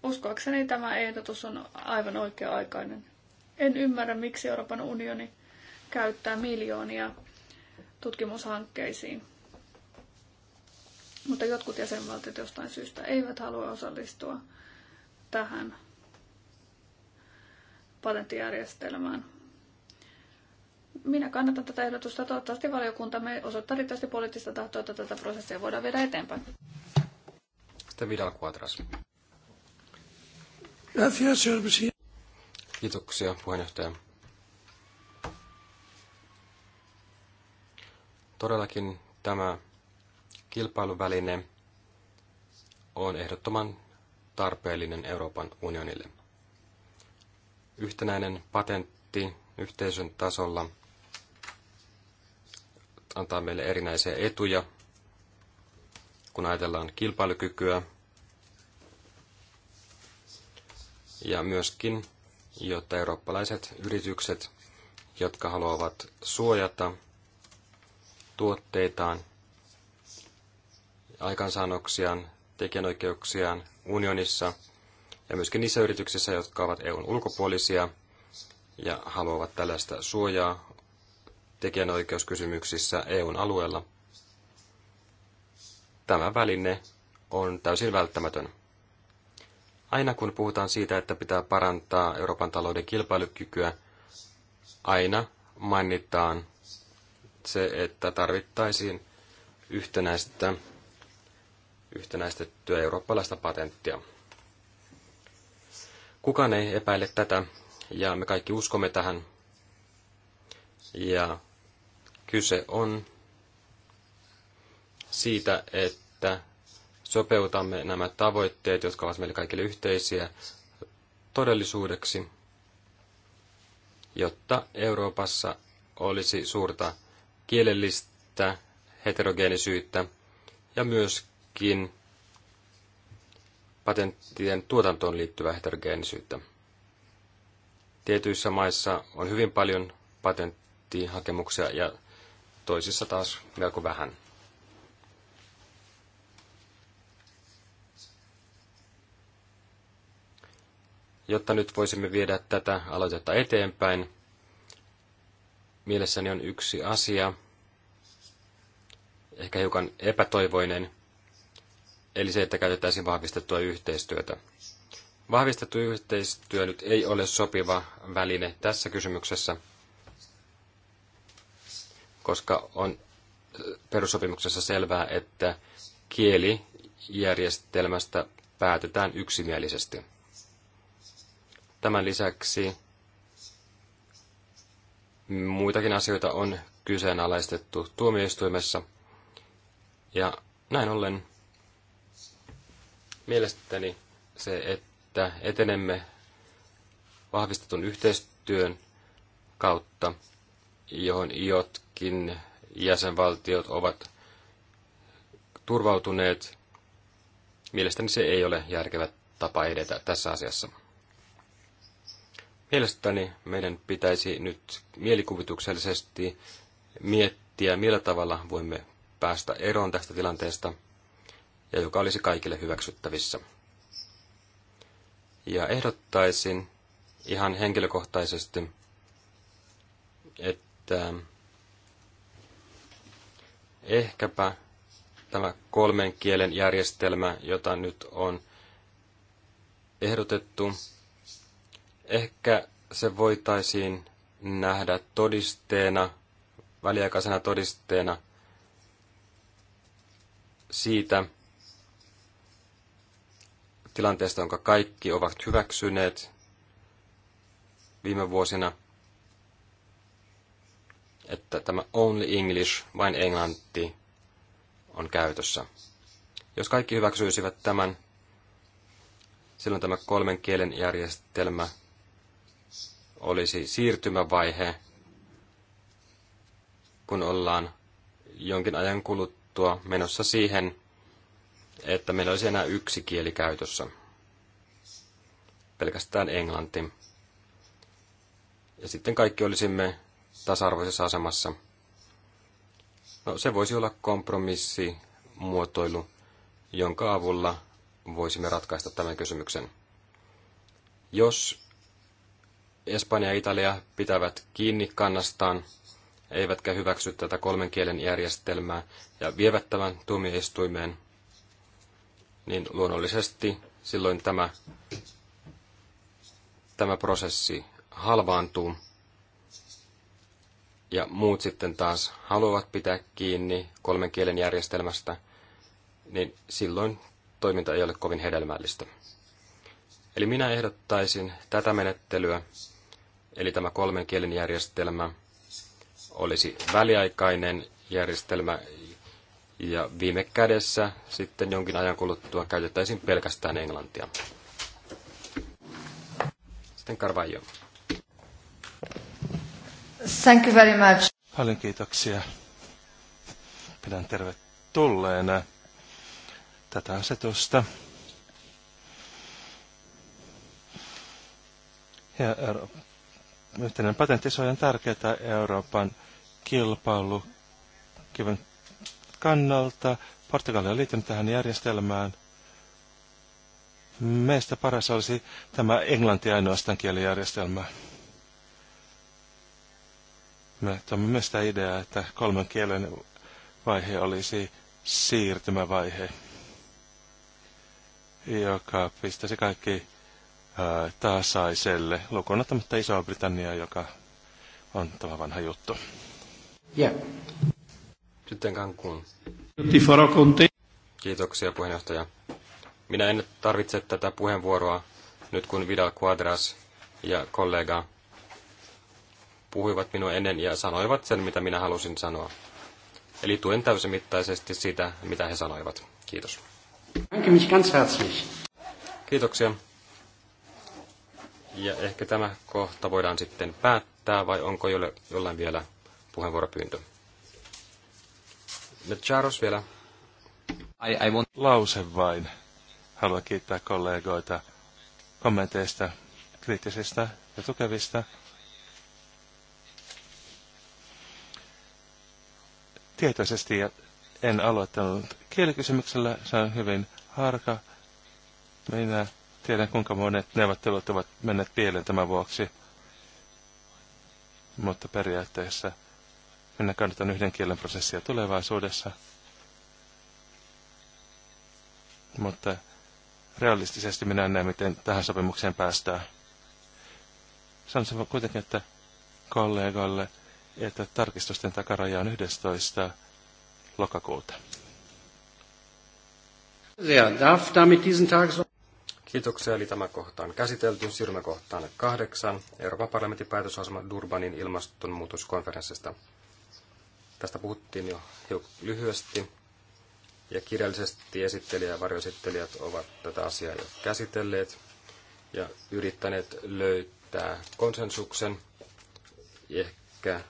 Uskoakseni tämä ehdotus on aivan oikea-aikainen. En ymmärrä, miksi Euroopan unioni käyttää miljoonia tutkimushankkeisiin. Mutta jotkut jäsenvaltiot jostain syystä eivät halua osallistua tähän patenttijärjestelmään. Minä kannatan tätä ehdotusta. Toivottavasti valiokuntamme osoittaa riittävästi poliittista tahtoa, että tätä prosessia voidaan viedä eteenpäin. Sitten Vidal Quadras. Kiitoksia, puheenjohtaja. Todellakin tämä kilpailuväline on ehdottoman tarpeellinen Euroopan unionille. Yhtenäinen patentti yhteisön tasolla antaa meille erinäisiä etuja, kun ajatellaan kilpailukykyä, ja myöskin, jotta eurooppalaiset yritykset, jotka haluavat suojata tuotteitaan, aikansaannoksiaan, tekijänoikeuksiaan unionissa ja myöskin niissä yrityksissä, jotka ovat EUn ulkopuolisia ja haluavat tällaista suojaa tekijänoikeuskysymyksissä EUn alueella. Tämä väline on täysin välttämätön. Aina kun puhutaan siitä, että pitää parantaa Euroopan talouden kilpailukykyä, aina mainitaan se, että tarvittaisiin yhtenäistä, yhtenäistettyä eurooppalaista patenttia. Kukaan ei epäile tätä, ja me kaikki uskomme tähän. Ja kyse on siitä, että sopeutamme nämä tavoitteet, jotka ovat meille kaikille yhteisiä, todellisuudeksi, jotta Euroopassa olisi suurta kielellistä heterogeenisyyttä ja myöskin patenttien tuotantoon liittyvää heterogeenisyyttä. Tietyissä maissa on hyvin paljon patenttihakemuksia ja toisissa taas melko vähän. Jotta nyt voisimme viedä tätä aloitetta eteenpäin, mielessäni on yksi asia, ehkä hiukan epätoivoinen, eli se, että käytettäisiin vahvistettua yhteistyötä. Vahvistettu yhteistyö nyt ei ole sopiva väline tässä kysymyksessä, koska on perussopimuksessa selvää, että kielijärjestelmästä päätetään yksimielisesti. Tämän lisäksi muitakin asioita on kyseenalaistettu tuomioistuimessa. Ja näin ollen mielestäni se, että etenemme vahvistetun yhteistyön kautta, johon jotkin jäsenvaltiot ovat turvautuneet, mielestäni se ei ole järkevä tapa edetä tässä asiassa. Mielestäni meidän pitäisi nyt mielikuvituksellisesti miettiä, millä tavalla voimme päästä eroon tästä tilanteesta ja joka olisi kaikille hyväksyttävissä. Ja ehdottaisin ihan henkilökohtaisesti, että ehkäpä tämä kolmen kielen järjestelmä, jota nyt on ehdotettu, Ehkä se voitaisiin nähdä todisteena, väliaikaisena todisteena siitä tilanteesta, jonka kaikki ovat hyväksyneet viime vuosina, että tämä only English, vain englanti, on käytössä. Jos kaikki hyväksyisivät tämän, silloin tämä kolmen kielen järjestelmä – olisi siirtymävaihe, kun ollaan jonkin ajan kuluttua menossa siihen, että meillä olisi enää yksi kieli käytössä. Pelkästään englanti. Ja sitten kaikki olisimme tasa-arvoisessa asemassa. No, se voisi olla kompromissi, muotoilu, jonka avulla voisimme ratkaista tämän kysymyksen. Jos Espanja ja Italia pitävät kiinni kannastaan, eivätkä hyväksy tätä kolmen kielen järjestelmää ja vievät tämän tuomioistuimeen, niin luonnollisesti silloin tämä, tämä prosessi halvaantuu. Ja muut sitten taas haluavat pitää kiinni kolmen kielen järjestelmästä, niin silloin toiminta ei ole kovin hedelmällistä. Eli minä ehdottaisin tätä menettelyä Eli tämä kolmen kielen järjestelmä olisi väliaikainen järjestelmä ja viime kädessä sitten jonkin ajan kuluttua käytettäisiin pelkästään englantia. Sitten Carvalho. Thank you very much. Paljon kiitoksia. Pidän tervetulleena tätä asetusta. Ja Euroopan yhtenäinen patenttisuoja on tärkeää Euroopan kilpailukyvyn kannalta. Portugali on liittynyt tähän järjestelmään. Meistä paras olisi tämä englanti ainoastaan kielijärjestelmä. Me tuomme sitä ideaa, että kolmen kielen vaihe olisi siirtymävaihe, joka pistäisi kaikki tasaiselle, lukuun ottamatta Isoa-Britanniaa, joka on tämä vanha juttu. Yeah. Sitten Cancun. Kiitoksia puheenjohtaja. Minä en tarvitse tätä puheenvuoroa nyt kun Vidal Quadras ja kollega puhuivat minua ennen ja sanoivat sen, mitä minä halusin sanoa. Eli tuen täysimittaisesti sitä, mitä he sanoivat. Kiitos. Kiitoksia. Ja ehkä tämä kohta voidaan sitten päättää, vai onko jolle, jollain vielä puheenvuoropyyntö? Charles vielä. I, I want... Lause vain. Haluan kiittää kollegoita kommenteista, kriittisistä ja tukevista. Tietoisesti ja en aloittanut kielikysymyksellä, se on hyvin harka. Minä Tiedän, kuinka monet neuvottelut ovat menneet pieleen tämän vuoksi. Mutta periaatteessa minä kannatan yhden kielen prosessia tulevaisuudessa. Mutta realistisesti minä en näe, miten tähän sopimukseen päästään. Sanoisin kuitenkin, että kollegalle, että tarkistusten takaraja on 11. lokakuuta. Sehr darf damit diesen Tages Kiitoksia, eli tämä kohta on käsitelty. Siirrymme kohtaan kahdeksan. Euroopan parlamentin päätösasema Durbanin ilmastonmuutoskonferenssista. Tästä puhuttiin jo hiukan lyhyesti. Ja kirjallisesti esittelijä ja varjoesittelijät ovat tätä asiaa jo käsitelleet ja yrittäneet löytää konsensuksen. Ehkä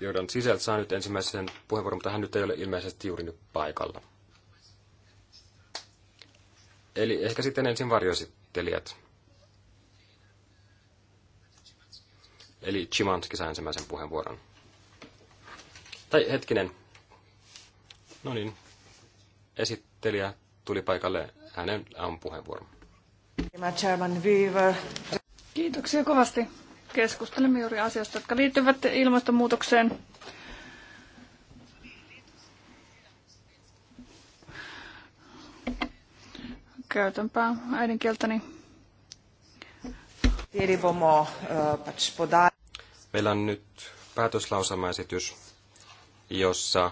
Jordan Sisältä saa nyt ensimmäisen puheenvuoron, mutta hän nyt ei ole ilmeisesti juuri nyt paikalla. Eli ehkä sitten ensin varjoesittelijät. Eli Chimanski sai ensimmäisen puheenvuoron. Tai hetkinen. No niin. Esittelijä tuli paikalle. Hänen on puheenvuoro. Kiitoksia kovasti. Keskustelemme juuri asioista, jotka liittyvät ilmastonmuutokseen Käytänpä äidinkieltäni. Meillä on nyt päätöslauselmaesitys, jossa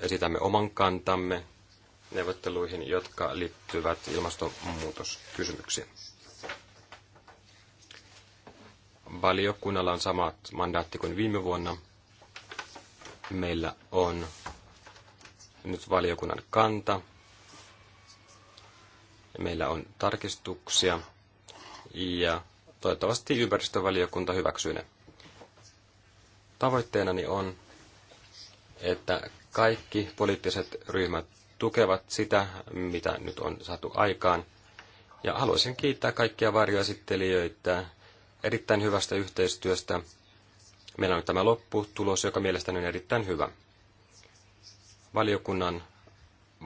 esitämme oman kantamme neuvotteluihin, jotka liittyvät ilmastonmuutoskysymyksiin. Valiokunnalla on samat mandaatti kuin viime vuonna. Meillä on nyt valiokunnan kanta Meillä on tarkistuksia ja toivottavasti ympäristövaliokunta hyväksyy ne. Tavoitteenani on, että kaikki poliittiset ryhmät tukevat sitä, mitä nyt on saatu aikaan. Ja haluaisin kiittää kaikkia varjoesittelijöitä erittäin hyvästä yhteistyöstä. Meillä on tämä lopputulos, joka mielestäni on erittäin hyvä. Valiokunnan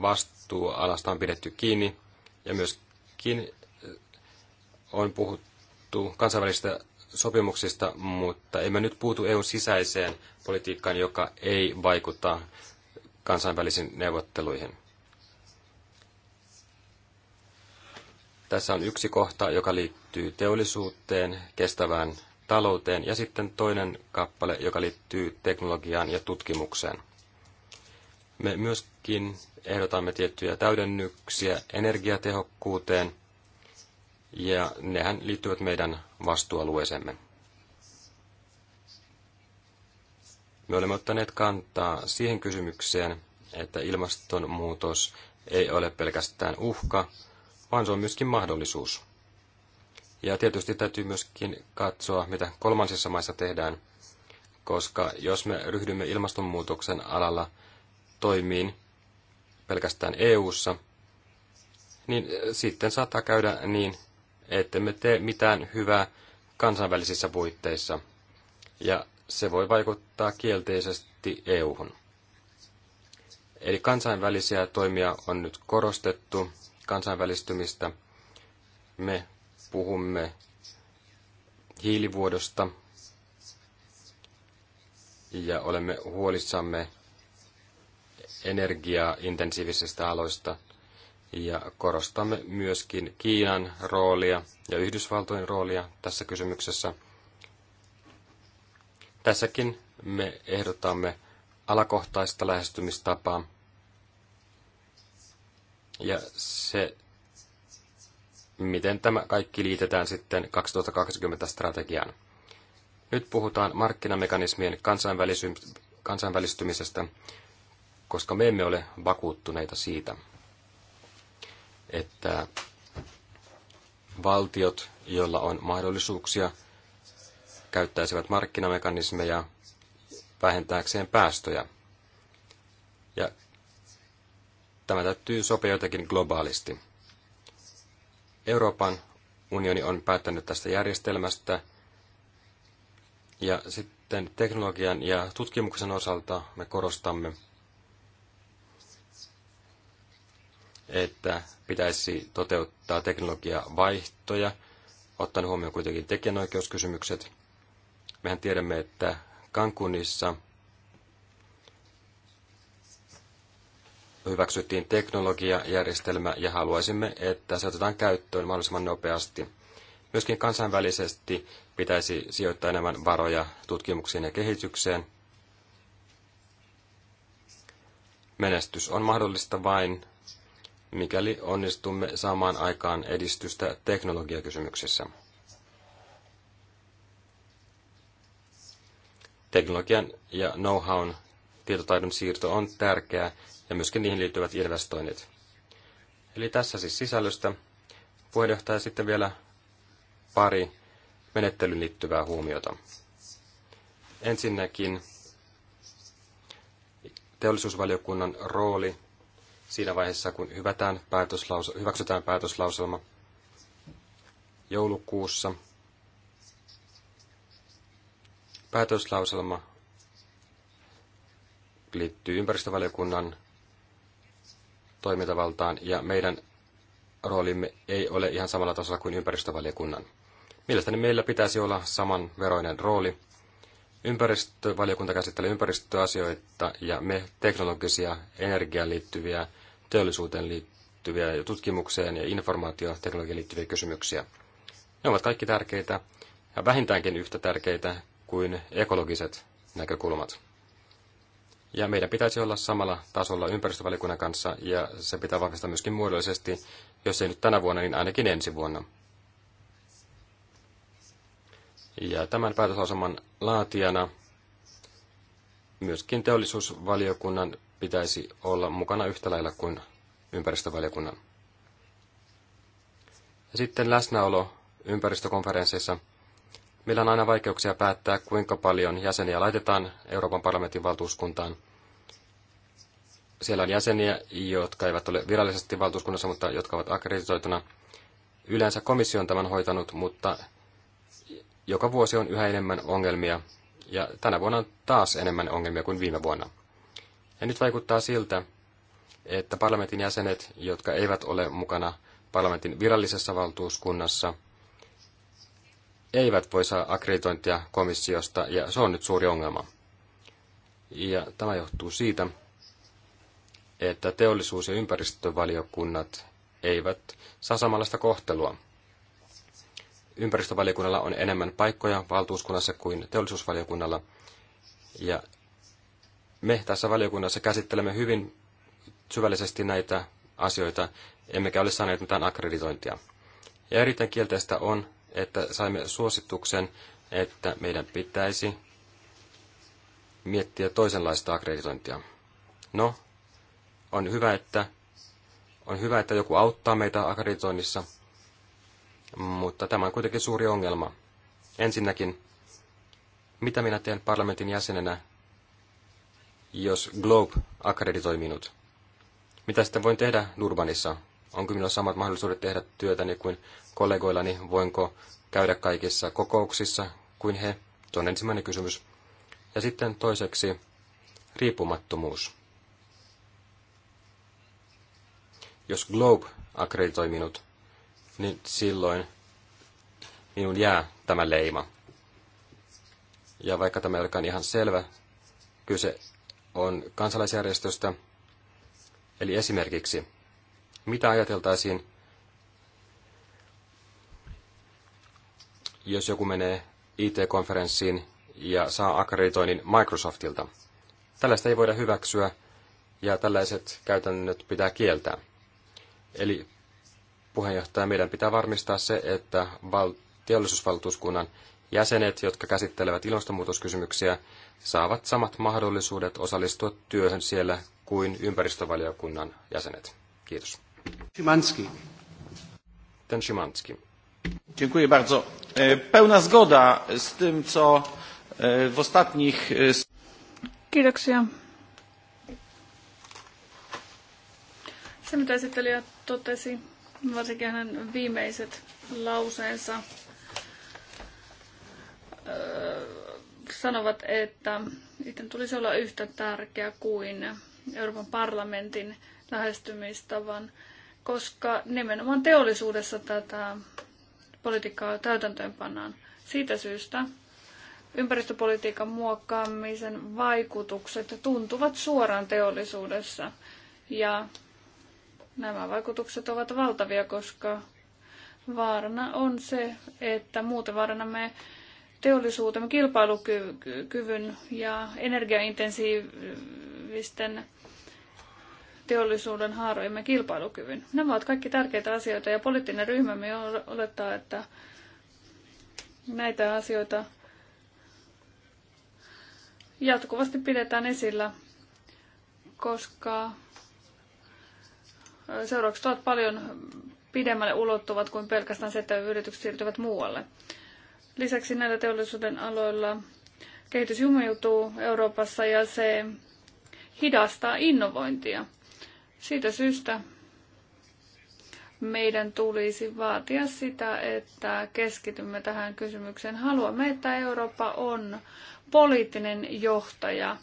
vastuualasta on pidetty kiinni. Ja myöskin äh, on puhuttu kansainvälisistä sopimuksista, mutta emme nyt puutu EUn sisäiseen politiikkaan, joka ei vaikuta kansainvälisiin neuvotteluihin. Tässä on yksi kohta, joka liittyy teollisuuteen, kestävään talouteen ja sitten toinen kappale, joka liittyy teknologiaan ja tutkimukseen. Me myöskin ehdotamme tiettyjä täydennyksiä energiatehokkuuteen, ja nehän liittyvät meidän vastuualueeseemme. Me olemme ottaneet kantaa siihen kysymykseen, että ilmastonmuutos ei ole pelkästään uhka, vaan se on myöskin mahdollisuus. Ja tietysti täytyy myöskin katsoa, mitä kolmansissa maissa tehdään, koska jos me ryhdymme ilmastonmuutoksen alalla – toimiin pelkästään EU:ssa, niin äh, sitten saattaa käydä niin, että me tee mitään hyvää kansainvälisissä puitteissa, ja se voi vaikuttaa kielteisesti EU:hun. Eli kansainvälisiä toimia on nyt korostettu, kansainvälistymistä. Me puhumme hiilivuodosta ja olemme huolissamme energiaintensiivisistä aloista ja korostamme myöskin Kiinan roolia ja Yhdysvaltojen roolia tässä kysymyksessä. Tässäkin me ehdotamme alakohtaista lähestymistapaa ja se, miten tämä kaikki liitetään sitten 2020 strategiaan. Nyt puhutaan markkinamekanismien kansainvälistymisestä koska me emme ole vakuuttuneita siitä, että valtiot, joilla on mahdollisuuksia, käyttäisivät markkinamekanismeja vähentääkseen päästöjä. Ja tämä täytyy sopia jotenkin globaalisti. Euroopan unioni on päättänyt tästä järjestelmästä, ja sitten teknologian ja tutkimuksen osalta me korostamme, että pitäisi toteuttaa teknologiavaihtoja, ottaen huomioon kuitenkin tekijänoikeuskysymykset. Mehän tiedämme, että Cancunissa hyväksyttiin teknologiajärjestelmä ja haluaisimme, että se otetaan käyttöön mahdollisimman nopeasti. Myöskin kansainvälisesti pitäisi sijoittaa enemmän varoja tutkimuksiin ja kehitykseen. Menestys on mahdollista vain, mikäli onnistumme saamaan aikaan edistystä teknologiakysymyksissä. Teknologian ja know-hown tietotaidon siirto on tärkeää ja myöskin niihin liittyvät investoinnit. Eli tässä siis sisällöstä. Puheenjohtaja sitten vielä pari menettelyyn liittyvää huomiota. Ensinnäkin teollisuusvaliokunnan rooli siinä vaiheessa, kun hyväksytään päätöslauselma joulukuussa. Päätöslauselma liittyy ympäristövaliokunnan toimintavaltaan ja meidän roolimme ei ole ihan samalla tasolla kuin ympäristövaliokunnan. Mielestäni meillä pitäisi olla samanveroinen rooli, Ympäristövaliokunta käsittelee ympäristöasioita ja me teknologisia, energiaan liittyviä, teollisuuteen liittyviä ja tutkimukseen ja informaatioteknologiaan liittyviä kysymyksiä. Ne ovat kaikki tärkeitä ja vähintäänkin yhtä tärkeitä kuin ekologiset näkökulmat. Ja meidän pitäisi olla samalla tasolla ympäristövaliokunnan kanssa, ja se pitää vahvistaa myöskin muodollisesti, jos ei nyt tänä vuonna, niin ainakin ensi vuonna. Ja tämän päätösaseman laatijana myöskin teollisuusvaliokunnan pitäisi olla mukana yhtä lailla kuin ympäristövaliokunnan. Ja sitten läsnäolo ympäristökonferensseissa. Meillä on aina vaikeuksia päättää, kuinka paljon jäseniä laitetaan Euroopan parlamentin valtuuskuntaan. Siellä on jäseniä, jotka eivät ole virallisesti valtuuskunnassa, mutta jotka ovat akkreditoituna. Yleensä komissio on tämän hoitanut, mutta joka vuosi on yhä enemmän ongelmia, ja tänä vuonna on taas enemmän ongelmia kuin viime vuonna. Ja nyt vaikuttaa siltä, että parlamentin jäsenet, jotka eivät ole mukana parlamentin virallisessa valtuuskunnassa, eivät voi saa akkreditointia komissiosta, ja se on nyt suuri ongelma. Ja tämä johtuu siitä, että teollisuus- ja ympäristövaliokunnat eivät saa samanlaista kohtelua ympäristövaliokunnalla on enemmän paikkoja valtuuskunnassa kuin teollisuusvaliokunnalla. Ja me tässä valiokunnassa käsittelemme hyvin syvällisesti näitä asioita, emmekä ole saaneet mitään akkreditointia. Ja erittäin kielteistä on, että saimme suosituksen, että meidän pitäisi miettiä toisenlaista akkreditointia. No, on hyvä, että, on hyvä, että joku auttaa meitä akkreditoinnissa – mutta tämä on kuitenkin suuri ongelma. Ensinnäkin, mitä minä teen parlamentin jäsenenä, jos Globe akkreditoi minut? Mitä sitten voin tehdä Durbanissa? Onko minulla samat mahdollisuudet tehdä työtäni kuin kollegoillani? Voinko käydä kaikissa kokouksissa kuin he? Tuo on ensimmäinen kysymys. Ja sitten toiseksi riippumattomuus. Jos Globe akkreditoi minut, niin silloin minun jää tämä leima. Ja vaikka tämä ei olekaan ihan selvä, kyse on kansalaisjärjestöstä. Eli esimerkiksi, mitä ajateltaisiin, jos joku menee IT-konferenssiin ja saa akkreditoinnin Microsoftilta. Tällaista ei voida hyväksyä ja tällaiset käytännöt pitää kieltää. Eli puheenjohtaja, meidän pitää varmistaa se, että val- teollisuusvaltuuskunnan jäsenet, jotka käsittelevät ilmastonmuutoskysymyksiä, saavat samat mahdollisuudet osallistua työhön siellä kuin ympäristövaliokunnan jäsenet. Kiitos. Szymanski. Ten Szymanski. Dziękuję bardzo. E, pełna zgoda z tym, co e, w ostatnich... E, Kiitoksia. Se, mitä esittelijä totesi varsinkin hänen viimeiset lauseensa öö, sanovat, että niiden tulisi olla yhtä tärkeä kuin Euroopan parlamentin lähestymistavan, koska nimenomaan teollisuudessa tätä politiikkaa täytäntöön pannaan. Siitä syystä ympäristöpolitiikan muokkaamisen vaikutukset tuntuvat suoraan teollisuudessa ja Nämä vaikutukset ovat valtavia, koska vaarana on se, että muuten vaarannamme teollisuutemme kilpailukyvyn ja energiaintensiivisten teollisuuden haarojemme kilpailukyvyn. Nämä ovat kaikki tärkeitä asioita ja poliittinen ryhmämme olettaa, että näitä asioita jatkuvasti pidetään esillä, koska seuraukset ovat paljon pidemmälle ulottuvat kuin pelkästään se, että yritykset siirtyvät muualle. Lisäksi näillä teollisuuden aloilla kehitys jumiutuu Euroopassa ja se hidastaa innovointia. Siitä syystä meidän tulisi vaatia sitä, että keskitymme tähän kysymykseen. Haluamme, että Eurooppa on poliittinen johtaja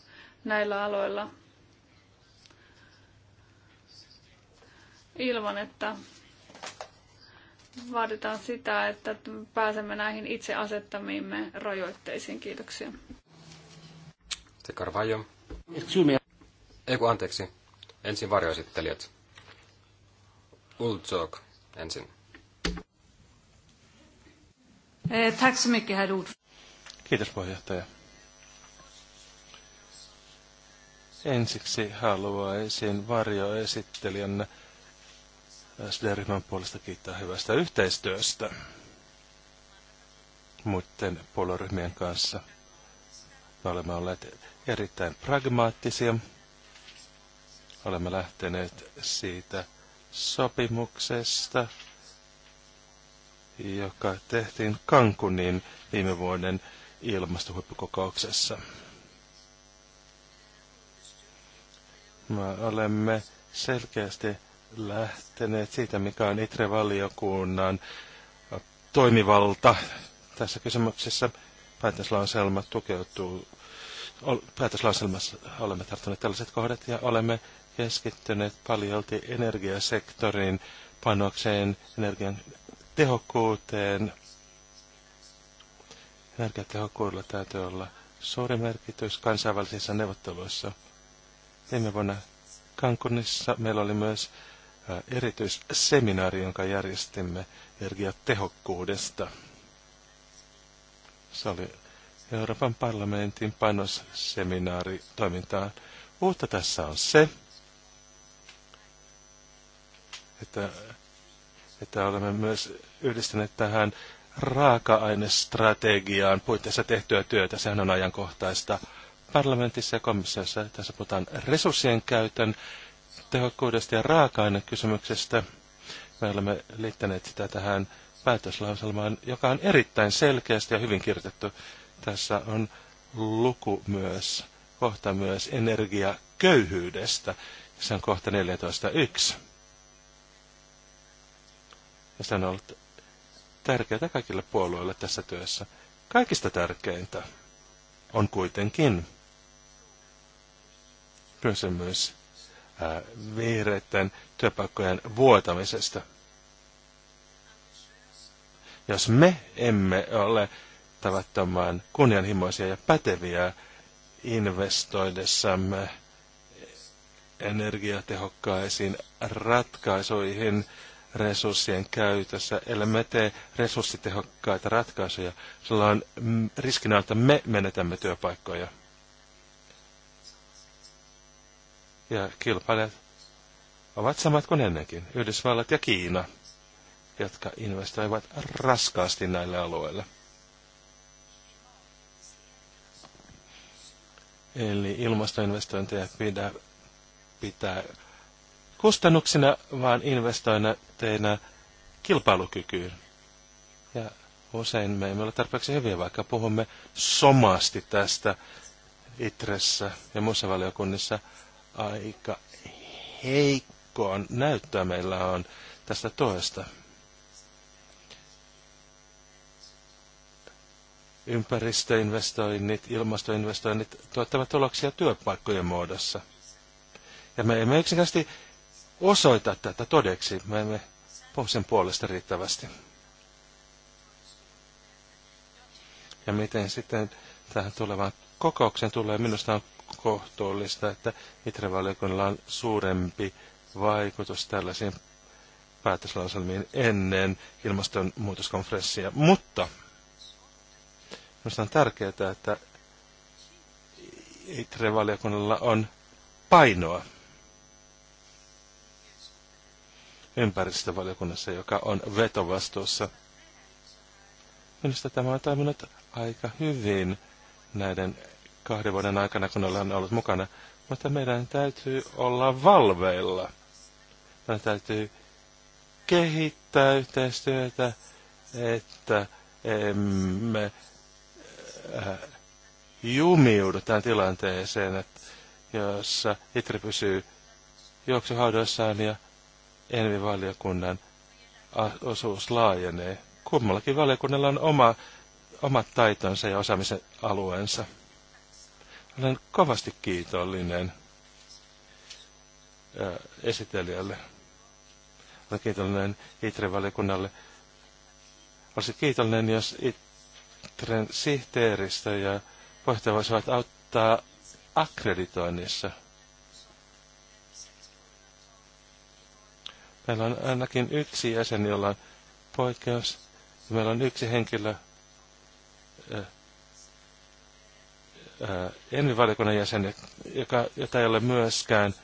näillä aloilla ilman, että vaaditaan sitä, että pääsemme näihin itse asettamiimme rajoitteisiin. Kiitoksia. Se Carvalho. Ei kun anteeksi. Ensin varjoesittelijät. Ultsok ensin. Eh, Kiitos puheenjohtaja. Ensiksi haluaisin varjoesittelijänne SD-ryhmän puolesta kiittää hyvästä yhteistyöstä muiden puolueryhmien kanssa. Me olemme olleet erittäin pragmaattisia. Olemme lähteneet siitä sopimuksesta, joka tehtiin Kankunin viime vuoden ilmastohuippukokouksessa. Me olemme selkeästi lähteneet siitä, mikä on ITRE-valiokunnan toimivalta tässä kysymyksessä. Päätöslauselma tukeutuu, päätöslauselmassa olemme tarttuneet tällaiset kohdat ja olemme keskittyneet paljolti energiasektorin panokseen, energian tehokkuuteen. Energiatehokkuudella täytyy olla suuri merkitys kansainvälisissä neuvotteluissa. Viime vuonna Kankunissa meillä oli myös erityisseminaari, jonka järjestimme energiatehokkuudesta. Se oli Euroopan parlamentin panosseminaari toimintaan. Uutta tässä on se, että, että olemme myös yhdistäneet tähän raaka-ainestrategiaan puitteissa tehtyä työtä. Sehän on ajankohtaista parlamentissa ja komissiossa. Tässä puhutaan resurssien käytön tehokkuudesta ja raaka-ainekysymyksestä. Me olemme liittäneet sitä tähän päätöslauselmaan, joka on erittäin selkeästi ja hyvin kirjoitettu. Tässä on luku myös, kohta myös köyhyydestä. Se on kohta 14.1. Ja se on ollut tärkeää kaikille puolueille tässä työssä. Kaikista tärkeintä on kuitenkin kysymys vihreiden työpaikkojen vuotamisesta. Jos me emme ole tavattoman kunnianhimoisia ja päteviä investoidessamme energiatehokkaisiin ratkaisuihin resurssien käytössä, ellemme me tee resurssitehokkaita ratkaisuja, silloin mm, riskinä, että me menetämme työpaikkoja. ja kilpailijat ovat samat kuin ennenkin, Yhdysvallat ja Kiina, jotka investoivat raskaasti näille alueille. Eli ilmastoinvestointeja pitää, pitää kustannuksina, vaan investointeina kilpailukykyyn. Ja usein me emme ole tarpeeksi hyviä, vaikka puhumme somasti tästä itressä ja muissa valiokunnissa – aika heikkoa näyttöä meillä on tästä toesta. Ympäristöinvestoinnit, ilmastoinvestoinnit tuottavat tuloksia työpaikkojen muodossa. Ja me emme yksinkertaisesti osoita tätä todeksi. Me emme puhu sen puolesta riittävästi. Ja miten sitten tähän tulevaan kokoukseen tulee, minusta on kohtuullista, että Itrevaliokunnalla on suurempi vaikutus tällaisiin päätöslauselmiin ennen ilmastonmuutoskonferenssia. Mutta minusta on tärkeää, että ITRE-valiokunnalla on painoa ympäristövaliokunnassa, joka on vetovastuussa. Minusta tämä on toiminut aika hyvin näiden kahden vuoden aikana, kun olen ollut mukana. Mutta meidän täytyy olla valveilla. Meidän täytyy kehittää yhteistyötä, että emme äh, jumiudu tähän tilanteeseen, että jossa Itri pysyy juoksuhaudoissaan ja Envi-valiokunnan osuus laajenee. Kummallakin valiokunnalla on oma, omat taitonsa ja osaamisen alueensa. Olen kovasti kiitollinen esittelijälle. Olen kiitollinen ITRE-valiokunnalle. Olisin kiitollinen, jos ITREn sihteeristä ja puheenjohtaja voisivat auttaa akkreditoinnissa. Meillä on ainakin yksi jäsen, jolla on poikkeus. meillä on yksi henkilö, Äh, Envi-valiokunnan jäsen, joka, jota ei ole myöskään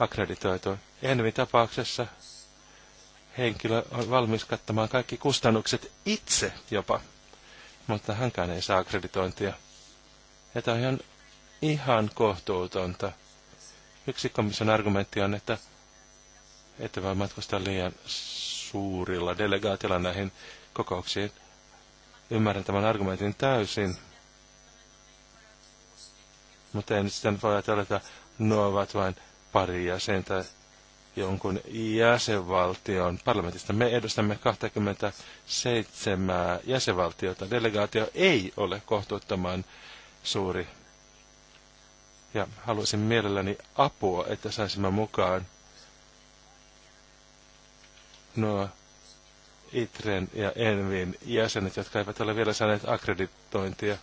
akkreditoitu. Envi-tapauksessa henkilö on valmis kattamaan kaikki kustannukset itse jopa, mutta hänkään ei saa akkreditointia. Ja tämä on ihan, ihan kohtuutonta. Yksi komission argumentti on, että että voi matkustaa liian suurilla delegaatilla näihin kokouksiin. Ymmärrän tämän argumentin täysin, mutta en sitten voi ajatella, että nuo ovat vain pari jäsentä jonkun jäsenvaltion parlamentista. Me edustamme 27 jäsenvaltiota. Delegaatio ei ole kohtuuttoman suuri. Ja haluaisin mielelläni apua, että saisimme mukaan nuo ITREN ja ENVin jäsenet, jotka eivät ole vielä saaneet akkreditointia.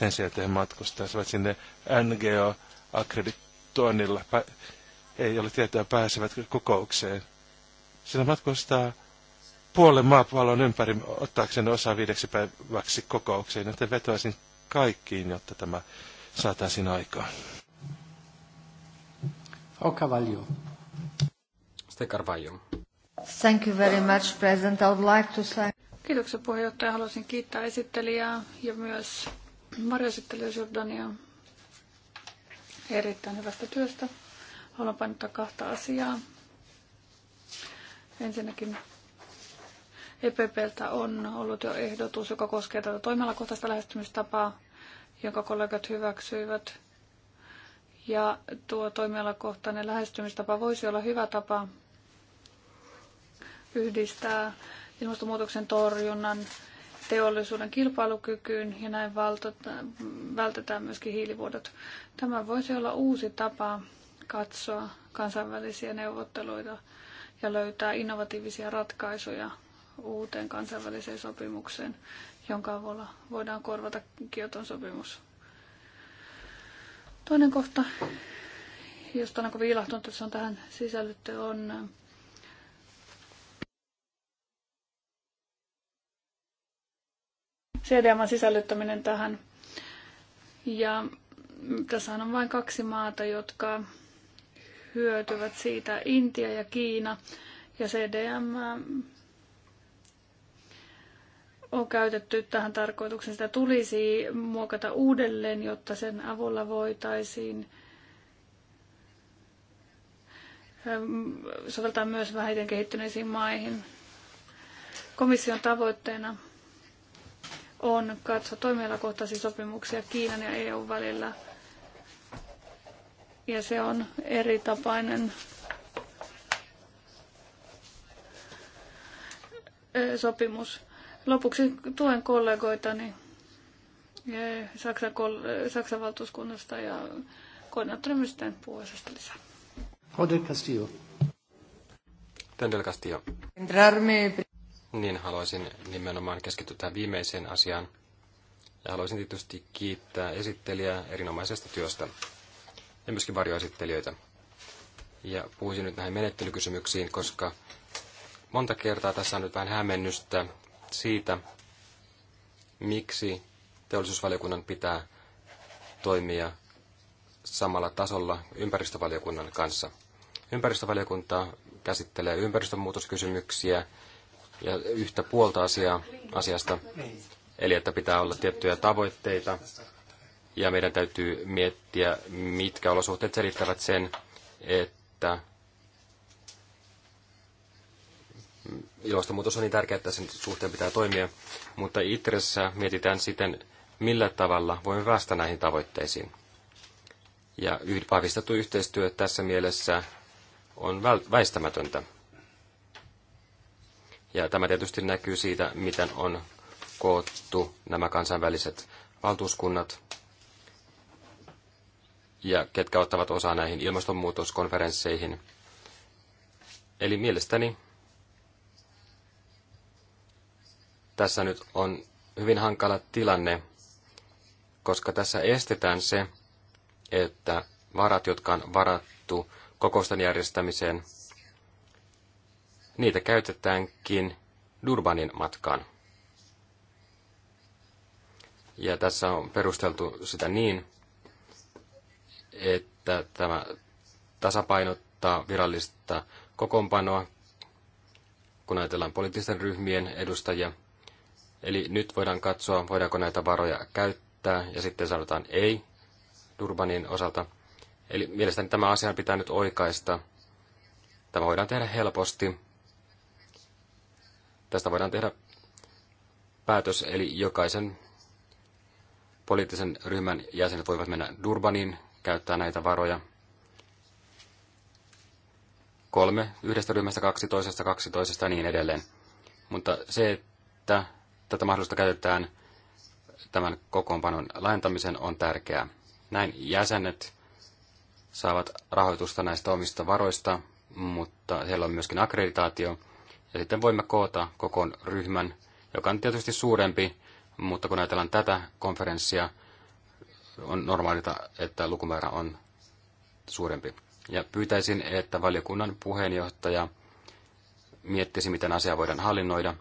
sen sijaan, että he matkustaisivat sinne NGO-akkreditoinnilla. ei ole tietoa, pääsevät kokoukseen. Sillä matkustaa puolen maapallon ympäri ottaakseen osaa viideksi päiväksi kokoukseen, joten vetoaisin kaikkiin, jotta tämä saataisiin aikaan. O Cavallo. Ste Carvalho. Thank you very much, President. I would like to say... Kiitoksia puheenjohtaja. Haluaisin kiittää esittelijää ja myös varjoesittelijä Jordania erittäin hyvästä työstä. Haluan painottaa kahta asiaa. Ensinnäkin EPPltä on ollut jo ehdotus, joka koskee tätä toimialakohtaista lähestymistapaa, jonka kollegat hyväksyivät. Ja tuo toimialakohtainen lähestymistapa voisi olla hyvä tapa yhdistää ilmastonmuutoksen torjunnan teollisuuden kilpailukykyyn ja näin vältetään myöskin hiilivuodot. Tämä voisi olla uusi tapa katsoa kansainvälisiä neuvotteluita ja löytää innovatiivisia ratkaisuja uuteen kansainväliseen sopimukseen, jonka avulla voidaan korvata Kioton sopimus. Toinen kohta, josta on kovin että se on tähän sisällytty, on CDMn sisällyttäminen tähän. Ja tässä on vain kaksi maata, jotka hyötyvät siitä, Intia ja Kiina. Ja CDM äh, on käytetty tähän tarkoitukseen. Sitä tulisi muokata uudelleen, jotta sen avulla voitaisiin ähm, soveltaa myös vähiten kehittyneisiin maihin. Komission tavoitteena on katsoa toimialakohtaisia sopimuksia Kiinan ja EUn välillä. Ja se on eri tapainen sopimus. Lopuksi tuen kollegoitani Saksan, Saksan valtuuskunnasta ja koordinaattorimisten puolesta lisää. Hodel Castillo. Tendel Castillo niin haluaisin nimenomaan keskittyä tähän viimeiseen asiaan. Ja haluaisin tietysti kiittää esittelijää erinomaisesta työstä ja myöskin varjoesittelijöitä. Ja puhuisin nyt näihin menettelykysymyksiin, koska monta kertaa tässä on nyt vähän hämmennystä siitä, miksi teollisuusvaliokunnan pitää toimia samalla tasolla ympäristövaliokunnan kanssa. Ympäristövaliokunta käsittelee ympäristönmuutoskysymyksiä, ja yhtä puolta asiaa, asiasta. Eli että pitää olla tiettyjä tavoitteita ja meidän täytyy miettiä, mitkä olosuhteet selittävät sen, että ilmastonmuutos on niin tärkeää, että sen suhteen pitää toimia, mutta itse mietitään sitten, millä tavalla voimme päästä näihin tavoitteisiin. Ja vahvistettu yhteistyö tässä mielessä on väistämätöntä. Ja tämä tietysti näkyy siitä, miten on koottu nämä kansainväliset valtuuskunnat ja ketkä ottavat osaa näihin ilmastonmuutoskonferensseihin. Eli mielestäni tässä nyt on hyvin hankala tilanne, koska tässä estetään se, että varat, jotka on varattu kokousten järjestämiseen – niitä käytetäänkin Durbanin matkaan. Ja tässä on perusteltu sitä niin, että tämä tasapainottaa virallista kokoonpanoa, kun ajatellaan poliittisten ryhmien edustajia. Eli nyt voidaan katsoa, voidaanko näitä varoja käyttää, ja sitten sanotaan ei Durbanin osalta. Eli mielestäni tämä asia pitää nyt oikaista. Tämä voidaan tehdä helposti, Tästä voidaan tehdä päätös, eli jokaisen poliittisen ryhmän jäsenet voivat mennä Durbaniin käyttää näitä varoja. Kolme yhdestä ryhmästä, kaksi toisesta, kaksi toisesta ja niin edelleen. Mutta se, että tätä mahdollisuutta käytetään tämän kokoonpanon laajentamisen on tärkeää. Näin jäsenet saavat rahoitusta näistä omista varoista, mutta heillä on myöskin akkreditaatio, ja sitten voimme koota koko ryhmän, joka on tietysti suurempi, mutta kun ajatellaan tätä konferenssia, on normaalita, että lukumäärä on suurempi. Ja pyytäisin, että valiokunnan puheenjohtaja miettisi, miten asia voidaan hallinnoida.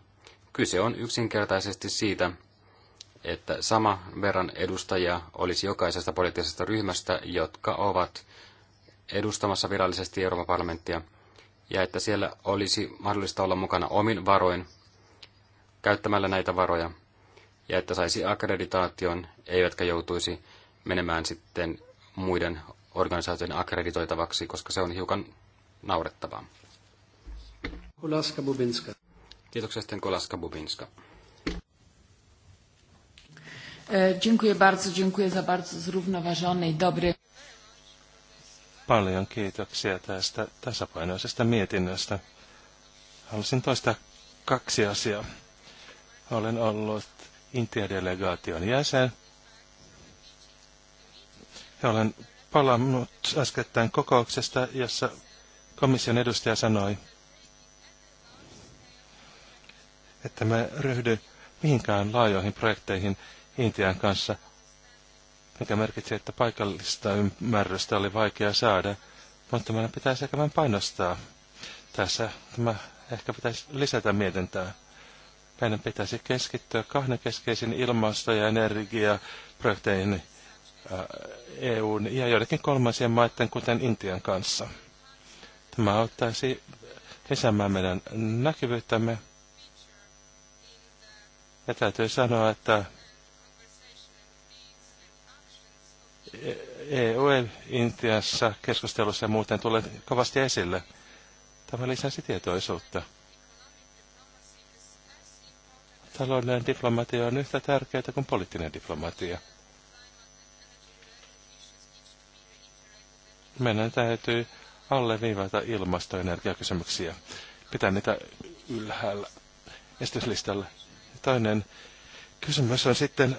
Kyse on yksinkertaisesti siitä, että sama verran edustajia olisi jokaisesta poliittisesta ryhmästä, jotka ovat edustamassa virallisesti Euroopan parlamenttia – ja että siellä olisi mahdollista olla mukana omin varoin käyttämällä näitä varoja ja että saisi akkreditaation, eivätkä joutuisi menemään sitten muiden organisaation akkreditoitavaksi, koska se on hiukan naurettavaa. Kulaska Bubinska. Kiitoksia sitten Kulaska Bubinska. E, dziękuję bardzo, dziękuję za bardzo zrównoważony i dobry. Paljon kiitoksia tästä tasapainoisesta mietinnöstä. Haluaisin toistaa kaksi asiaa. Olen ollut Intia-delegaation jäsen. Ja olen palannut äskettäin kokouksesta, jossa komission edustaja sanoi, että me ryhdy mihinkään laajoihin projekteihin Intian kanssa – mikä merkitsi, että paikallista ymmärrystä oli vaikea saada, mutta meidän pitäisi ehkä vähän painostaa. Tässä tämä ehkä pitäisi lisätä mietintää. Meidän pitäisi keskittyä kahden keskeisin ilmasto- ja energiaprojekteihin äh, EUn ja joidenkin kolmansien maiden, kuten Intian kanssa. Tämä auttaisi lisäämään meidän näkyvyyttämme. Ja täytyy sanoa, että EU Intiassa keskustelussa ja muuten tulee kovasti esille. Tämä lisäsi tietoisuutta. Taloudellinen diplomatia on yhtä tärkeää kuin poliittinen diplomatia. Meidän täytyy alleviivata ilmasto- ja energiakysymyksiä. Pitää niitä ylhäällä esityslistalla. Toinen kysymys on sitten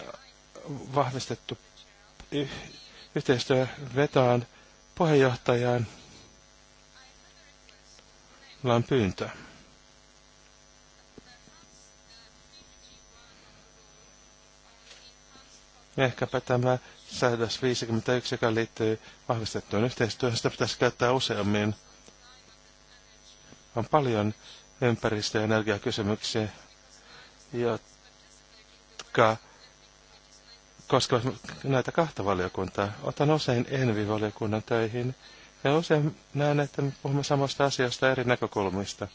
vahvistettu yhteistyö vetoan puheenjohtajaan. Meillä pyyntö. Ehkäpä tämä säädös 51, joka liittyy vahvistettuun yhteistyöhön, sitä pitäisi käyttää useammin. On paljon ympäristö- ja energiakysymyksiä, jotka koskevat näitä kahta valiokuntaa. Otan usein Envi-valiokunnan töihin ja usein näen, että me puhumme samasta asiasta eri näkökulmista.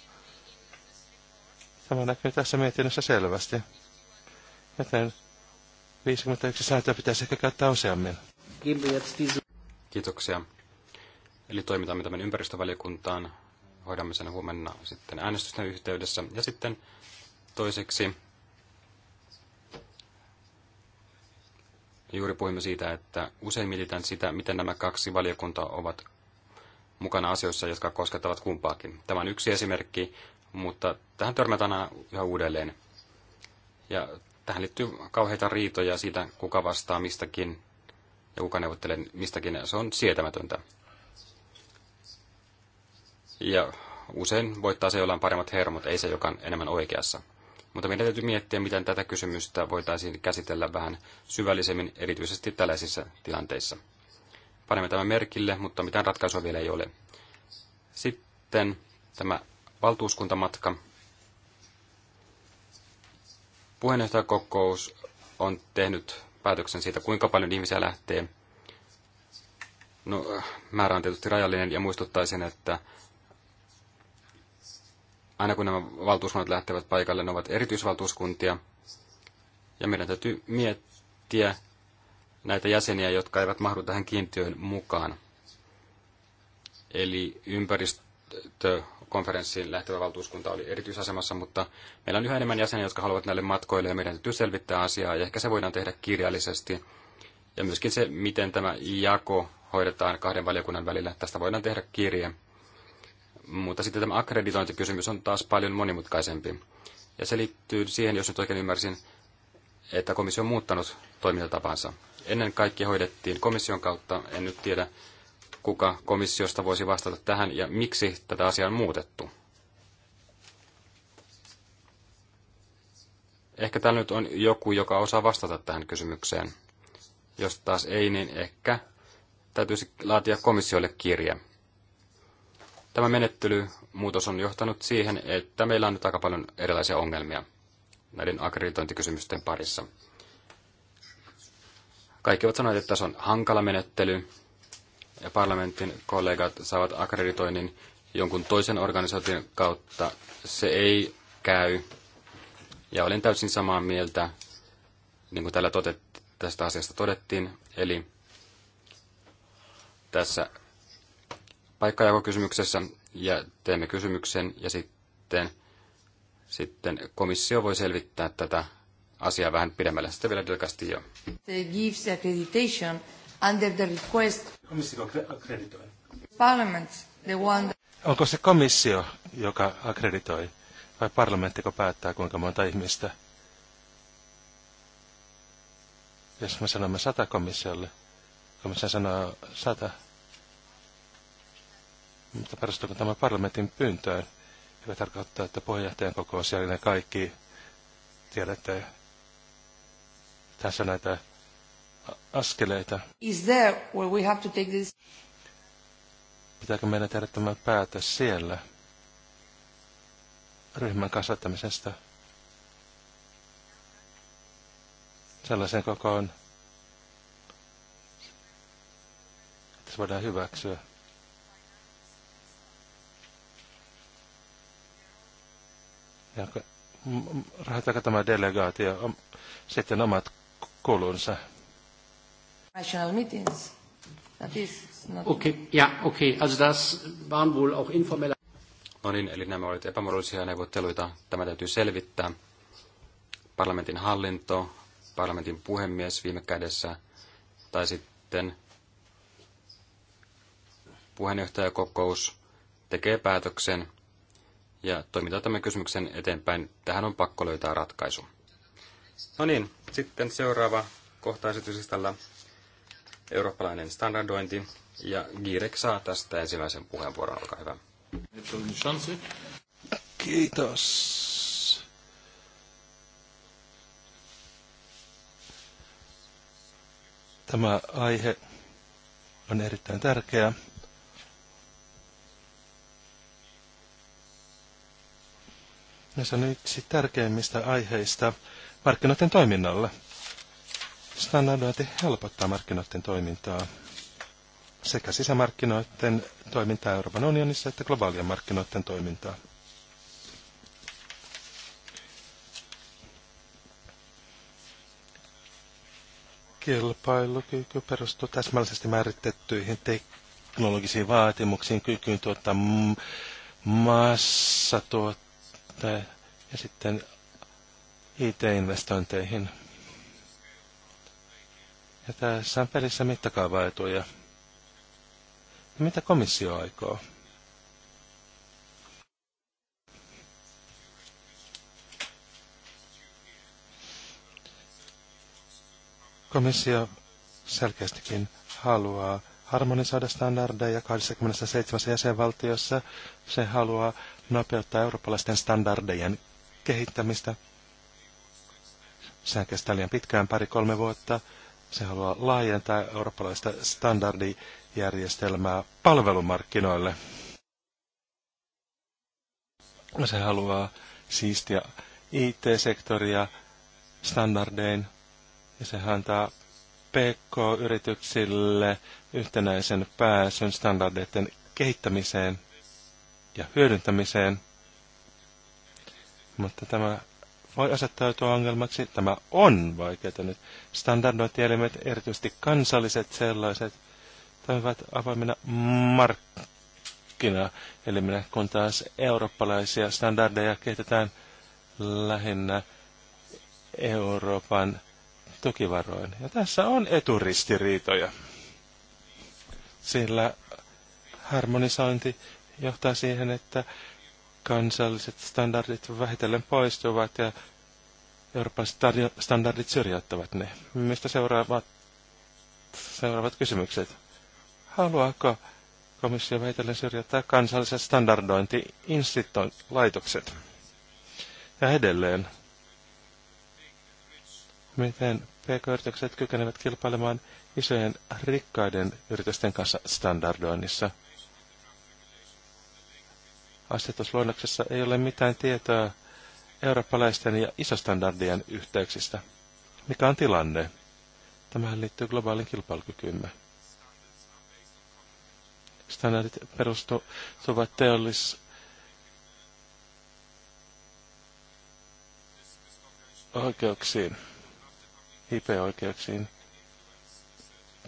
Tämä näkyy tässä mietinnössä selvästi. Joten 51 sääntöä pitäisi ehkä käyttää useammin. Kiitoksia. Eli toimitamme tämän ympäristövaliokuntaan. Hoidamme sen huomenna sitten äänestysten yhteydessä. Ja sitten toiseksi Juuri puhuimme siitä, että usein mietitään sitä, miten nämä kaksi valiokuntaa ovat mukana asioissa, jotka koskettavat kumpaakin. Tämä on yksi esimerkki, mutta tähän törmätään aina yhä uudelleen. Ja tähän liittyy kauheita riitoja siitä, kuka vastaa mistäkin ja kuka neuvottelee mistäkin. Se on sietämätöntä. Ja usein voittaa se, jolla on paremmat hermot, ei se, joka on enemmän oikeassa. Mutta meidän täytyy miettiä, miten tätä kysymystä voitaisiin käsitellä vähän syvällisemmin, erityisesti tällaisissa tilanteissa. Panemme tämän merkille, mutta mitään ratkaisua vielä ei ole. Sitten tämä valtuuskuntamatka. Puheenjohtajakokous on tehnyt päätöksen siitä, kuinka paljon ihmisiä lähtee. No, määrä on tietysti rajallinen ja muistuttaisin, että aina kun nämä valtuuskunnat lähtevät paikalle, ne ovat erityisvaltuuskuntia. Ja meidän täytyy miettiä näitä jäseniä, jotka eivät mahdu tähän kiintiöön mukaan. Eli ympäristökonferenssiin lähtevä valtuuskunta oli erityisasemassa, mutta meillä on yhä enemmän jäseniä, jotka haluavat näille matkoille, ja meidän täytyy selvittää asiaa, ja ehkä se voidaan tehdä kirjallisesti. Ja myöskin se, miten tämä jako hoidetaan kahden valiokunnan välillä, tästä voidaan tehdä kirje. Mutta sitten tämä akkreditointikysymys on taas paljon monimutkaisempi. Ja se liittyy siihen, jos nyt oikein ymmärsin, että komissio on muuttanut toimintatapansa. Ennen kaikkea hoidettiin komission kautta, en nyt tiedä kuka komissiosta voisi vastata tähän ja miksi tätä asiaa on muutettu. Ehkä täällä nyt on joku, joka osaa vastata tähän kysymykseen. Jos taas ei, niin ehkä täytyisi laatia komissiolle kirje. Tämä menettelymuutos on johtanut siihen, että meillä on nyt aika paljon erilaisia ongelmia näiden akkreditointikysymysten parissa. Kaikki ovat sanoneet, että se on hankala menettely, ja parlamentin kollegat saavat akkreditoinnin jonkun toisen organisaation kautta. Se ei käy, ja olen täysin samaa mieltä, niin kuin täällä totet, tästä asiasta todettiin, eli tässä paikkajakokysymyksessä ja teemme kysymyksen ja sitten, sitten komissio voi selvittää tätä asiaa vähän pidemmälle. Sitten vielä Del Castillo. Gives accreditation under the request. Komissio akkreditoi. Parliament, the one Onko se komissio, joka akkreditoi, vai parlamentti, joka päättää, kuinka monta ihmistä? Jos me sanomme sata komissiolle, komissio sanoo sata, mutta perustuuko tämä parlamentin pyyntöön, joka tarkoittaa, että puheenjohtajan kokous ja ne kaikki tiedätte tässä näitä askeleita. Is there where we have to take this? Pitääkö meidän tehdä tämä päätös siellä ryhmän kasvattamisesta sellaisen kokoon, että se voidaan hyväksyä? ja rahoittaako tämä delegaatio sitten omat kulunsa? National meetings. Okei, okay, ja okei, okay. also das waren wohl auch informelle... No niin, eli nämä olivat epämuodollisia neuvotteluita. Tämä täytyy selvittää. Parlamentin hallinto, parlamentin puhemies viime kädessä, tai sitten puheenjohtajakokous tekee päätöksen – ja toimitaan tämän kysymyksen eteenpäin. Tähän on pakko löytää ratkaisu. No niin, sitten seuraava kohta esityslistalla eurooppalainen standardointi. Ja Girek saa tästä ensimmäisen puheenvuoron, olkaa hyvä. Kiitos. Tämä aihe on erittäin tärkeä. Näissä on yksi tärkeimmistä aiheista markkinoiden toiminnalle. Standardointi helpottaa markkinoiden toimintaa sekä sisämarkkinoiden toimintaa Euroopan unionissa että globaalien markkinoiden toimintaa. Kilpailukyky perustuu täsmällisesti määritettyihin teknologisiin vaatimuksiin, kykyyn tuottaa massatuot tai, ja sitten IT-investointeihin. Ja tässä on pelissä mittakaavaetuja. Ja mitä komissio aikoo? Komissio selkeästikin haluaa harmonisoida standardeja 27 jäsenvaltiossa. Se haluaa nopeuttaa eurooppalaisten standardejen kehittämistä. Sehän kestää liian pitkään, pari-kolme vuotta. Se haluaa laajentaa eurooppalaista standardijärjestelmää palvelumarkkinoille. Se haluaa siistiä IT-sektoria standardein ja se antaa PK-yrityksille yhtenäisen pääsyn standardeiden kehittämiseen ja hyödyntämiseen. Mutta tämä voi asettautua ongelmaksi. Tämä on vaikeaa nyt. Standardointielimet, erityisesti kansalliset sellaiset, toimivat avoimina markkinaelimenä, kun taas eurooppalaisia standardeja kehitetään lähinnä Euroopan tukivaroin. Ja tässä on eturistiriitoja, sillä harmonisointi johtaa siihen, että kansalliset standardit vähitellen poistuvat ja Euroopan standardit syrjäyttävät ne. Mistä seuraavat, seuraavat kysymykset? Haluaako komissio vähitellen syrjäyttää kansalliset standardointi-laitokset? Ja edelleen, miten PK-yritykset kykenevät kilpailemaan isojen rikkaiden yritysten kanssa standardoinnissa. Asetusluonnoksessa ei ole mitään tietoa eurooppalaisten ja isostandardien yhteyksistä. Mikä on tilanne? Tämähän liittyy globaalin kilpailukykyymme. Standardit perustuvat teollis oikeuksiin. IP-oikeuksiin.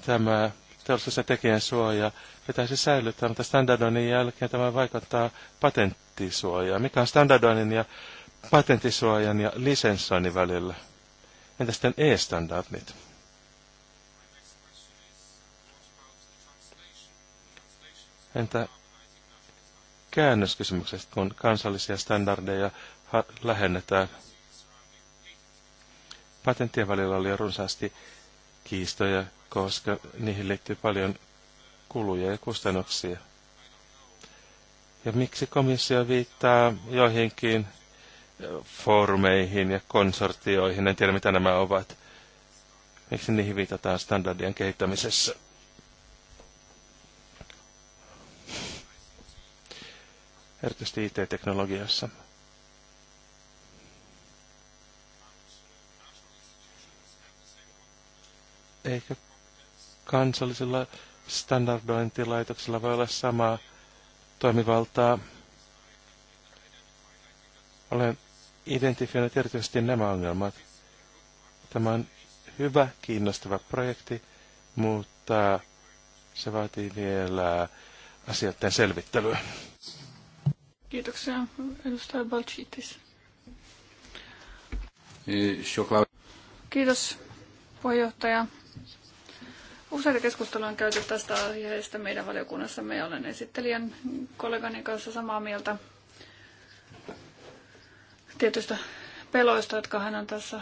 Tämä teollisuus- ja tekijänsuoja pitäisi säilyttää, mutta standardoinnin jälkeen tämä vaikuttaa patenttisuojaan. Mikä on standardoinnin ja patenttisuojan ja lisenssoinnin välillä? Entä sitten e-standardit? Entä käännöskysymykset, kun kansallisia standardeja lähennetään? patenttien välillä oli runsaasti kiistoja, koska niihin liittyy paljon kuluja ja kustannuksia. Ja miksi komissio viittaa joihinkin foorumeihin ja konsortioihin, en tiedä mitä nämä ovat. Miksi niihin viitataan standardien kehittämisessä? Erityisesti IT-teknologiassa. eikö kansallisilla standardointilaitoksilla voi olla samaa toimivaltaa. Olen identifioinut erityisesti nämä ongelmat. Tämä on hyvä, kiinnostava projekti, mutta se vaatii vielä asioiden selvittelyä. Kiitoksia, edustaja Balchitis. Kiitos puheenjohtaja. Useita keskusteluja on käyty tästä aiheesta meidän valiokunnassamme ja olen esittelijän kollegani kanssa samaa mieltä tietystä peloista, jotka hän on tässä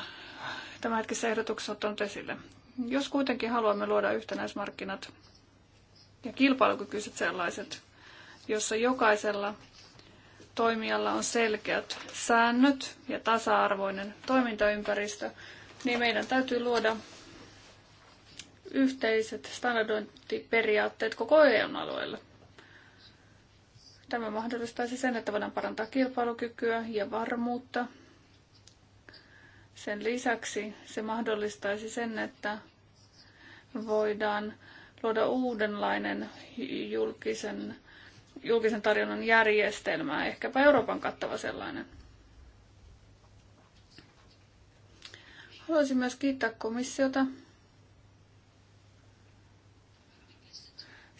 tämänhetkisessä ehdotuksessa ottanut esille. Jos kuitenkin haluamme luoda yhtenäismarkkinat ja kilpailukykyiset sellaiset, jossa jokaisella toimijalla on selkeät säännöt ja tasa-arvoinen toimintaympäristö, niin meidän täytyy luoda yhteiset standardointiperiaatteet koko EU-alueelle. Tämä mahdollistaisi sen, että voidaan parantaa kilpailukykyä ja varmuutta. Sen lisäksi se mahdollistaisi sen, että voidaan luoda uudenlainen julkisen, julkisen tarjonnan järjestelmä, ehkäpä Euroopan kattava sellainen. Haluaisin myös kiittää komissiota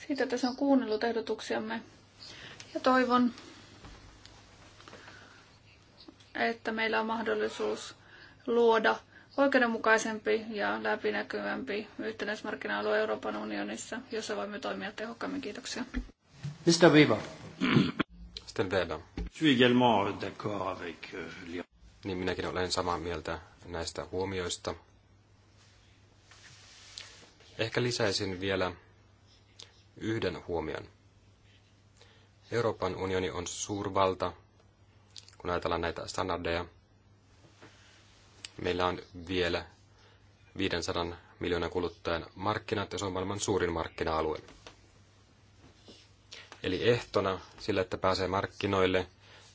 siitä, että se on kuunnellut ehdotuksiamme. Ja toivon, että meillä on mahdollisuus luoda oikeudenmukaisempi ja läpinäkyvämpi yhtenäismarkkina-alue Euroopan unionissa, jossa voimme toimia tehokkaammin. Kiitoksia. Mr. Weber. Mr. Weber. Je suis également d'accord avec euh, niin minäkin olen samaa mieltä näistä huomioista. Ehkä lisäisin vielä yhden huomion. Euroopan unioni on suurvalta, kun ajatellaan näitä standardeja. Meillä on vielä 500 miljoonan kuluttajan markkinat ja se on maailman suurin markkina-alue. Eli ehtona sillä, että pääsee markkinoille,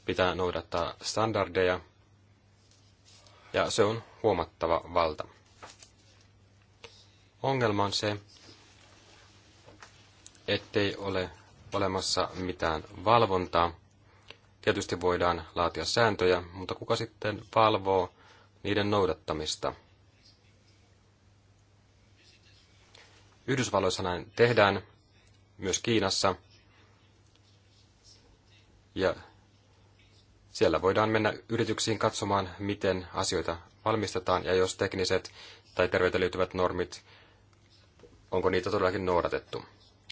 pitää noudattaa standardeja, ja se on huomattava valta. Ongelma on se, ettei ole olemassa mitään valvontaa. Tietysti voidaan laatia sääntöjä, mutta kuka sitten valvoo niiden noudattamista? Yhdysvalloissa näin tehdään, myös Kiinassa. Ja siellä voidaan mennä yrityksiin katsomaan, miten asioita valmistetaan ja jos tekniset tai terveyteen liittyvät normit, onko niitä todellakin noudatettu.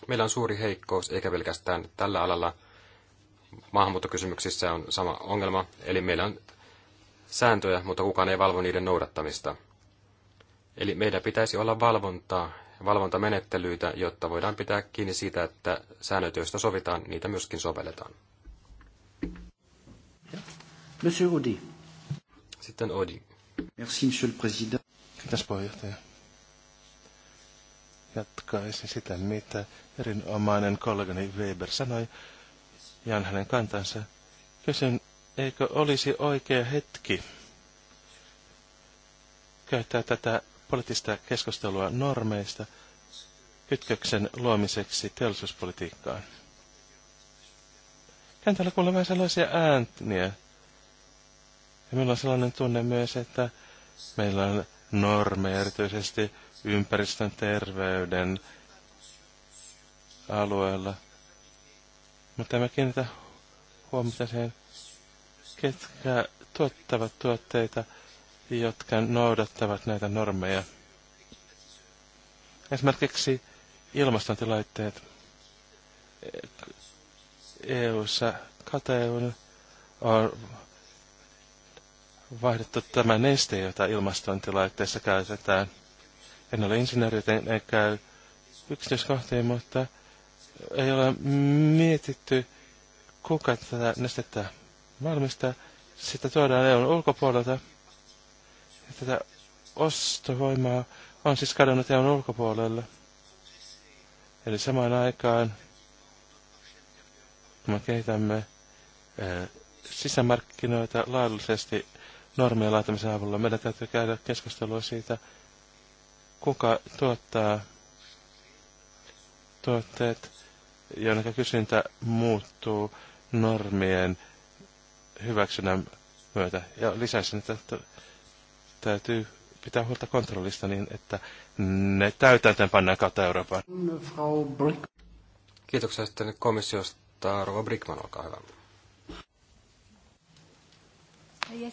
Meillä on suuri heikkous, eikä pelkästään tällä alalla. Maahanmuuttokysymyksissä on sama ongelma, eli meillä on sääntöjä, mutta kukaan ei valvo niiden noudattamista. Eli meidän pitäisi olla valvontaa, valvontamenettelyitä, jotta voidaan pitää kiinni siitä, että säännöt, joista sovitaan, niitä myöskin sovelletaan. Monsieur Odi. Sitten Odi. Merci, monsieur le président. Kiitos puheenjohtaja. Jatkaisin sitä, mitä erinomainen kollegani Weber sanoi. Jaan hänen kantansa. Kysyn, eikö olisi oikea hetki käyttää tätä poliittista keskustelua normeista kytköksen luomiseksi teollisuuspolitiikkaan. Kentällä kuulee vähän sellaisia ääntiä. Ja meillä on sellainen tunne myös, että meillä on normeja erityisesti ympäristön terveyden alueella. Mutta emme kiinnitä huomiota siihen, ketkä tuottavat tuotteita, jotka noudattavat näitä normeja. Esimerkiksi ilmastointilaitteet EU-ssa kateun on vaihdettu tämä neste, jota ilmastointilaitteessa käytetään. En ole insinööri, joten ei käy yksityiskohtiin, mutta ei ole mietitty, kuka tätä nestettä valmistaa. Sitä tuodaan EUn ulkopuolelta. Ja tätä ostovoimaa on siis kadonnut EUn ulkopuolelle. Eli samaan aikaan, kun me kehitämme eh, sisämarkkinoita laadullisesti normien laatamisen avulla. Meidän täytyy käydä keskustelua siitä, kuka tuottaa tuotteet, joiden kysyntä muuttuu normien hyväksynnän myötä. Ja lisäisin, että täytyy pitää huolta kontrollista niin, että ne täytäntöön pannaan kautta Euroopan. Kiitoksia sitten komissiosta. Rova Brickman, olkaa hyvä. Uh,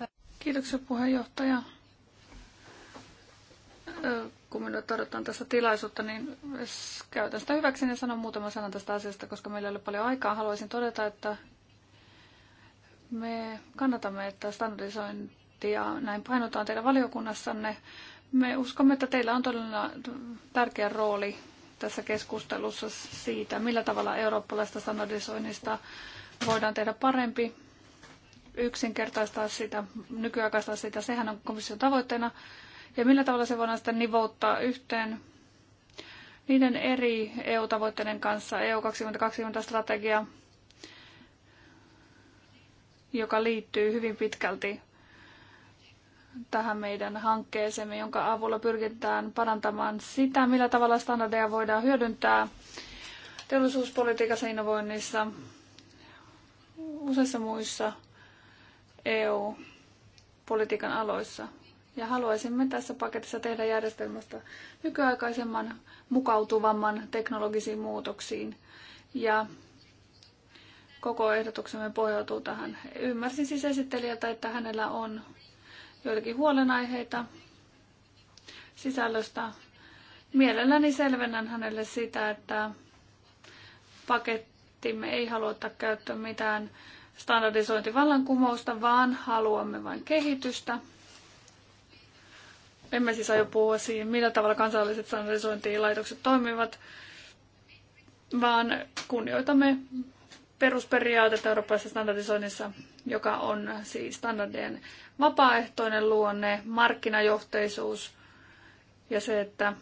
uh, Kiitoksia puheenjohtaja. Kun minulle tarjotaan tässä tilaisuutta, niin käytän sitä hyväksi ja niin sanon muutaman sanan tästä asiasta, koska meillä ei ole paljon aikaa. Haluaisin todeta, että me kannatamme, että standardisointia näin painotaan teidän valiokunnassanne. Me uskomme, että teillä on todella tärkeä rooli tässä keskustelussa siitä, millä tavalla eurooppalaista standardisoinnista voidaan tehdä parempi yksinkertaistaa sitä, nykyaikaistaa sitä, sehän on komission tavoitteena. Ja millä tavalla se voidaan sitten nivouttaa yhteen niiden eri EU-tavoitteiden kanssa, EU 2020-strategia, joka liittyy hyvin pitkälti tähän meidän hankkeeseemme, jonka avulla pyritään parantamaan sitä, millä tavalla standardeja voidaan hyödyntää teollisuuspolitiikassa, innovoinnissa, useissa muissa EU-politiikan aloissa. Ja haluaisimme tässä paketissa tehdä järjestelmästä nykyaikaisemman, mukautuvamman teknologisiin muutoksiin. Ja koko ehdotuksemme pohjautuu tähän. Ymmärsin siis esittelijältä, että hänellä on joitakin huolenaiheita sisällöstä. Mielelläni selvennän hänelle sitä, että pakettimme ei halua ottaa käyttöön mitään Standardisointi vallankumousta vaan haluamme vain kehitystä. Emme siis aio puhua siihen, millä tavalla kansalliset standardisointilaitokset toimivat, vaan kunnioitamme perusperiaatetta eurooppalaisessa standardisoinnissa, joka on siis standardien vapaaehtoinen luonne, markkinajohteisuus ja se, että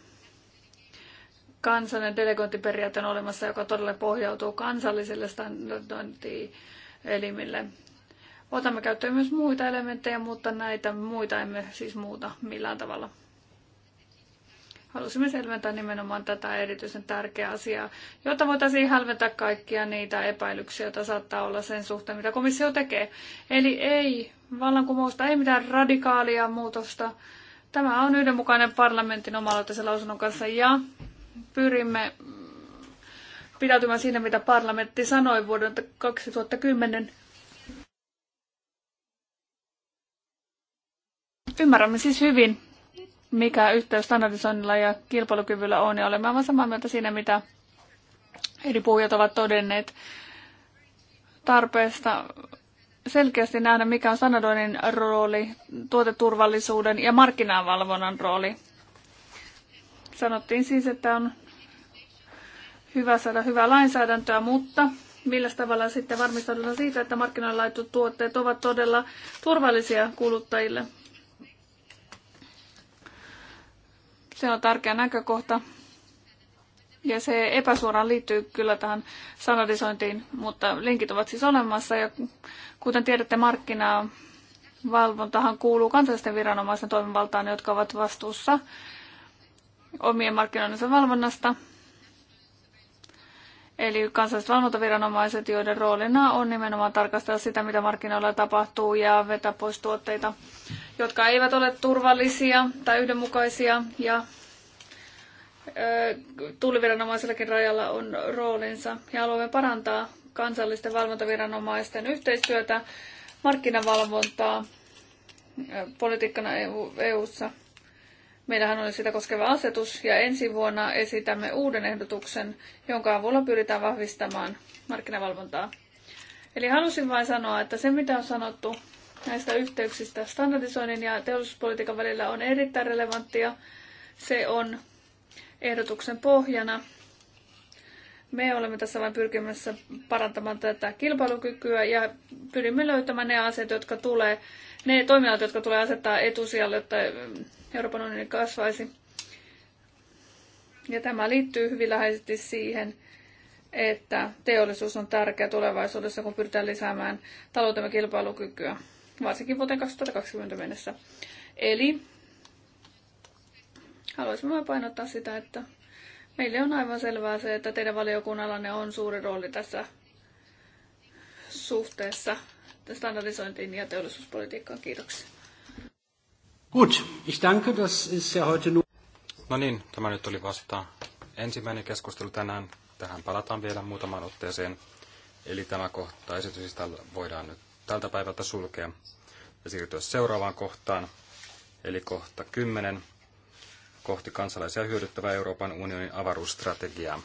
kansallinen delegointiperiaate on olemassa, joka todella pohjautuu kansalliselle standardointiin elimille. Otamme käyttöön myös muita elementtejä, mutta näitä muita emme siis muuta millään tavalla. Halusimme selventää nimenomaan tätä erityisen tärkeää asiaa, jotta voitaisiin hälventää kaikkia niitä epäilyksiä, joita saattaa olla sen suhteen, mitä komissio tekee. Eli ei vallankumousta, ei mitään radikaalia muutosta. Tämä on yhdenmukainen parlamentin oma lausunnon kanssa ja pyrimme pidätymään siinä, mitä parlamentti sanoi vuoden 2010. Ymmärrämme siis hyvin, mikä yhteys standardisoinnilla ja kilpailukyvyllä on, ja olemme aivan samaa mieltä siinä, mitä eri puhujat ovat todenneet tarpeesta selkeästi nähdä, mikä on standardoinnin rooli, tuoteturvallisuuden ja markkinavalvonnan rooli. Sanottiin siis, että on hyvä saada hyvää lainsäädäntöä, mutta millä tavalla sitten varmistaudutaan siitä, että markkinoilla laitut tuotteet ovat todella turvallisia kuluttajille. Se on tärkeä näkökohta. Ja se epäsuoraan liittyy kyllä tähän sanadisointiin, mutta linkit ovat siis olemassa. Ja kuten tiedätte, markkinaa valvontahan kuuluu kansallisten viranomaisten toimivaltaan, jotka ovat vastuussa omien markkinoidensa valvonnasta. Eli kansalliset valvontaviranomaiset, joiden roolina on nimenomaan tarkastella sitä, mitä markkinoilla tapahtuu ja vetää pois tuotteita, jotka eivät ole turvallisia tai yhdenmukaisia. Ja tulliviranomaisellakin rajalla on roolinsa ja haluamme parantaa kansallisten valvontaviranomaisten yhteistyötä, markkinavalvontaa politiikkana EU, EU-ssa. eu ssa Meillähän oli sitä koskeva asetus ja ensi vuonna esitämme uuden ehdotuksen, jonka avulla pyritään vahvistamaan markkinavalvontaa. Eli halusin vain sanoa, että se mitä on sanottu näistä yhteyksistä standardisoinnin ja teollisuuspolitiikan välillä on erittäin relevanttia. Se on ehdotuksen pohjana. Me olemme tässä vain pyrkimässä parantamaan tätä kilpailukykyä ja pyrimme löytämään ne asiat, jotka tulee ne toimialat, jotka tulee asettaa etusijalle, jotta Euroopan unioni kasvaisi. Ja tämä liittyy hyvin läheisesti siihen, että teollisuus on tärkeä tulevaisuudessa, kun pyritään lisäämään taloutemme kilpailukykyä, varsinkin vuoteen 2020 mennessä. Eli haluaisin vain painottaa sitä, että meille on aivan selvää se, että teidän valiokunnallanne on suuri rooli tässä suhteessa standardisointiin ja teollisuuspolitiikkaan. Kiitoksia. Gut, ich danke, das ist ja heute nur... No niin, tämä nyt oli vasta ensimmäinen keskustelu tänään. Tähän palataan vielä muutamaan otteeseen. Eli tämä kohta esitysistä voidaan nyt tältä päivältä sulkea ja siirtyä seuraavaan kohtaan, eli kohta 10, kohti kansalaisia hyödyttävää Euroopan unionin avaruusstrategiaa.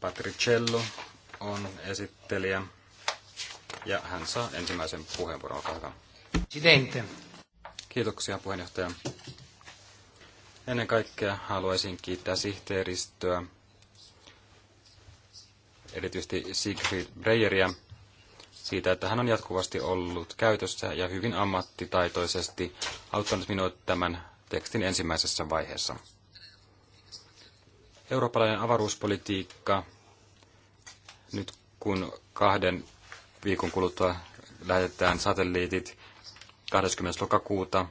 Patricello on esittelijä ja hän saa ensimmäisen puheenvuoron. Olkaa hyvä. Presidente. Kiitoksia puheenjohtaja. Ennen kaikkea haluaisin kiittää sihteeristöä, erityisesti Sigrid Breyeriä, siitä, että hän on jatkuvasti ollut käytössä ja hyvin ammattitaitoisesti auttanut minua tämän tekstin ensimmäisessä vaiheessa. Eurooppalainen avaruuspolitiikka nyt kun kahden viikon kuluttua lähetetään satelliitit 20. lokakuuta,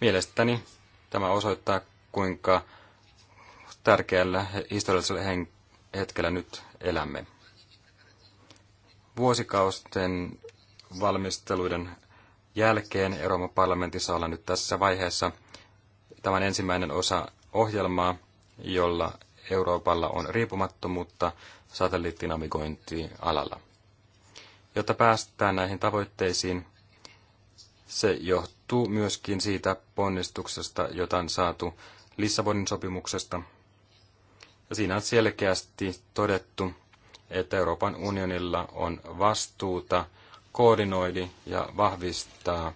mielestäni tämä osoittaa, kuinka tärkeällä historiallisella hetkellä nyt elämme. Vuosikausten valmisteluiden jälkeen Euroopan parlamentissa ollaan nyt tässä vaiheessa. Tämä ensimmäinen osa ohjelmaa, jolla Euroopalla on riippumattomuutta satelliittinavigointialalla. Jotta päästään näihin tavoitteisiin, se johtuu myöskin siitä ponnistuksesta, jota on saatu Lissabonin sopimuksesta. Ja siinä on selkeästi todettu, että Euroopan unionilla on vastuuta koordinoida ja vahvistaa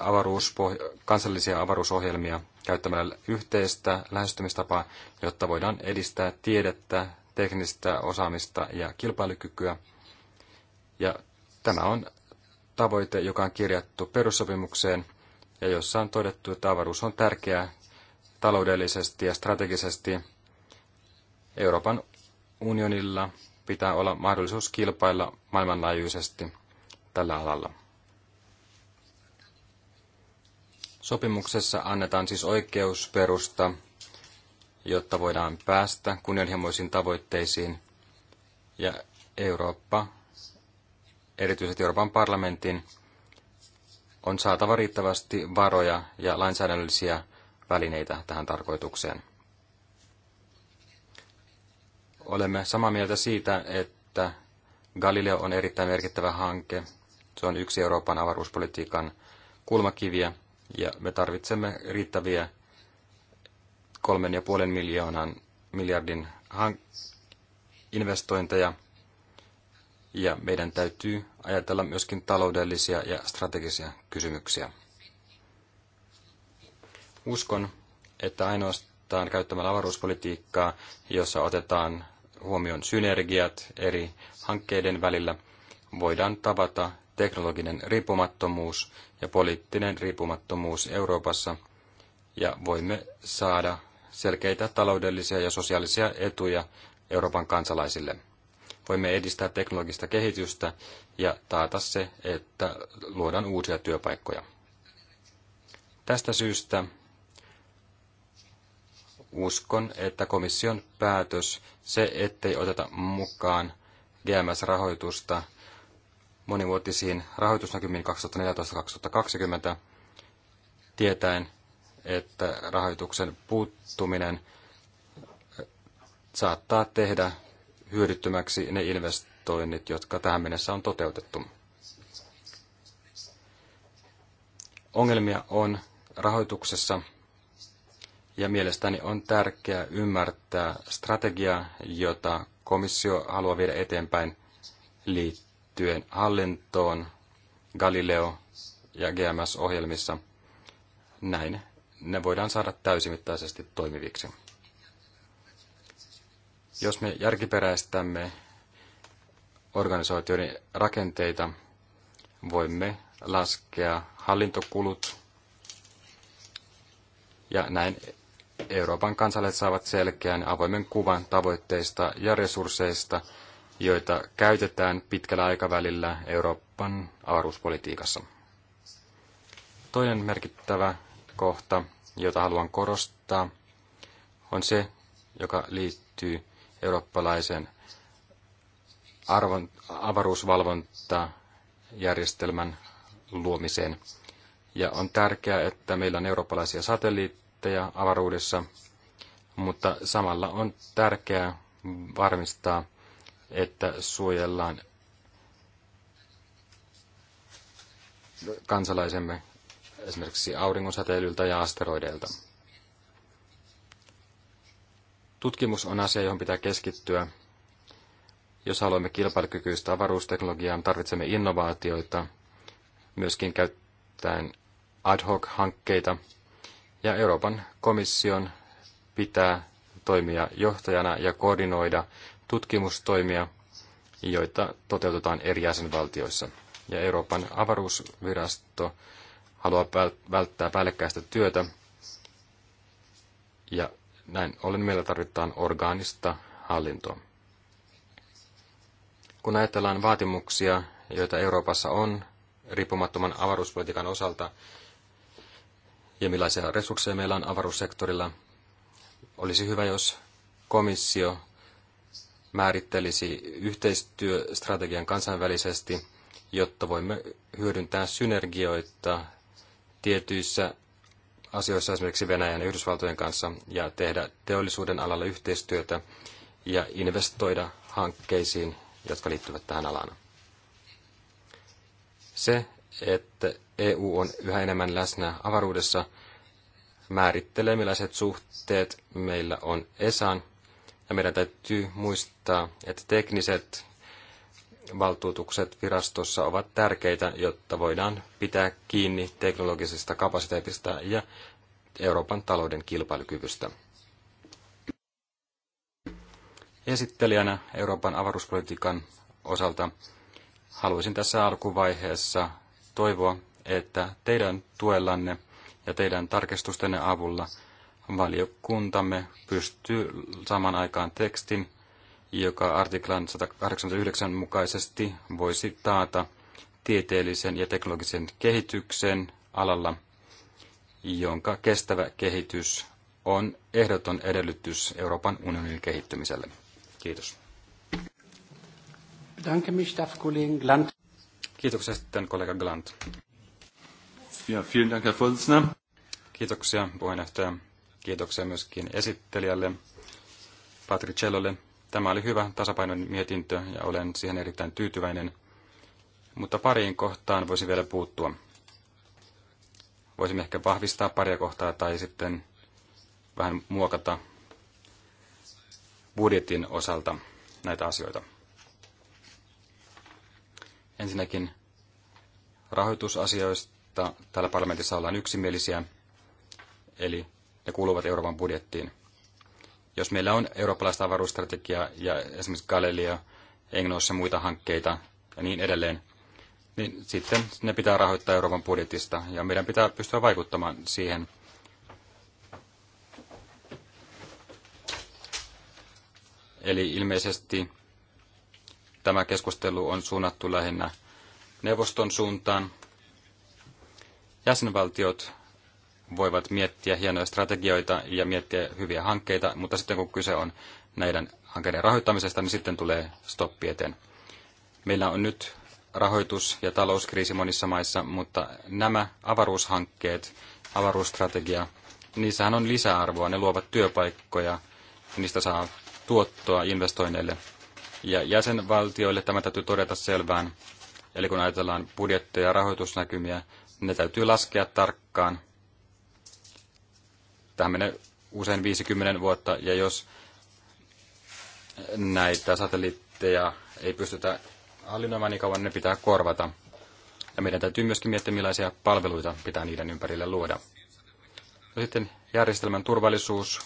avaruuspoh- kansallisia avaruusohjelmia käyttämällä yhteistä lähestymistapaa, jotta voidaan edistää tiedettä, teknistä osaamista ja kilpailukykyä. Ja tämä on tavoite, joka on kirjattu perussopimukseen ja jossa on todettu, että avaruus on tärkeää taloudellisesti ja strategisesti. Euroopan unionilla pitää olla mahdollisuus kilpailla maailmanlaajuisesti tällä alalla. Sopimuksessa annetaan siis oikeusperusta jotta voidaan päästä kunnianhimoisiin tavoitteisiin. Ja Eurooppa, erityisesti Euroopan parlamentin, on saatava riittävästi varoja ja lainsäädännöllisiä välineitä tähän tarkoitukseen. Olemme samaa mieltä siitä, että Galileo on erittäin merkittävä hanke. Se on yksi Euroopan avaruuspolitiikan kulmakiviä ja me tarvitsemme riittäviä kolmen ja puolen miljoonan miljardin investointeja, ja meidän täytyy ajatella myöskin taloudellisia ja strategisia kysymyksiä. Uskon, että ainoastaan käyttämällä avaruuspolitiikkaa, jossa otetaan huomioon synergiat eri hankkeiden välillä, voidaan tavata teknologinen riippumattomuus ja poliittinen riippumattomuus Euroopassa, ja voimme saada selkeitä taloudellisia ja sosiaalisia etuja Euroopan kansalaisille. Voimme edistää teknologista kehitystä ja taata se, että luodaan uusia työpaikkoja. Tästä syystä uskon, että komission päätös, se ettei oteta mukaan GMS-rahoitusta monivuotisiin rahoitusnäkymiin 2014-2020, tietäen, että rahoituksen puuttuminen saattaa tehdä hyödyttömäksi ne investoinnit, jotka tähän mennessä on toteutettu. Ongelmia on rahoituksessa ja mielestäni on tärkeää ymmärtää strategiaa, jota komissio haluaa viedä eteenpäin liittyen hallintoon, Galileo- ja GMS-ohjelmissa. Näin ne voidaan saada täysimittaisesti toimiviksi. Jos me järkiperäistämme organisaatioiden rakenteita, voimme laskea hallintokulut ja näin Euroopan kansalaiset saavat selkeän avoimen kuvan tavoitteista ja resursseista, joita käytetään pitkällä aikavälillä Euroopan avaruuspolitiikassa. Toinen merkittävä kohta, jota haluan korostaa, on se, joka liittyy eurooppalaisen arvon, avaruusvalvontajärjestelmän luomiseen. Ja on tärkeää, että meillä on eurooppalaisia satelliitteja avaruudessa, mutta samalla on tärkeää varmistaa, että suojellaan kansalaisemme esimerkiksi auringonsäteilyltä ja asteroideilta. Tutkimus on asia, johon pitää keskittyä. Jos haluamme kilpailukykyistä avaruusteknologiaa, tarvitsemme innovaatioita, myöskin käyttäen ad hoc-hankkeita, ja Euroopan komission pitää toimia johtajana ja koordinoida tutkimustoimia, joita toteutetaan eri jäsenvaltioissa. Ja Euroopan avaruusvirasto haluaa välttää päällekkäistä työtä. Ja näin ollen meillä tarvitaan orgaanista hallintoa. Kun ajatellaan vaatimuksia, joita Euroopassa on riippumattoman avaruuspolitiikan osalta ja millaisia resursseja meillä on avaruussektorilla, olisi hyvä, jos komissio määrittelisi yhteistyöstrategian kansainvälisesti, jotta voimme hyödyntää synergioita tietyissä asioissa esimerkiksi Venäjän ja Yhdysvaltojen kanssa ja tehdä teollisuuden alalla yhteistyötä ja investoida hankkeisiin, jotka liittyvät tähän alaan. Se, että EU on yhä enemmän läsnä avaruudessa, määrittelee, millaiset suhteet meillä on ESAan. Ja meidän täytyy muistaa, että tekniset valtuutukset virastossa ovat tärkeitä, jotta voidaan pitää kiinni teknologisesta kapasiteetista ja Euroopan talouden kilpailukyvystä. Esittelijänä Euroopan avaruuspolitiikan osalta haluaisin tässä alkuvaiheessa toivoa, että teidän tuellanne ja teidän tarkistustenne avulla valiokuntamme pystyy saman aikaan tekstin, joka artiklan 189 mukaisesti voisi taata tieteellisen ja teknologisen kehityksen alalla, jonka kestävä kehitys on ehdoton edellytys Euroopan unionin kehittymiselle. Kiitos. Kiitoksia sitten kollega Glant. Ja, vielen Dank, Herr Vorsitzender. Kiitoksia puheenjohtaja. Kiitoksia myöskin esittelijälle Patricellolle Tämä oli hyvä tasapainoinen mietintö ja olen siihen erittäin tyytyväinen. Mutta pariin kohtaan voisin vielä puuttua. Voisimme ehkä vahvistaa paria kohtaa tai sitten vähän muokata budjetin osalta näitä asioita. Ensinnäkin rahoitusasioista täällä parlamentissa ollaan yksimielisiä, eli ne kuuluvat Euroopan budjettiin. Jos meillä on eurooppalaista avaruusstrategiaa ja esimerkiksi Galileo, Engnos ja muita hankkeita ja niin edelleen, niin sitten ne pitää rahoittaa Euroopan budjetista ja meidän pitää pystyä vaikuttamaan siihen. Eli ilmeisesti tämä keskustelu on suunnattu lähinnä neuvoston suuntaan. Jäsenvaltiot voivat miettiä hienoja strategioita ja miettiä hyviä hankkeita, mutta sitten kun kyse on näiden hankkeiden rahoittamisesta, niin sitten tulee stoppi eteen. Meillä on nyt rahoitus- ja talouskriisi monissa maissa, mutta nämä avaruushankkeet, avaruusstrategia, niissähän on lisäarvoa, ne luovat työpaikkoja, niistä saa tuottoa investoinneille. Ja jäsenvaltioille tämä täytyy todeta selvään. Eli kun ajatellaan budjetteja ja rahoitusnäkymiä, ne täytyy laskea tarkkaan Tähän menee usein 50 vuotta, ja jos näitä satelliitteja ei pystytä hallinnoimaan niin kauan, ne pitää korvata. Ja meidän täytyy myöskin miettiä, millaisia palveluita pitää niiden ympärille luoda. Ja no sitten järjestelmän turvallisuus,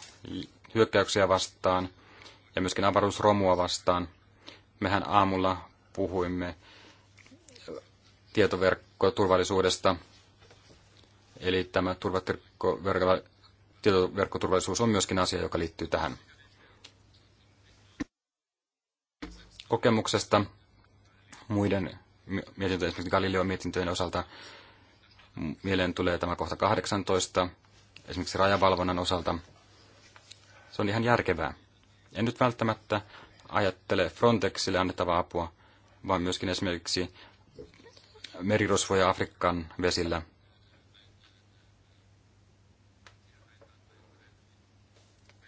hyökkäyksiä vastaan ja myöskin avaruusromua vastaan. Mehän aamulla puhuimme tietoverkkoturvallisuudesta, eli tämä turvaverkolla tietoverkkoturvallisuus on myöskin asia, joka liittyy tähän. Kokemuksesta muiden mietintöjen, esimerkiksi Galileo-mietintöjen osalta, mieleen tulee tämä kohta 18, esimerkiksi rajavalvonnan osalta. Se on ihan järkevää. En nyt välttämättä ajattele Frontexille annettavaa apua, vaan myöskin esimerkiksi merirosvoja Afrikan vesillä –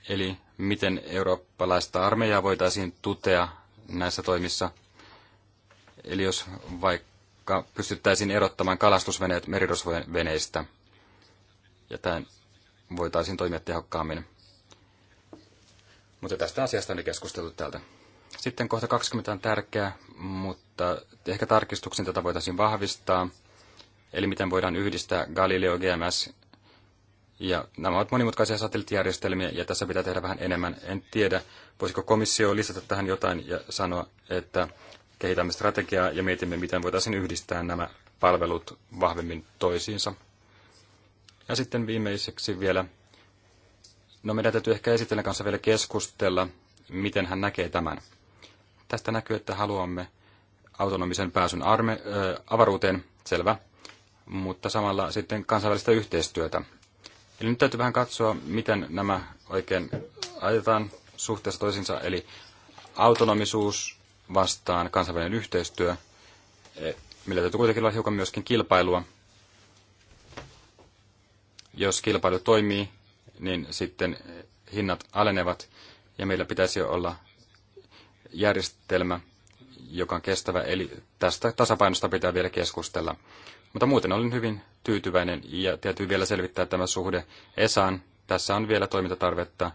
Eli miten eurooppalaista armeijaa voitaisiin tutea näissä toimissa. Eli jos vaikka pystyttäisiin erottamaan kalastusveneet merirosvoveneistä, ja tämän voitaisiin toimia tehokkaammin. Mutta tästä asiasta on keskusteltu täältä. Sitten kohta 20 on tärkeä, mutta ehkä tarkistuksen tätä voitaisiin vahvistaa. Eli miten voidaan yhdistää Galileo, GMS ja nämä ovat monimutkaisia satelliittijärjestelmiä ja tässä pitää tehdä vähän enemmän. En tiedä, voisiko komissio lisätä tähän jotain ja sanoa, että kehitämme strategiaa ja mietimme, miten voitaisiin yhdistää nämä palvelut vahvemmin toisiinsa. Ja sitten viimeiseksi vielä, no meidän täytyy ehkä esitellä kanssa vielä keskustella, miten hän näkee tämän. Tästä näkyy, että haluamme autonomisen pääsyn arme, ö, avaruuteen, selvä, mutta samalla sitten kansainvälistä yhteistyötä. Eli nyt täytyy vähän katsoa, miten nämä oikein ajetaan suhteessa toisiinsa, eli autonomisuus vastaan kansainvälinen yhteistyö, e, millä täytyy kuitenkin olla hiukan myöskin kilpailua. Jos kilpailu toimii, niin sitten hinnat alenevat ja meillä pitäisi olla järjestelmä, joka on kestävä. Eli tästä tasapainosta pitää vielä keskustella. Mutta muuten olin hyvin tyytyväinen ja täytyy vielä selvittää tämä suhde ESAan. Tässä on vielä toimintatarvetta,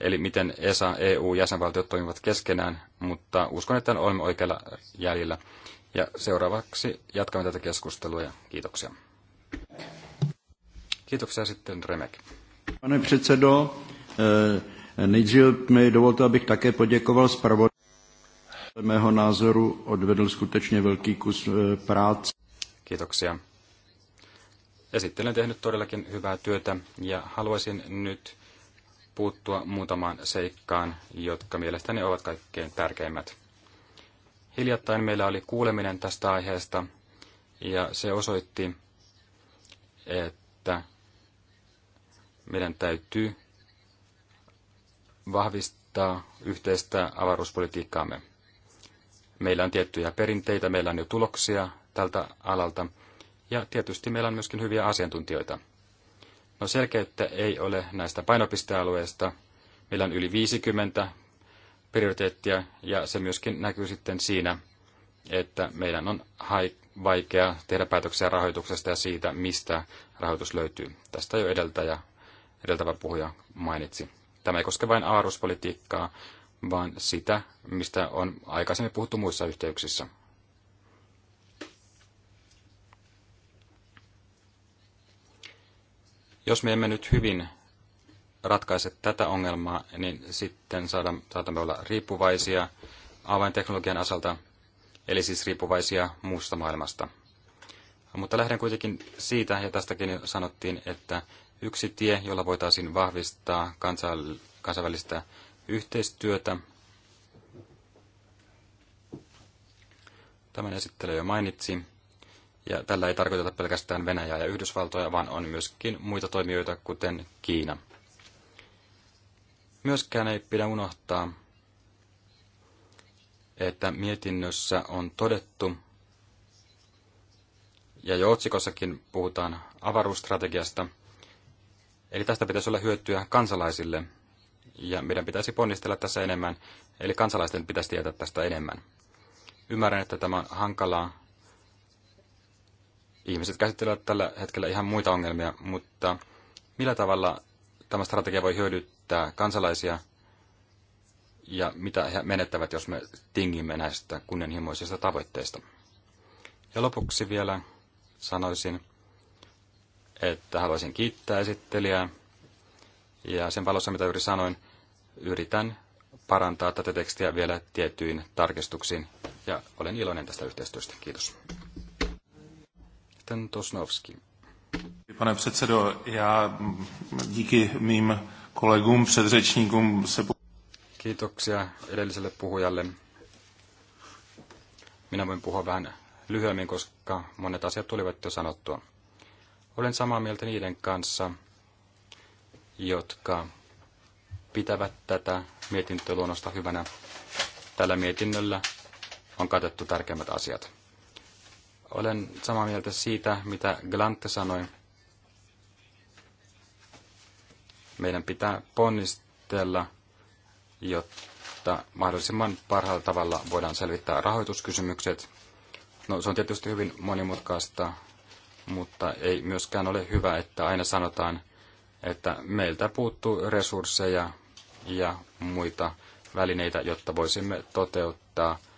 eli miten ESA, EU, jäsenvaltiot toimivat keskenään, mutta uskon, että olemme oikealla jäljellä. Ja seuraavaksi jatkamme tätä keskustelua ja kiitoksia. Kiitoksia sitten Remek. Pane předsedo, eh, nejdřív mi dovolte, abych také poděkoval zpravodaj. Mého názoru odvedl skutečně velký kus eh, práce. Kiitoksia. Esittelen tehnyt todellakin hyvää työtä ja haluaisin nyt puuttua muutamaan seikkaan, jotka mielestäni ovat kaikkein tärkeimmät. Hiljattain meillä oli kuuleminen tästä aiheesta ja se osoitti, että meidän täytyy vahvistaa yhteistä avaruuspolitiikkaamme. Meillä on tiettyjä perinteitä, meillä on jo tuloksia tältä alalta. Ja tietysti meillä on myöskin hyviä asiantuntijoita. No selkeyttä ei ole näistä painopistealueista. Meillä on yli 50 prioriteettia ja se myöskin näkyy sitten siinä, että meidän on vaikea tehdä päätöksiä rahoituksesta ja siitä, mistä rahoitus löytyy. Tästä jo edeltäjä, edeltävä puhuja mainitsi. Tämä ei koske vain aaruspolitiikkaa, vaan sitä, mistä on aikaisemmin puhuttu muissa yhteyksissä. Jos me emme nyt hyvin ratkaise tätä ongelmaa, niin sitten saadaan, saatamme olla riippuvaisia avainteknologian asalta, eli siis riippuvaisia muusta maailmasta. Mutta lähden kuitenkin siitä, ja tästäkin sanottiin, että yksi tie, jolla voitaisiin vahvistaa kansainvälistä yhteistyötä, tämän esittely jo mainitsin, ja tällä ei tarkoiteta pelkästään Venäjää ja Yhdysvaltoja, vaan on myöskin muita toimijoita, kuten Kiina. Myöskään ei pidä unohtaa, että mietinnössä on todettu, ja jo otsikossakin puhutaan avaruusstrategiasta, eli tästä pitäisi olla hyötyä kansalaisille, ja meidän pitäisi ponnistella tässä enemmän, eli kansalaisten pitäisi tietää tästä enemmän. Ymmärrän, että tämä on hankalaa ihmiset käsittelevät tällä hetkellä ihan muita ongelmia, mutta millä tavalla tämä strategia voi hyödyttää kansalaisia ja mitä he menettävät, jos me tingimme näistä kunnianhimoisista tavoitteista. Ja lopuksi vielä sanoisin, että haluaisin kiittää esittelijää ja sen valossa, mitä juuri sanoin, yritän parantaa tätä tekstiä vielä tiettyin tarkistuksiin ja olen iloinen tästä yhteistyöstä. Kiitos. Sitten Tosnovski. Pane předsedo, já díky mým kolegům, předřečníkům se... Kiitoksia edelliselle puhujalle. Minä voin puhua vähän lyhyemmin, koska monet asiat tulivat jo sanottua. Olen samaa mieltä niiden kanssa, jotka pitävät tätä mietintöluonnosta hyvänä. Tällä mietinnöllä on katettu tärkeimmät asiat. Olen samaa mieltä siitä, mitä Glante sanoi. Meidän pitää ponnistella, jotta mahdollisimman parhaalla tavalla voidaan selvittää rahoituskysymykset. No, se on tietysti hyvin monimutkaista, mutta ei myöskään ole hyvä, että aina sanotaan, että meiltä puuttuu resursseja ja muita välineitä, jotta voisimme toteuttaa –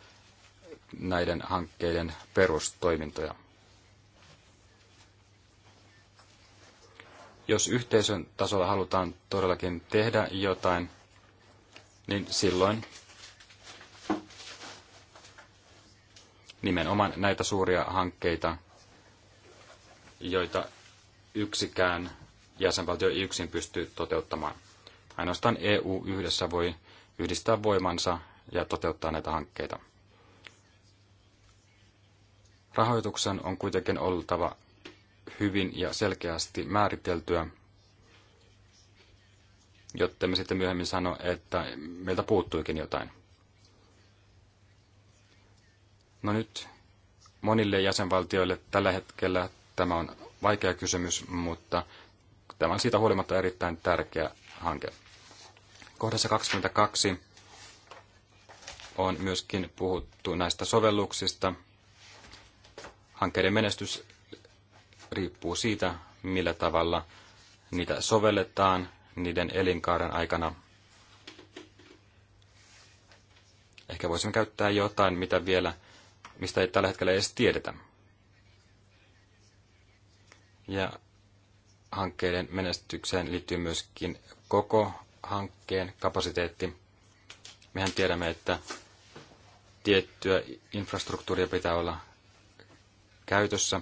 näiden hankkeiden perustoimintoja. Jos yhteisön tasolla halutaan todellakin tehdä jotain, niin silloin nimenomaan näitä suuria hankkeita, joita yksikään jäsenvaltio ei yksin pysty toteuttamaan. Ainoastaan EU yhdessä voi yhdistää voimansa ja toteuttaa näitä hankkeita. Rahoituksen on kuitenkin oltava hyvin ja selkeästi määriteltyä, jotta me sitten myöhemmin sano, että meiltä puuttuikin jotain. No nyt monille jäsenvaltioille tällä hetkellä tämä on vaikea kysymys, mutta tämä on siitä huolimatta erittäin tärkeä hanke. Kohdassa 22 on myöskin puhuttu näistä sovelluksista, hankkeiden menestys riippuu siitä, millä tavalla niitä sovelletaan niiden elinkaaren aikana. Ehkä voisimme käyttää jotain, mitä vielä, mistä ei tällä hetkellä edes tiedetä. Ja hankkeiden menestykseen liittyy myöskin koko hankkeen kapasiteetti. Mehän tiedämme, että tiettyä infrastruktuuria pitää olla käytössä.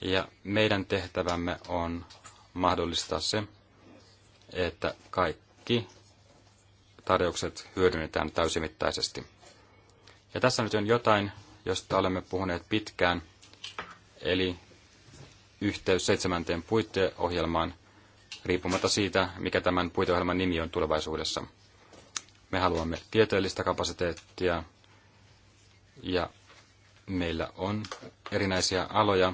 Ja meidän tehtävämme on mahdollistaa se, että kaikki tarjoukset hyödynnetään täysimittaisesti. Ja tässä nyt on jotain, josta olemme puhuneet pitkään, eli yhteys seitsemänteen puitteohjelmaan riippumatta siitä, mikä tämän puiteohjelman nimi on tulevaisuudessa. Me haluamme tieteellistä kapasiteettia ja meillä on erinäisiä aloja,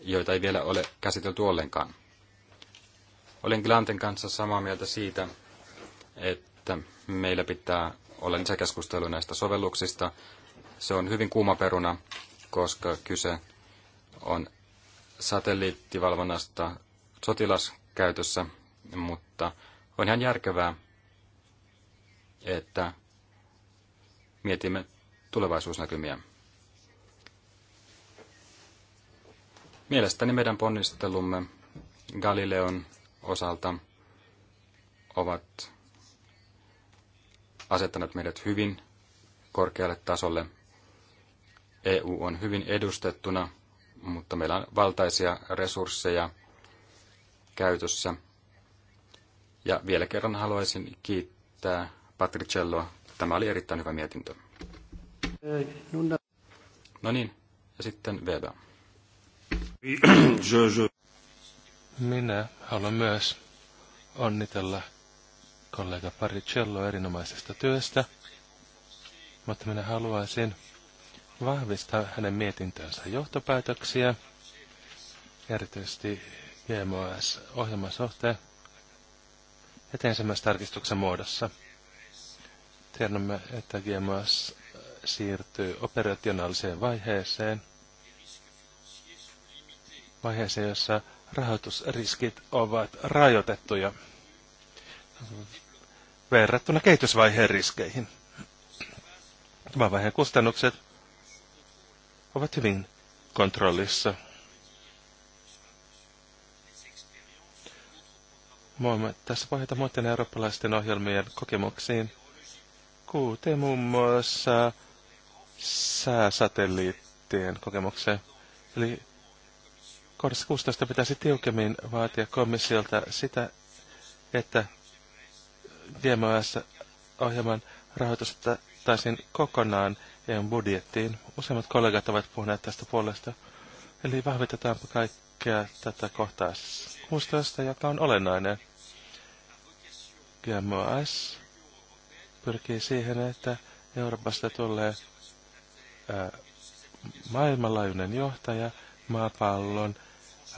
joita ei vielä ole käsitelty ollenkaan. Olen Glanten kanssa samaa mieltä siitä, että meillä pitää olla lisäkeskustelu näistä sovelluksista. Se on hyvin kuuma peruna, koska kyse on satelliittivalvonnasta sotilaskäytössä, mutta on ihan järkevää, että mietimme tulevaisuusnäkymiä. Mielestäni meidän ponnistelumme Galileon osalta ovat asettaneet meidät hyvin korkealle tasolle. EU on hyvin edustettuna, mutta meillä on valtaisia resursseja käytössä. Ja vielä kerran haluaisin kiittää Patricelloa. Tämä oli erittäin hyvä mietintö. No niin, ja sitten Veda. Minä haluan myös onnitella kollega Paricello erinomaisesta työstä, mutta minä haluaisin vahvistaa hänen mietintönsä johtopäätöksiä, erityisesti GMOS-ohjelman suhteen, heti tarkistuksen muodossa. Tiedämme, että GMOS siirtyy operationaaliseen vaiheeseen, vaiheeseen, jossa rahoitusriskit ovat rajoitettuja verrattuna kehitysvaiheen riskeihin. Tämän vaiheen kustannukset ovat hyvin kontrollissa. Moimme tässä pohjata muiden eurooppalaisten ohjelmien kokemuksiin, kuten muun muassa sääsatelliittien kokemukseen. Eli kohdassa 16 pitäisi tiukemmin vaatia komissiolta sitä, että DMS-ohjelman rahoitusta taisin kokonaan EUn budjettiin. Useimmat kollegat ovat puhuneet tästä puolesta. Eli vahvitetaanpa kaikkea tätä kohtaa 16, joka on olennainen. GMOS pyrkii siihen, että Euroopasta tulee ää, maailmanlaajuinen johtaja maapallon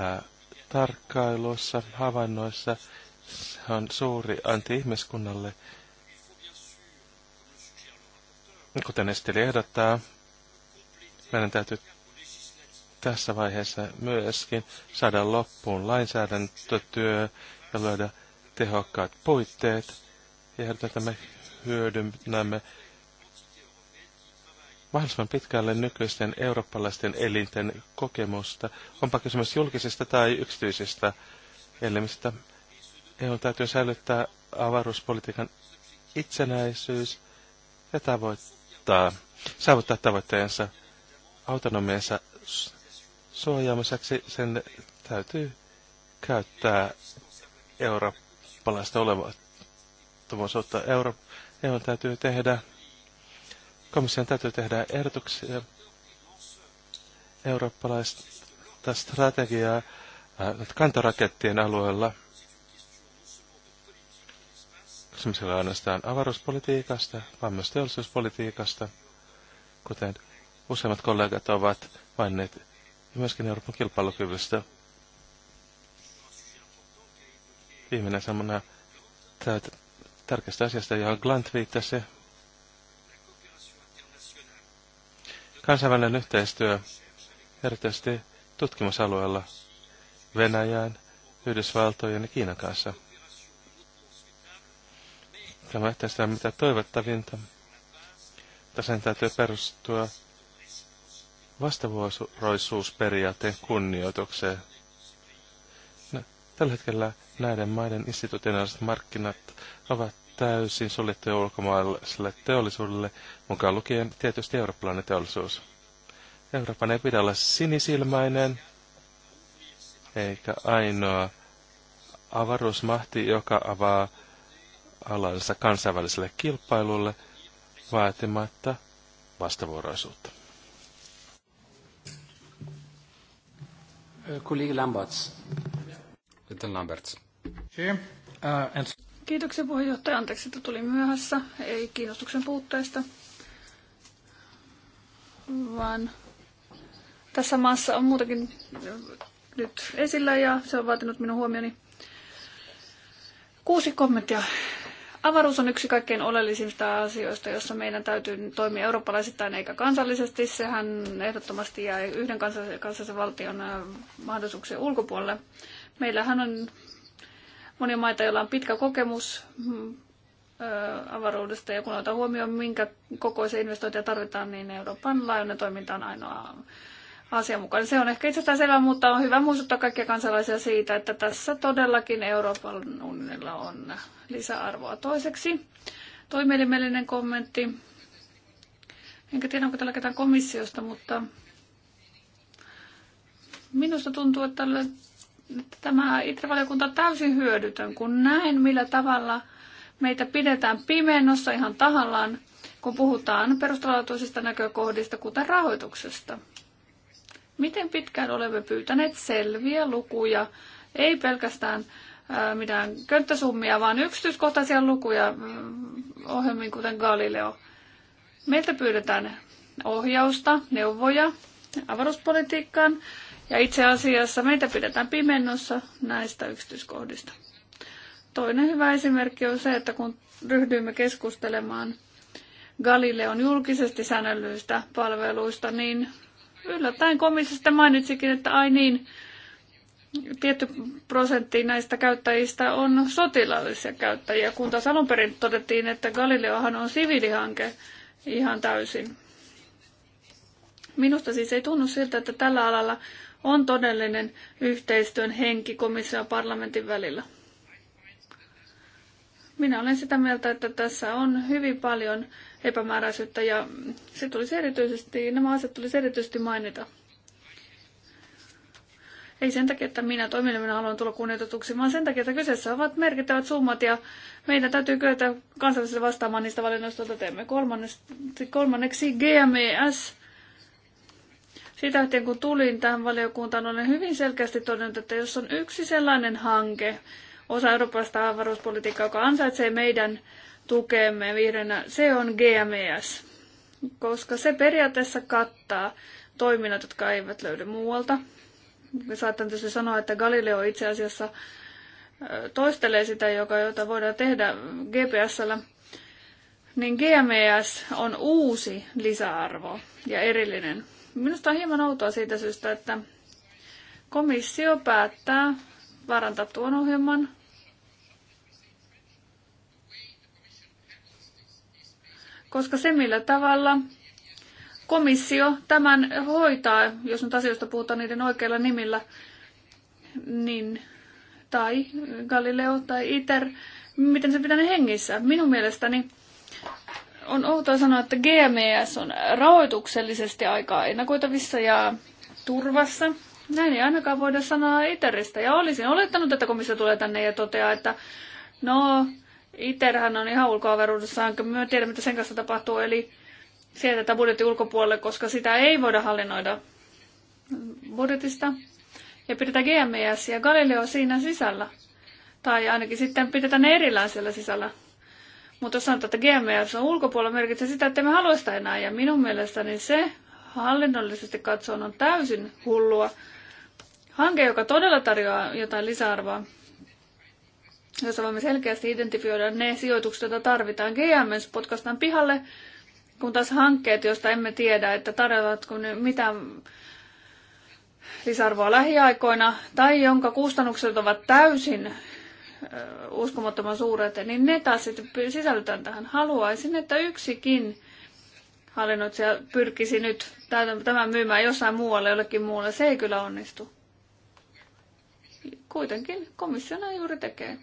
ää, tarkkailussa, havainnoissa. Se on suuri anti ihmiskunnalle. Kuten Esteli ehdottaa, meidän täytyy tässä vaiheessa myöskin saada loppuun lainsäädäntötyö ja löydä tehokkaat puitteet. Ja että me hyödynnämme mahdollisimman pitkälle nykyisten eurooppalaisten elinten kokemusta, onpa kysymys julkisista tai yksityisistä elimistä. EU täytyy säilyttää avaruuspolitiikan itsenäisyys ja tavoittaa, saavuttaa tavoitteensa autonomiansa suojaamiseksi. Sen täytyy käyttää eurooppalaista olevaa. Euro, EU täytyy tehdä Komission täytyy tehdä ehdotuksia eurooppalaista strategiaa äh, kantorakettien alueella. Kysymyksellä on ainoastaan avaruuspolitiikasta, vaan myös teollisuuspolitiikasta, kuten useimmat kollegat ovat maininneet, ja myöskin Euroopan kilpailukyvystä. Viimeinen semmoinen tärkeästä asiasta, johon Glant viittasi, Kansainvälinen yhteistyö, erityisesti tutkimusalueella Venäjän, Yhdysvaltojen ja Kiinan kanssa. Tämä yhteistyö on mitä toivottavinta, mutta sen täytyy perustua vastavuoroisuusperiaatteen kunnioitukseen. No, tällä hetkellä näiden maiden institutionaaliset markkinat ovat täysin suljettuja ulkomaalaiselle teollisuudelle, mukaan lukien tietysti eurooppalainen teollisuus. Euroopan ei pidä olla sinisilmäinen, eikä ainoa avaruusmahti, joka avaa alansa kansainväliselle kilpailulle vaatimatta vastavuoroisuutta. Kollega Lamberts. Sitten Lamberts. Uh, Kiitoksia puheenjohtaja. Anteeksi, että tulin myöhässä. Ei kiinnostuksen puutteesta, vaan tässä maassa on muutakin nyt esillä ja se on vaatinut minun huomioni. Kuusi kommenttia. Avaruus on yksi kaikkein oleellisimmista asioista, jossa meidän täytyy toimia eurooppalaisittain eikä kansallisesti. Sehän ehdottomasti jää yhden kansallisen valtion äh, mahdollisuuksien ulkopuolelle. Meillähän on monia maita, joilla on pitkä kokemus mm, avaruudesta ja kun otetaan huomioon, minkä kokoisia investointeja tarvitaan, niin Euroopan laajuinen toiminta on ainoa asianmukainen. Se on ehkä itsestään selvä, mutta on hyvä muistuttaa kaikkia kansalaisia siitä, että tässä todellakin Euroopan unionilla on lisäarvoa. Toiseksi toimielimellinen kommentti. Enkä tiedä, onko täällä ketään komissiosta, mutta minusta tuntuu, että tämä itsevaliokunta on täysin hyödytön, kun näin millä tavalla meitä pidetään pimennossa ihan tahallaan, kun puhutaan perustavanlaatuisista näkökohdista, kuten rahoituksesta. Miten pitkään olemme pyytäneet selviä lukuja, ei pelkästään mitään könttäsummia, vaan yksityiskohtaisia lukuja ohjelmiin, kuten Galileo. Meiltä pyydetään ohjausta, neuvoja avaruuspolitiikkaan, ja itse asiassa meitä pidetään pimennossa näistä yksityiskohdista. Toinen hyvä esimerkki on se, että kun ryhdyimme keskustelemaan Galileon julkisesti säännöllyistä palveluista, niin yllättäen komissista mainitsikin, että ai niin, tietty prosentti näistä käyttäjistä on sotilaallisia käyttäjiä, kun taas alun perin todettiin, että Galileohan on siviilihanke ihan täysin. Minusta siis ei tunnu siltä, että tällä alalla on todellinen yhteistyön henki komission ja parlamentin välillä. Minä olen sitä mieltä, että tässä on hyvin paljon epämääräisyyttä ja se tulisi erityisesti, nämä asiat tulisi erityisesti mainita. Ei sen takia, että minä minä haluan tulla kunnioitetuksi, vaan sen takia, että kyseessä ovat merkittävät summat ja meidän täytyy kyetä kansallisesti vastaamaan niistä valinnoista, joita teemme. Kolmanneksi, kolmanneksi GMES sitä, että kun tulin tähän valiokuntaan, olen hyvin selkeästi todennut, että jos on yksi sellainen hanke, osa eurooppalaista avaruuspolitiikkaa, joka ansaitsee meidän tukemme vihreänä, se on GMES, koska se periaatteessa kattaa toiminnat, jotka eivät löydy muualta. Saatan tietysti sanoa, että Galileo itse asiassa toistelee sitä, joka, jota voidaan tehdä GPSllä, niin GMES on uusi lisäarvo ja erillinen. Minusta on hieman outoa siitä syystä, että komissio päättää varantaa tuon ohjelman. Koska se, millä tavalla komissio tämän hoitaa, jos nyt asioista puhutaan niiden oikeilla nimillä, niin, tai Galileo tai ITER, miten se pitää ne hengissä. Minun mielestäni on outoa sanoa, että GMS on rahoituksellisesti aika ennakoitavissa ja turvassa. Näin ei ainakaan voida sanoa ITERistä. Ja olisin olettanut, että komissio tulee tänne ja toteaa, että no, ITERhän on ihan ulkoavaruudessa, enkä mä tiedä, mitä sen kanssa tapahtuu. Eli sieltä tätä budjetti ulkopuolelle, koska sitä ei voida hallinnoida budjetista. Ja pidetään GMS ja Galileo siinä sisällä. Tai ainakin sitten pidetään ne erillään siellä sisällä. Mutta sanotaan, että GMS on ulkopuolella merkitsee sitä, että me halua sitä enää. Ja minun mielestäni se hallinnollisesti katsoen on täysin hullua. Hanke, joka todella tarjoaa jotain lisäarvoa, jossa voimme selkeästi identifioida ne sijoitukset, joita tarvitaan. GMS potkastaan pihalle, kun taas hankkeet, joista emme tiedä, että tarjoavatko ne mitään lisäarvoa lähiaikoina, tai jonka kustannukset ovat täysin uskomattoman suuret, niin ne taas sitten sisällytään tähän. Haluaisin, että yksikin hallinnoitsija pyrkisi nyt tämän myymään jossain muualle jollekin muualle. Se ei kyllä onnistu. Kuitenkin komissio näin juuri tekee.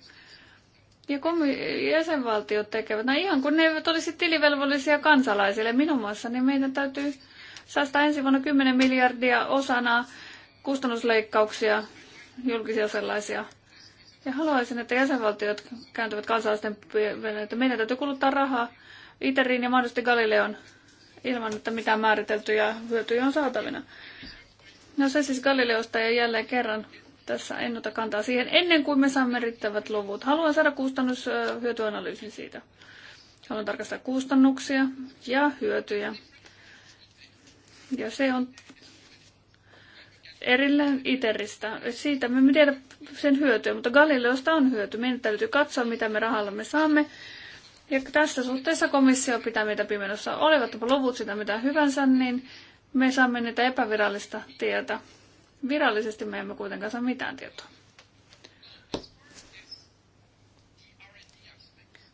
Ja komi- jäsenvaltiot tekevät. No ihan kun ne eivät olisi tilivelvollisia kansalaisille minun muassa, niin meidän täytyy säästää ensi vuonna 10 miljardia osana kustannusleikkauksia, julkisia sellaisia. Ja haluaisin, että jäsenvaltiot kääntyvät kansalaisten puoleen, että meidän täytyy kuluttaa rahaa Iteriin ja mahdollisesti Galileon ilman, että mitään määriteltyjä hyötyjä on saatavina. No se siis Galileosta ja jälleen kerran tässä en ota kantaa siihen ennen kuin me saamme riittävät luvut. Haluan saada kustannushyötyanalyysin siitä. Haluan tarkastaa kustannuksia ja hyötyjä. Ja se on erillään ITERistä. Siitä me emme tiedä sen hyötyä, mutta Galileosta on hyöty. Meidän täytyy katsoa, mitä me me saamme. Ja tässä suhteessa komissio pitää meitä pimenossa. Olivatpa luvut sitä mitä hyvänsä, niin me saamme niitä epävirallista tietoa. Virallisesti me emme kuitenkaan saa mitään tietoa.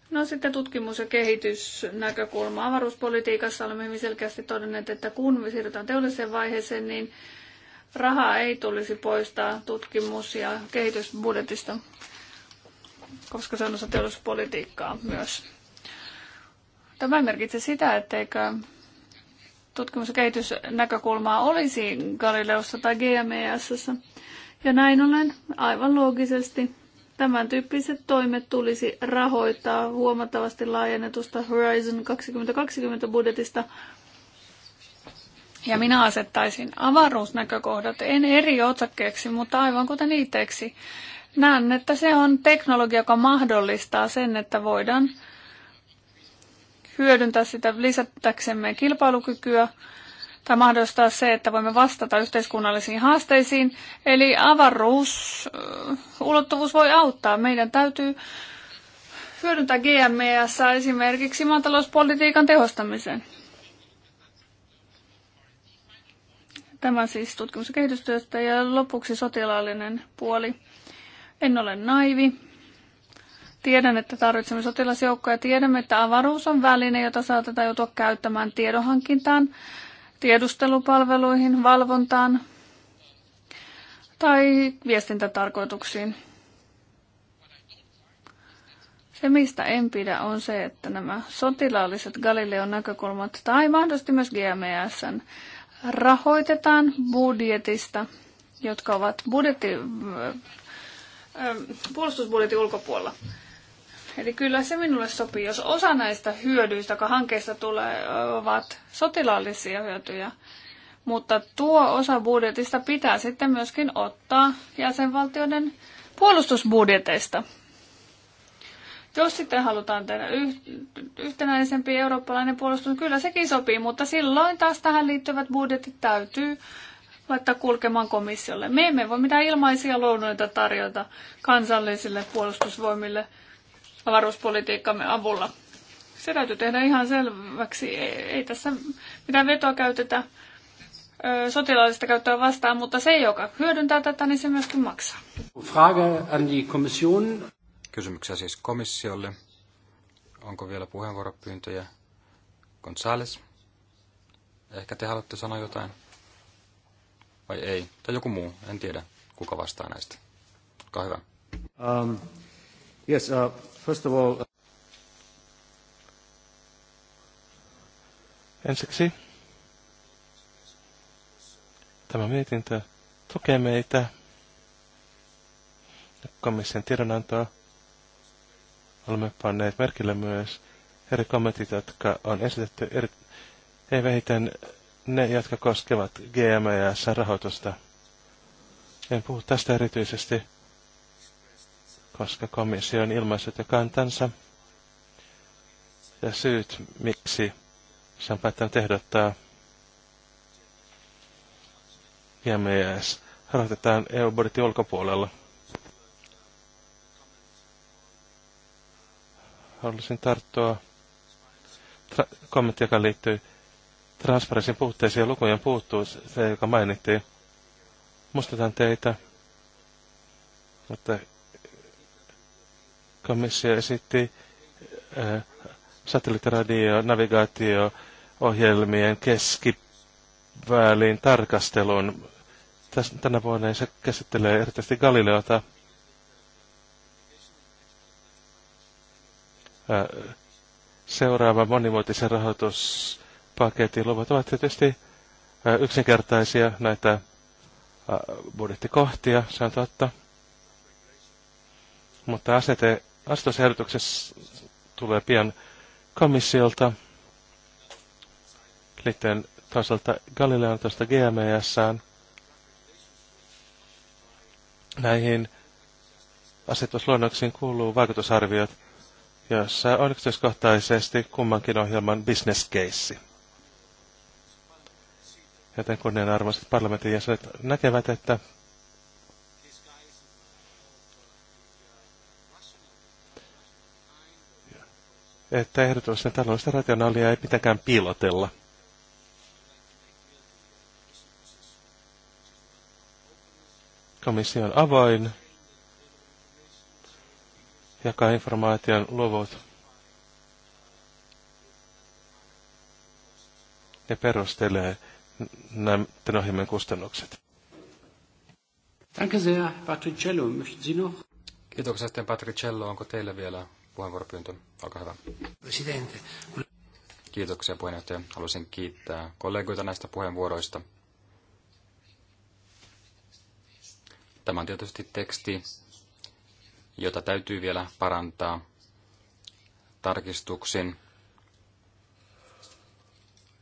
No sitten tutkimus- ja kehitysnäkökulma. Avaruuspolitiikassa olemme hyvin selkeästi todenneet, että kun me siirrytään teolliseen vaiheeseen, niin Rahaa ei tulisi poistaa tutkimus- ja kehitysbudjetista, koska se on osa teollisuuspolitiikkaa myös. Tämä merkitsee sitä, etteikö tutkimus- ja kehitysnäkökulmaa olisi Galileossa tai GMESssä. Ja näin ollen aivan loogisesti tämän tyyppiset toimet tulisi rahoittaa huomattavasti laajennetusta Horizon 2020 budjetista ja minä asettaisin avaruusnäkökohdat, en eri otsakkeeksi, mutta aivan kuten itseksi. Näen, että se on teknologia, joka mahdollistaa sen, että voidaan hyödyntää sitä lisätäksemme kilpailukykyä tai mahdollistaa se, että voimme vastata yhteiskunnallisiin haasteisiin. Eli avaruusulottuvuus voi auttaa. Meidän täytyy hyödyntää GMS e esimerkiksi maatalouspolitiikan tehostamiseen. Tämä siis tutkimus- ja kehitystyöstä ja lopuksi sotilaallinen puoli. En ole naivi. Tiedän, että tarvitsemme sotilasjoukkoja. Tiedämme, että avaruus on väline, jota saatetaan joutua käyttämään tiedonhankintaan, tiedustelupalveluihin, valvontaan tai viestintätarkoituksiin. Se, mistä en pidä, on se, että nämä sotilaalliset Galileon näkökulmat tai mahdollisesti myös GMSn rahoitetaan budjetista, jotka ovat budjetti, puolustusbudjetin ulkopuolella. Eli kyllä se minulle sopii, jos osa näistä hyödyistä, jotka hankkeista tulee, ovat sotilaallisia hyötyjä. Mutta tuo osa budjetista pitää sitten myöskin ottaa jäsenvaltioiden puolustusbudjeteista. Jos sitten halutaan tehdä yhtenäisempi eurooppalainen puolustus, kyllä sekin sopii, mutta silloin taas tähän liittyvät budjetit täytyy laittaa kulkemaan komissiolle. Me emme voi mitään ilmaisia lounoita tarjota kansallisille puolustusvoimille avaruuspolitiikkamme avulla. Se täytyy tehdä ihan selväksi. Ei tässä mitään vetoa käytetä sotilaallista käyttöä vastaan, mutta se, joka hyödyntää tätä, niin se myöskin maksaa. Frage an die Kommission. Kysymyksiä siis komissiolle. Onko vielä puheenvuoropyyntöjä? Gonzales, ehkä te haluatte sanoa jotain? Vai ei? Tai joku muu, en tiedä kuka vastaa näistä. Olkaa hyvä. Um, yes, uh, first of all... Uh, Ensiksi tämä mietintö tukee meitä komission tiedonantoa Olemme panneet merkille myös eri kommentit, jotka on esitetty eri, ei vähiten ne, jotka koskevat GMS-rahoitusta. En puhu tästä erityisesti, koska komissio on ilmaissut jo kantansa ja syyt, miksi se on päättänyt ehdottaa GMS rahoitetaan EU-budjetin ulkopuolella. halusin tarttua tra- kommentti, joka liittyy transparensin puutteisiin ja lukujen se, joka mainittiin. Muistetaan teitä, mutta komissio esitti äh, satelliittiradio, navigaatio, ohjelmien keskiväliin tarkastelun. Tänä vuonna se käsittelee erityisesti Galileota. seuraava monimuotisen rahoituspaketin luvut ovat tietysti yksinkertaisia näitä budjettikohtia, se on totta. Mutta asetusehdotuksessa tulee pian komissiolta liittyen toisaalta Galilean tuosta GMS-sään näihin asetusluonnoksiin kuuluu vaikutusarviot jossa on yksityiskohtaisesti kummankin ohjelman business case. Joten kunnianarvoiset parlamentin jäsenet näkevät, että että ehdotusten taloudellista rationaalia ei pitäkään piilotella. Komissio on avoin jakaa informaation luvut ja perustelee näiden ohjelmien kustannukset. Danke sehr, Patricello. Möchten Sie noch? Kiitoksia sitten Patricello. Onko teille vielä puheenvuoropyyntö? Olkaa hyvä. Presidente. Kiitoksia puheenjohtaja. Haluaisin kiittää kollegoita näistä puheenvuoroista. Tämä on tietysti teksti, jota täytyy vielä parantaa tarkistuksin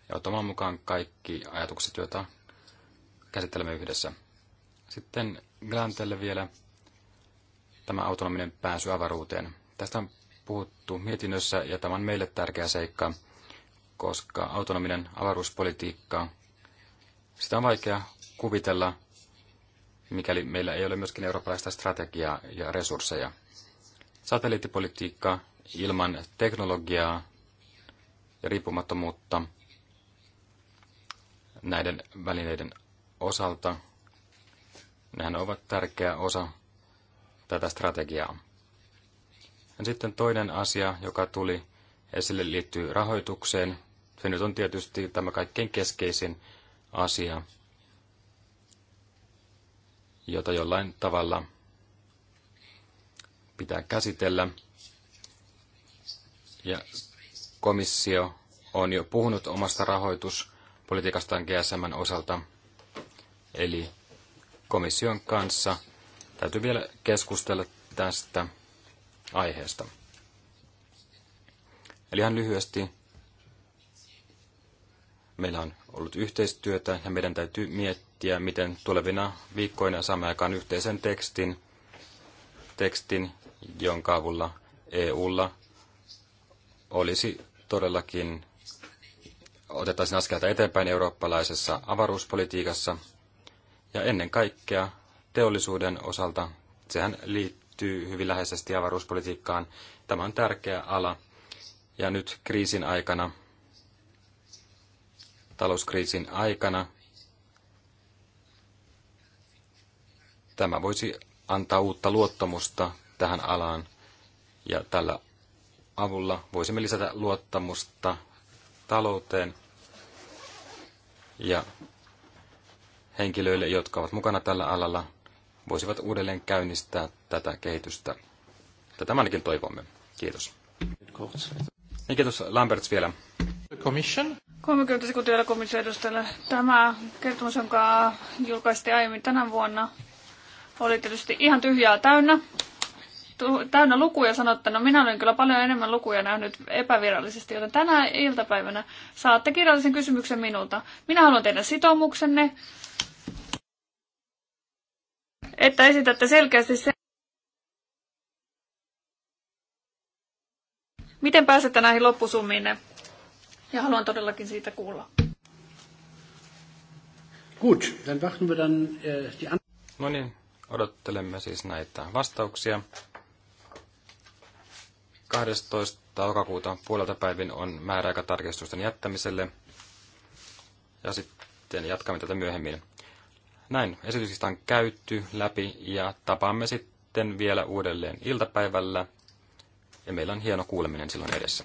ja ottamaan mukaan kaikki ajatukset, joita käsittelemme yhdessä. Sitten Glantelle vielä tämä autonominen pääsy avaruuteen. Tästä on puhuttu mietinnössä ja tämä on meille tärkeä seikka, koska autonominen avaruuspolitiikka, sitä on vaikea kuvitella mikäli meillä ei ole myöskin eurooppalaista strategiaa ja resursseja. Satelliittipolitiikka ilman teknologiaa ja riippumattomuutta näiden välineiden osalta, nehän ovat tärkeä osa tätä strategiaa. Ja sitten toinen asia, joka tuli esille, liittyy rahoitukseen. Se nyt on tietysti tämä kaikkein keskeisin asia jota jollain tavalla pitää käsitellä. Ja komissio on jo puhunut omasta rahoituspolitiikastaan GSMn osalta, eli komission kanssa täytyy vielä keskustella tästä aiheesta. Eli ihan lyhyesti Meillä on ollut yhteistyötä ja meidän täytyy miettiä, miten tulevina viikkoina saamme aikaan yhteisen tekstin, tekstin jonka avulla EUlla olisi todellakin otettaisiin askelta eteenpäin eurooppalaisessa avaruuspolitiikassa ja ennen kaikkea teollisuuden osalta. Sehän liittyy hyvin läheisesti avaruuspolitiikkaan. Tämä on tärkeä ala ja nyt kriisin aikana – talouskriisin aikana. Tämä voisi antaa uutta luottamusta tähän alaan ja tällä avulla voisimme lisätä luottamusta talouteen ja henkilöille, jotka ovat mukana tällä alalla, voisivat uudelleen käynnistää tätä kehitystä. Tätä ainakin toivomme. Kiitos. Niin, kiitos Lamberts vielä. Commission. 30 sekuntia komission edustajalle. Tämä kertomus, jonka julkaistiin aiemmin tänä vuonna, oli tietysti ihan tyhjää täynnä. Täynnä lukuja sanottuna no minä olen kyllä paljon enemmän lukuja nähnyt epävirallisesti, joten tänä iltapäivänä saatte kirjallisen kysymyksen minulta. Minä haluan tehdä sitoumuksenne, että esitätte selkeästi se, miten pääsette näihin loppusummiin? Ja haluan todellakin siitä kuulla. Gut, dann warten wir dann äh, die No niin, odottelemme siis näitä vastauksia. 12. lokakuuta puolelta päivin on määräaika tarkistusten jättämiselle. Ja sitten jatkamme tätä myöhemmin. Näin, esityksistä on käyty läpi ja tapaamme sitten vielä uudelleen iltapäivällä. Ja meillä on hieno kuuleminen silloin edessä.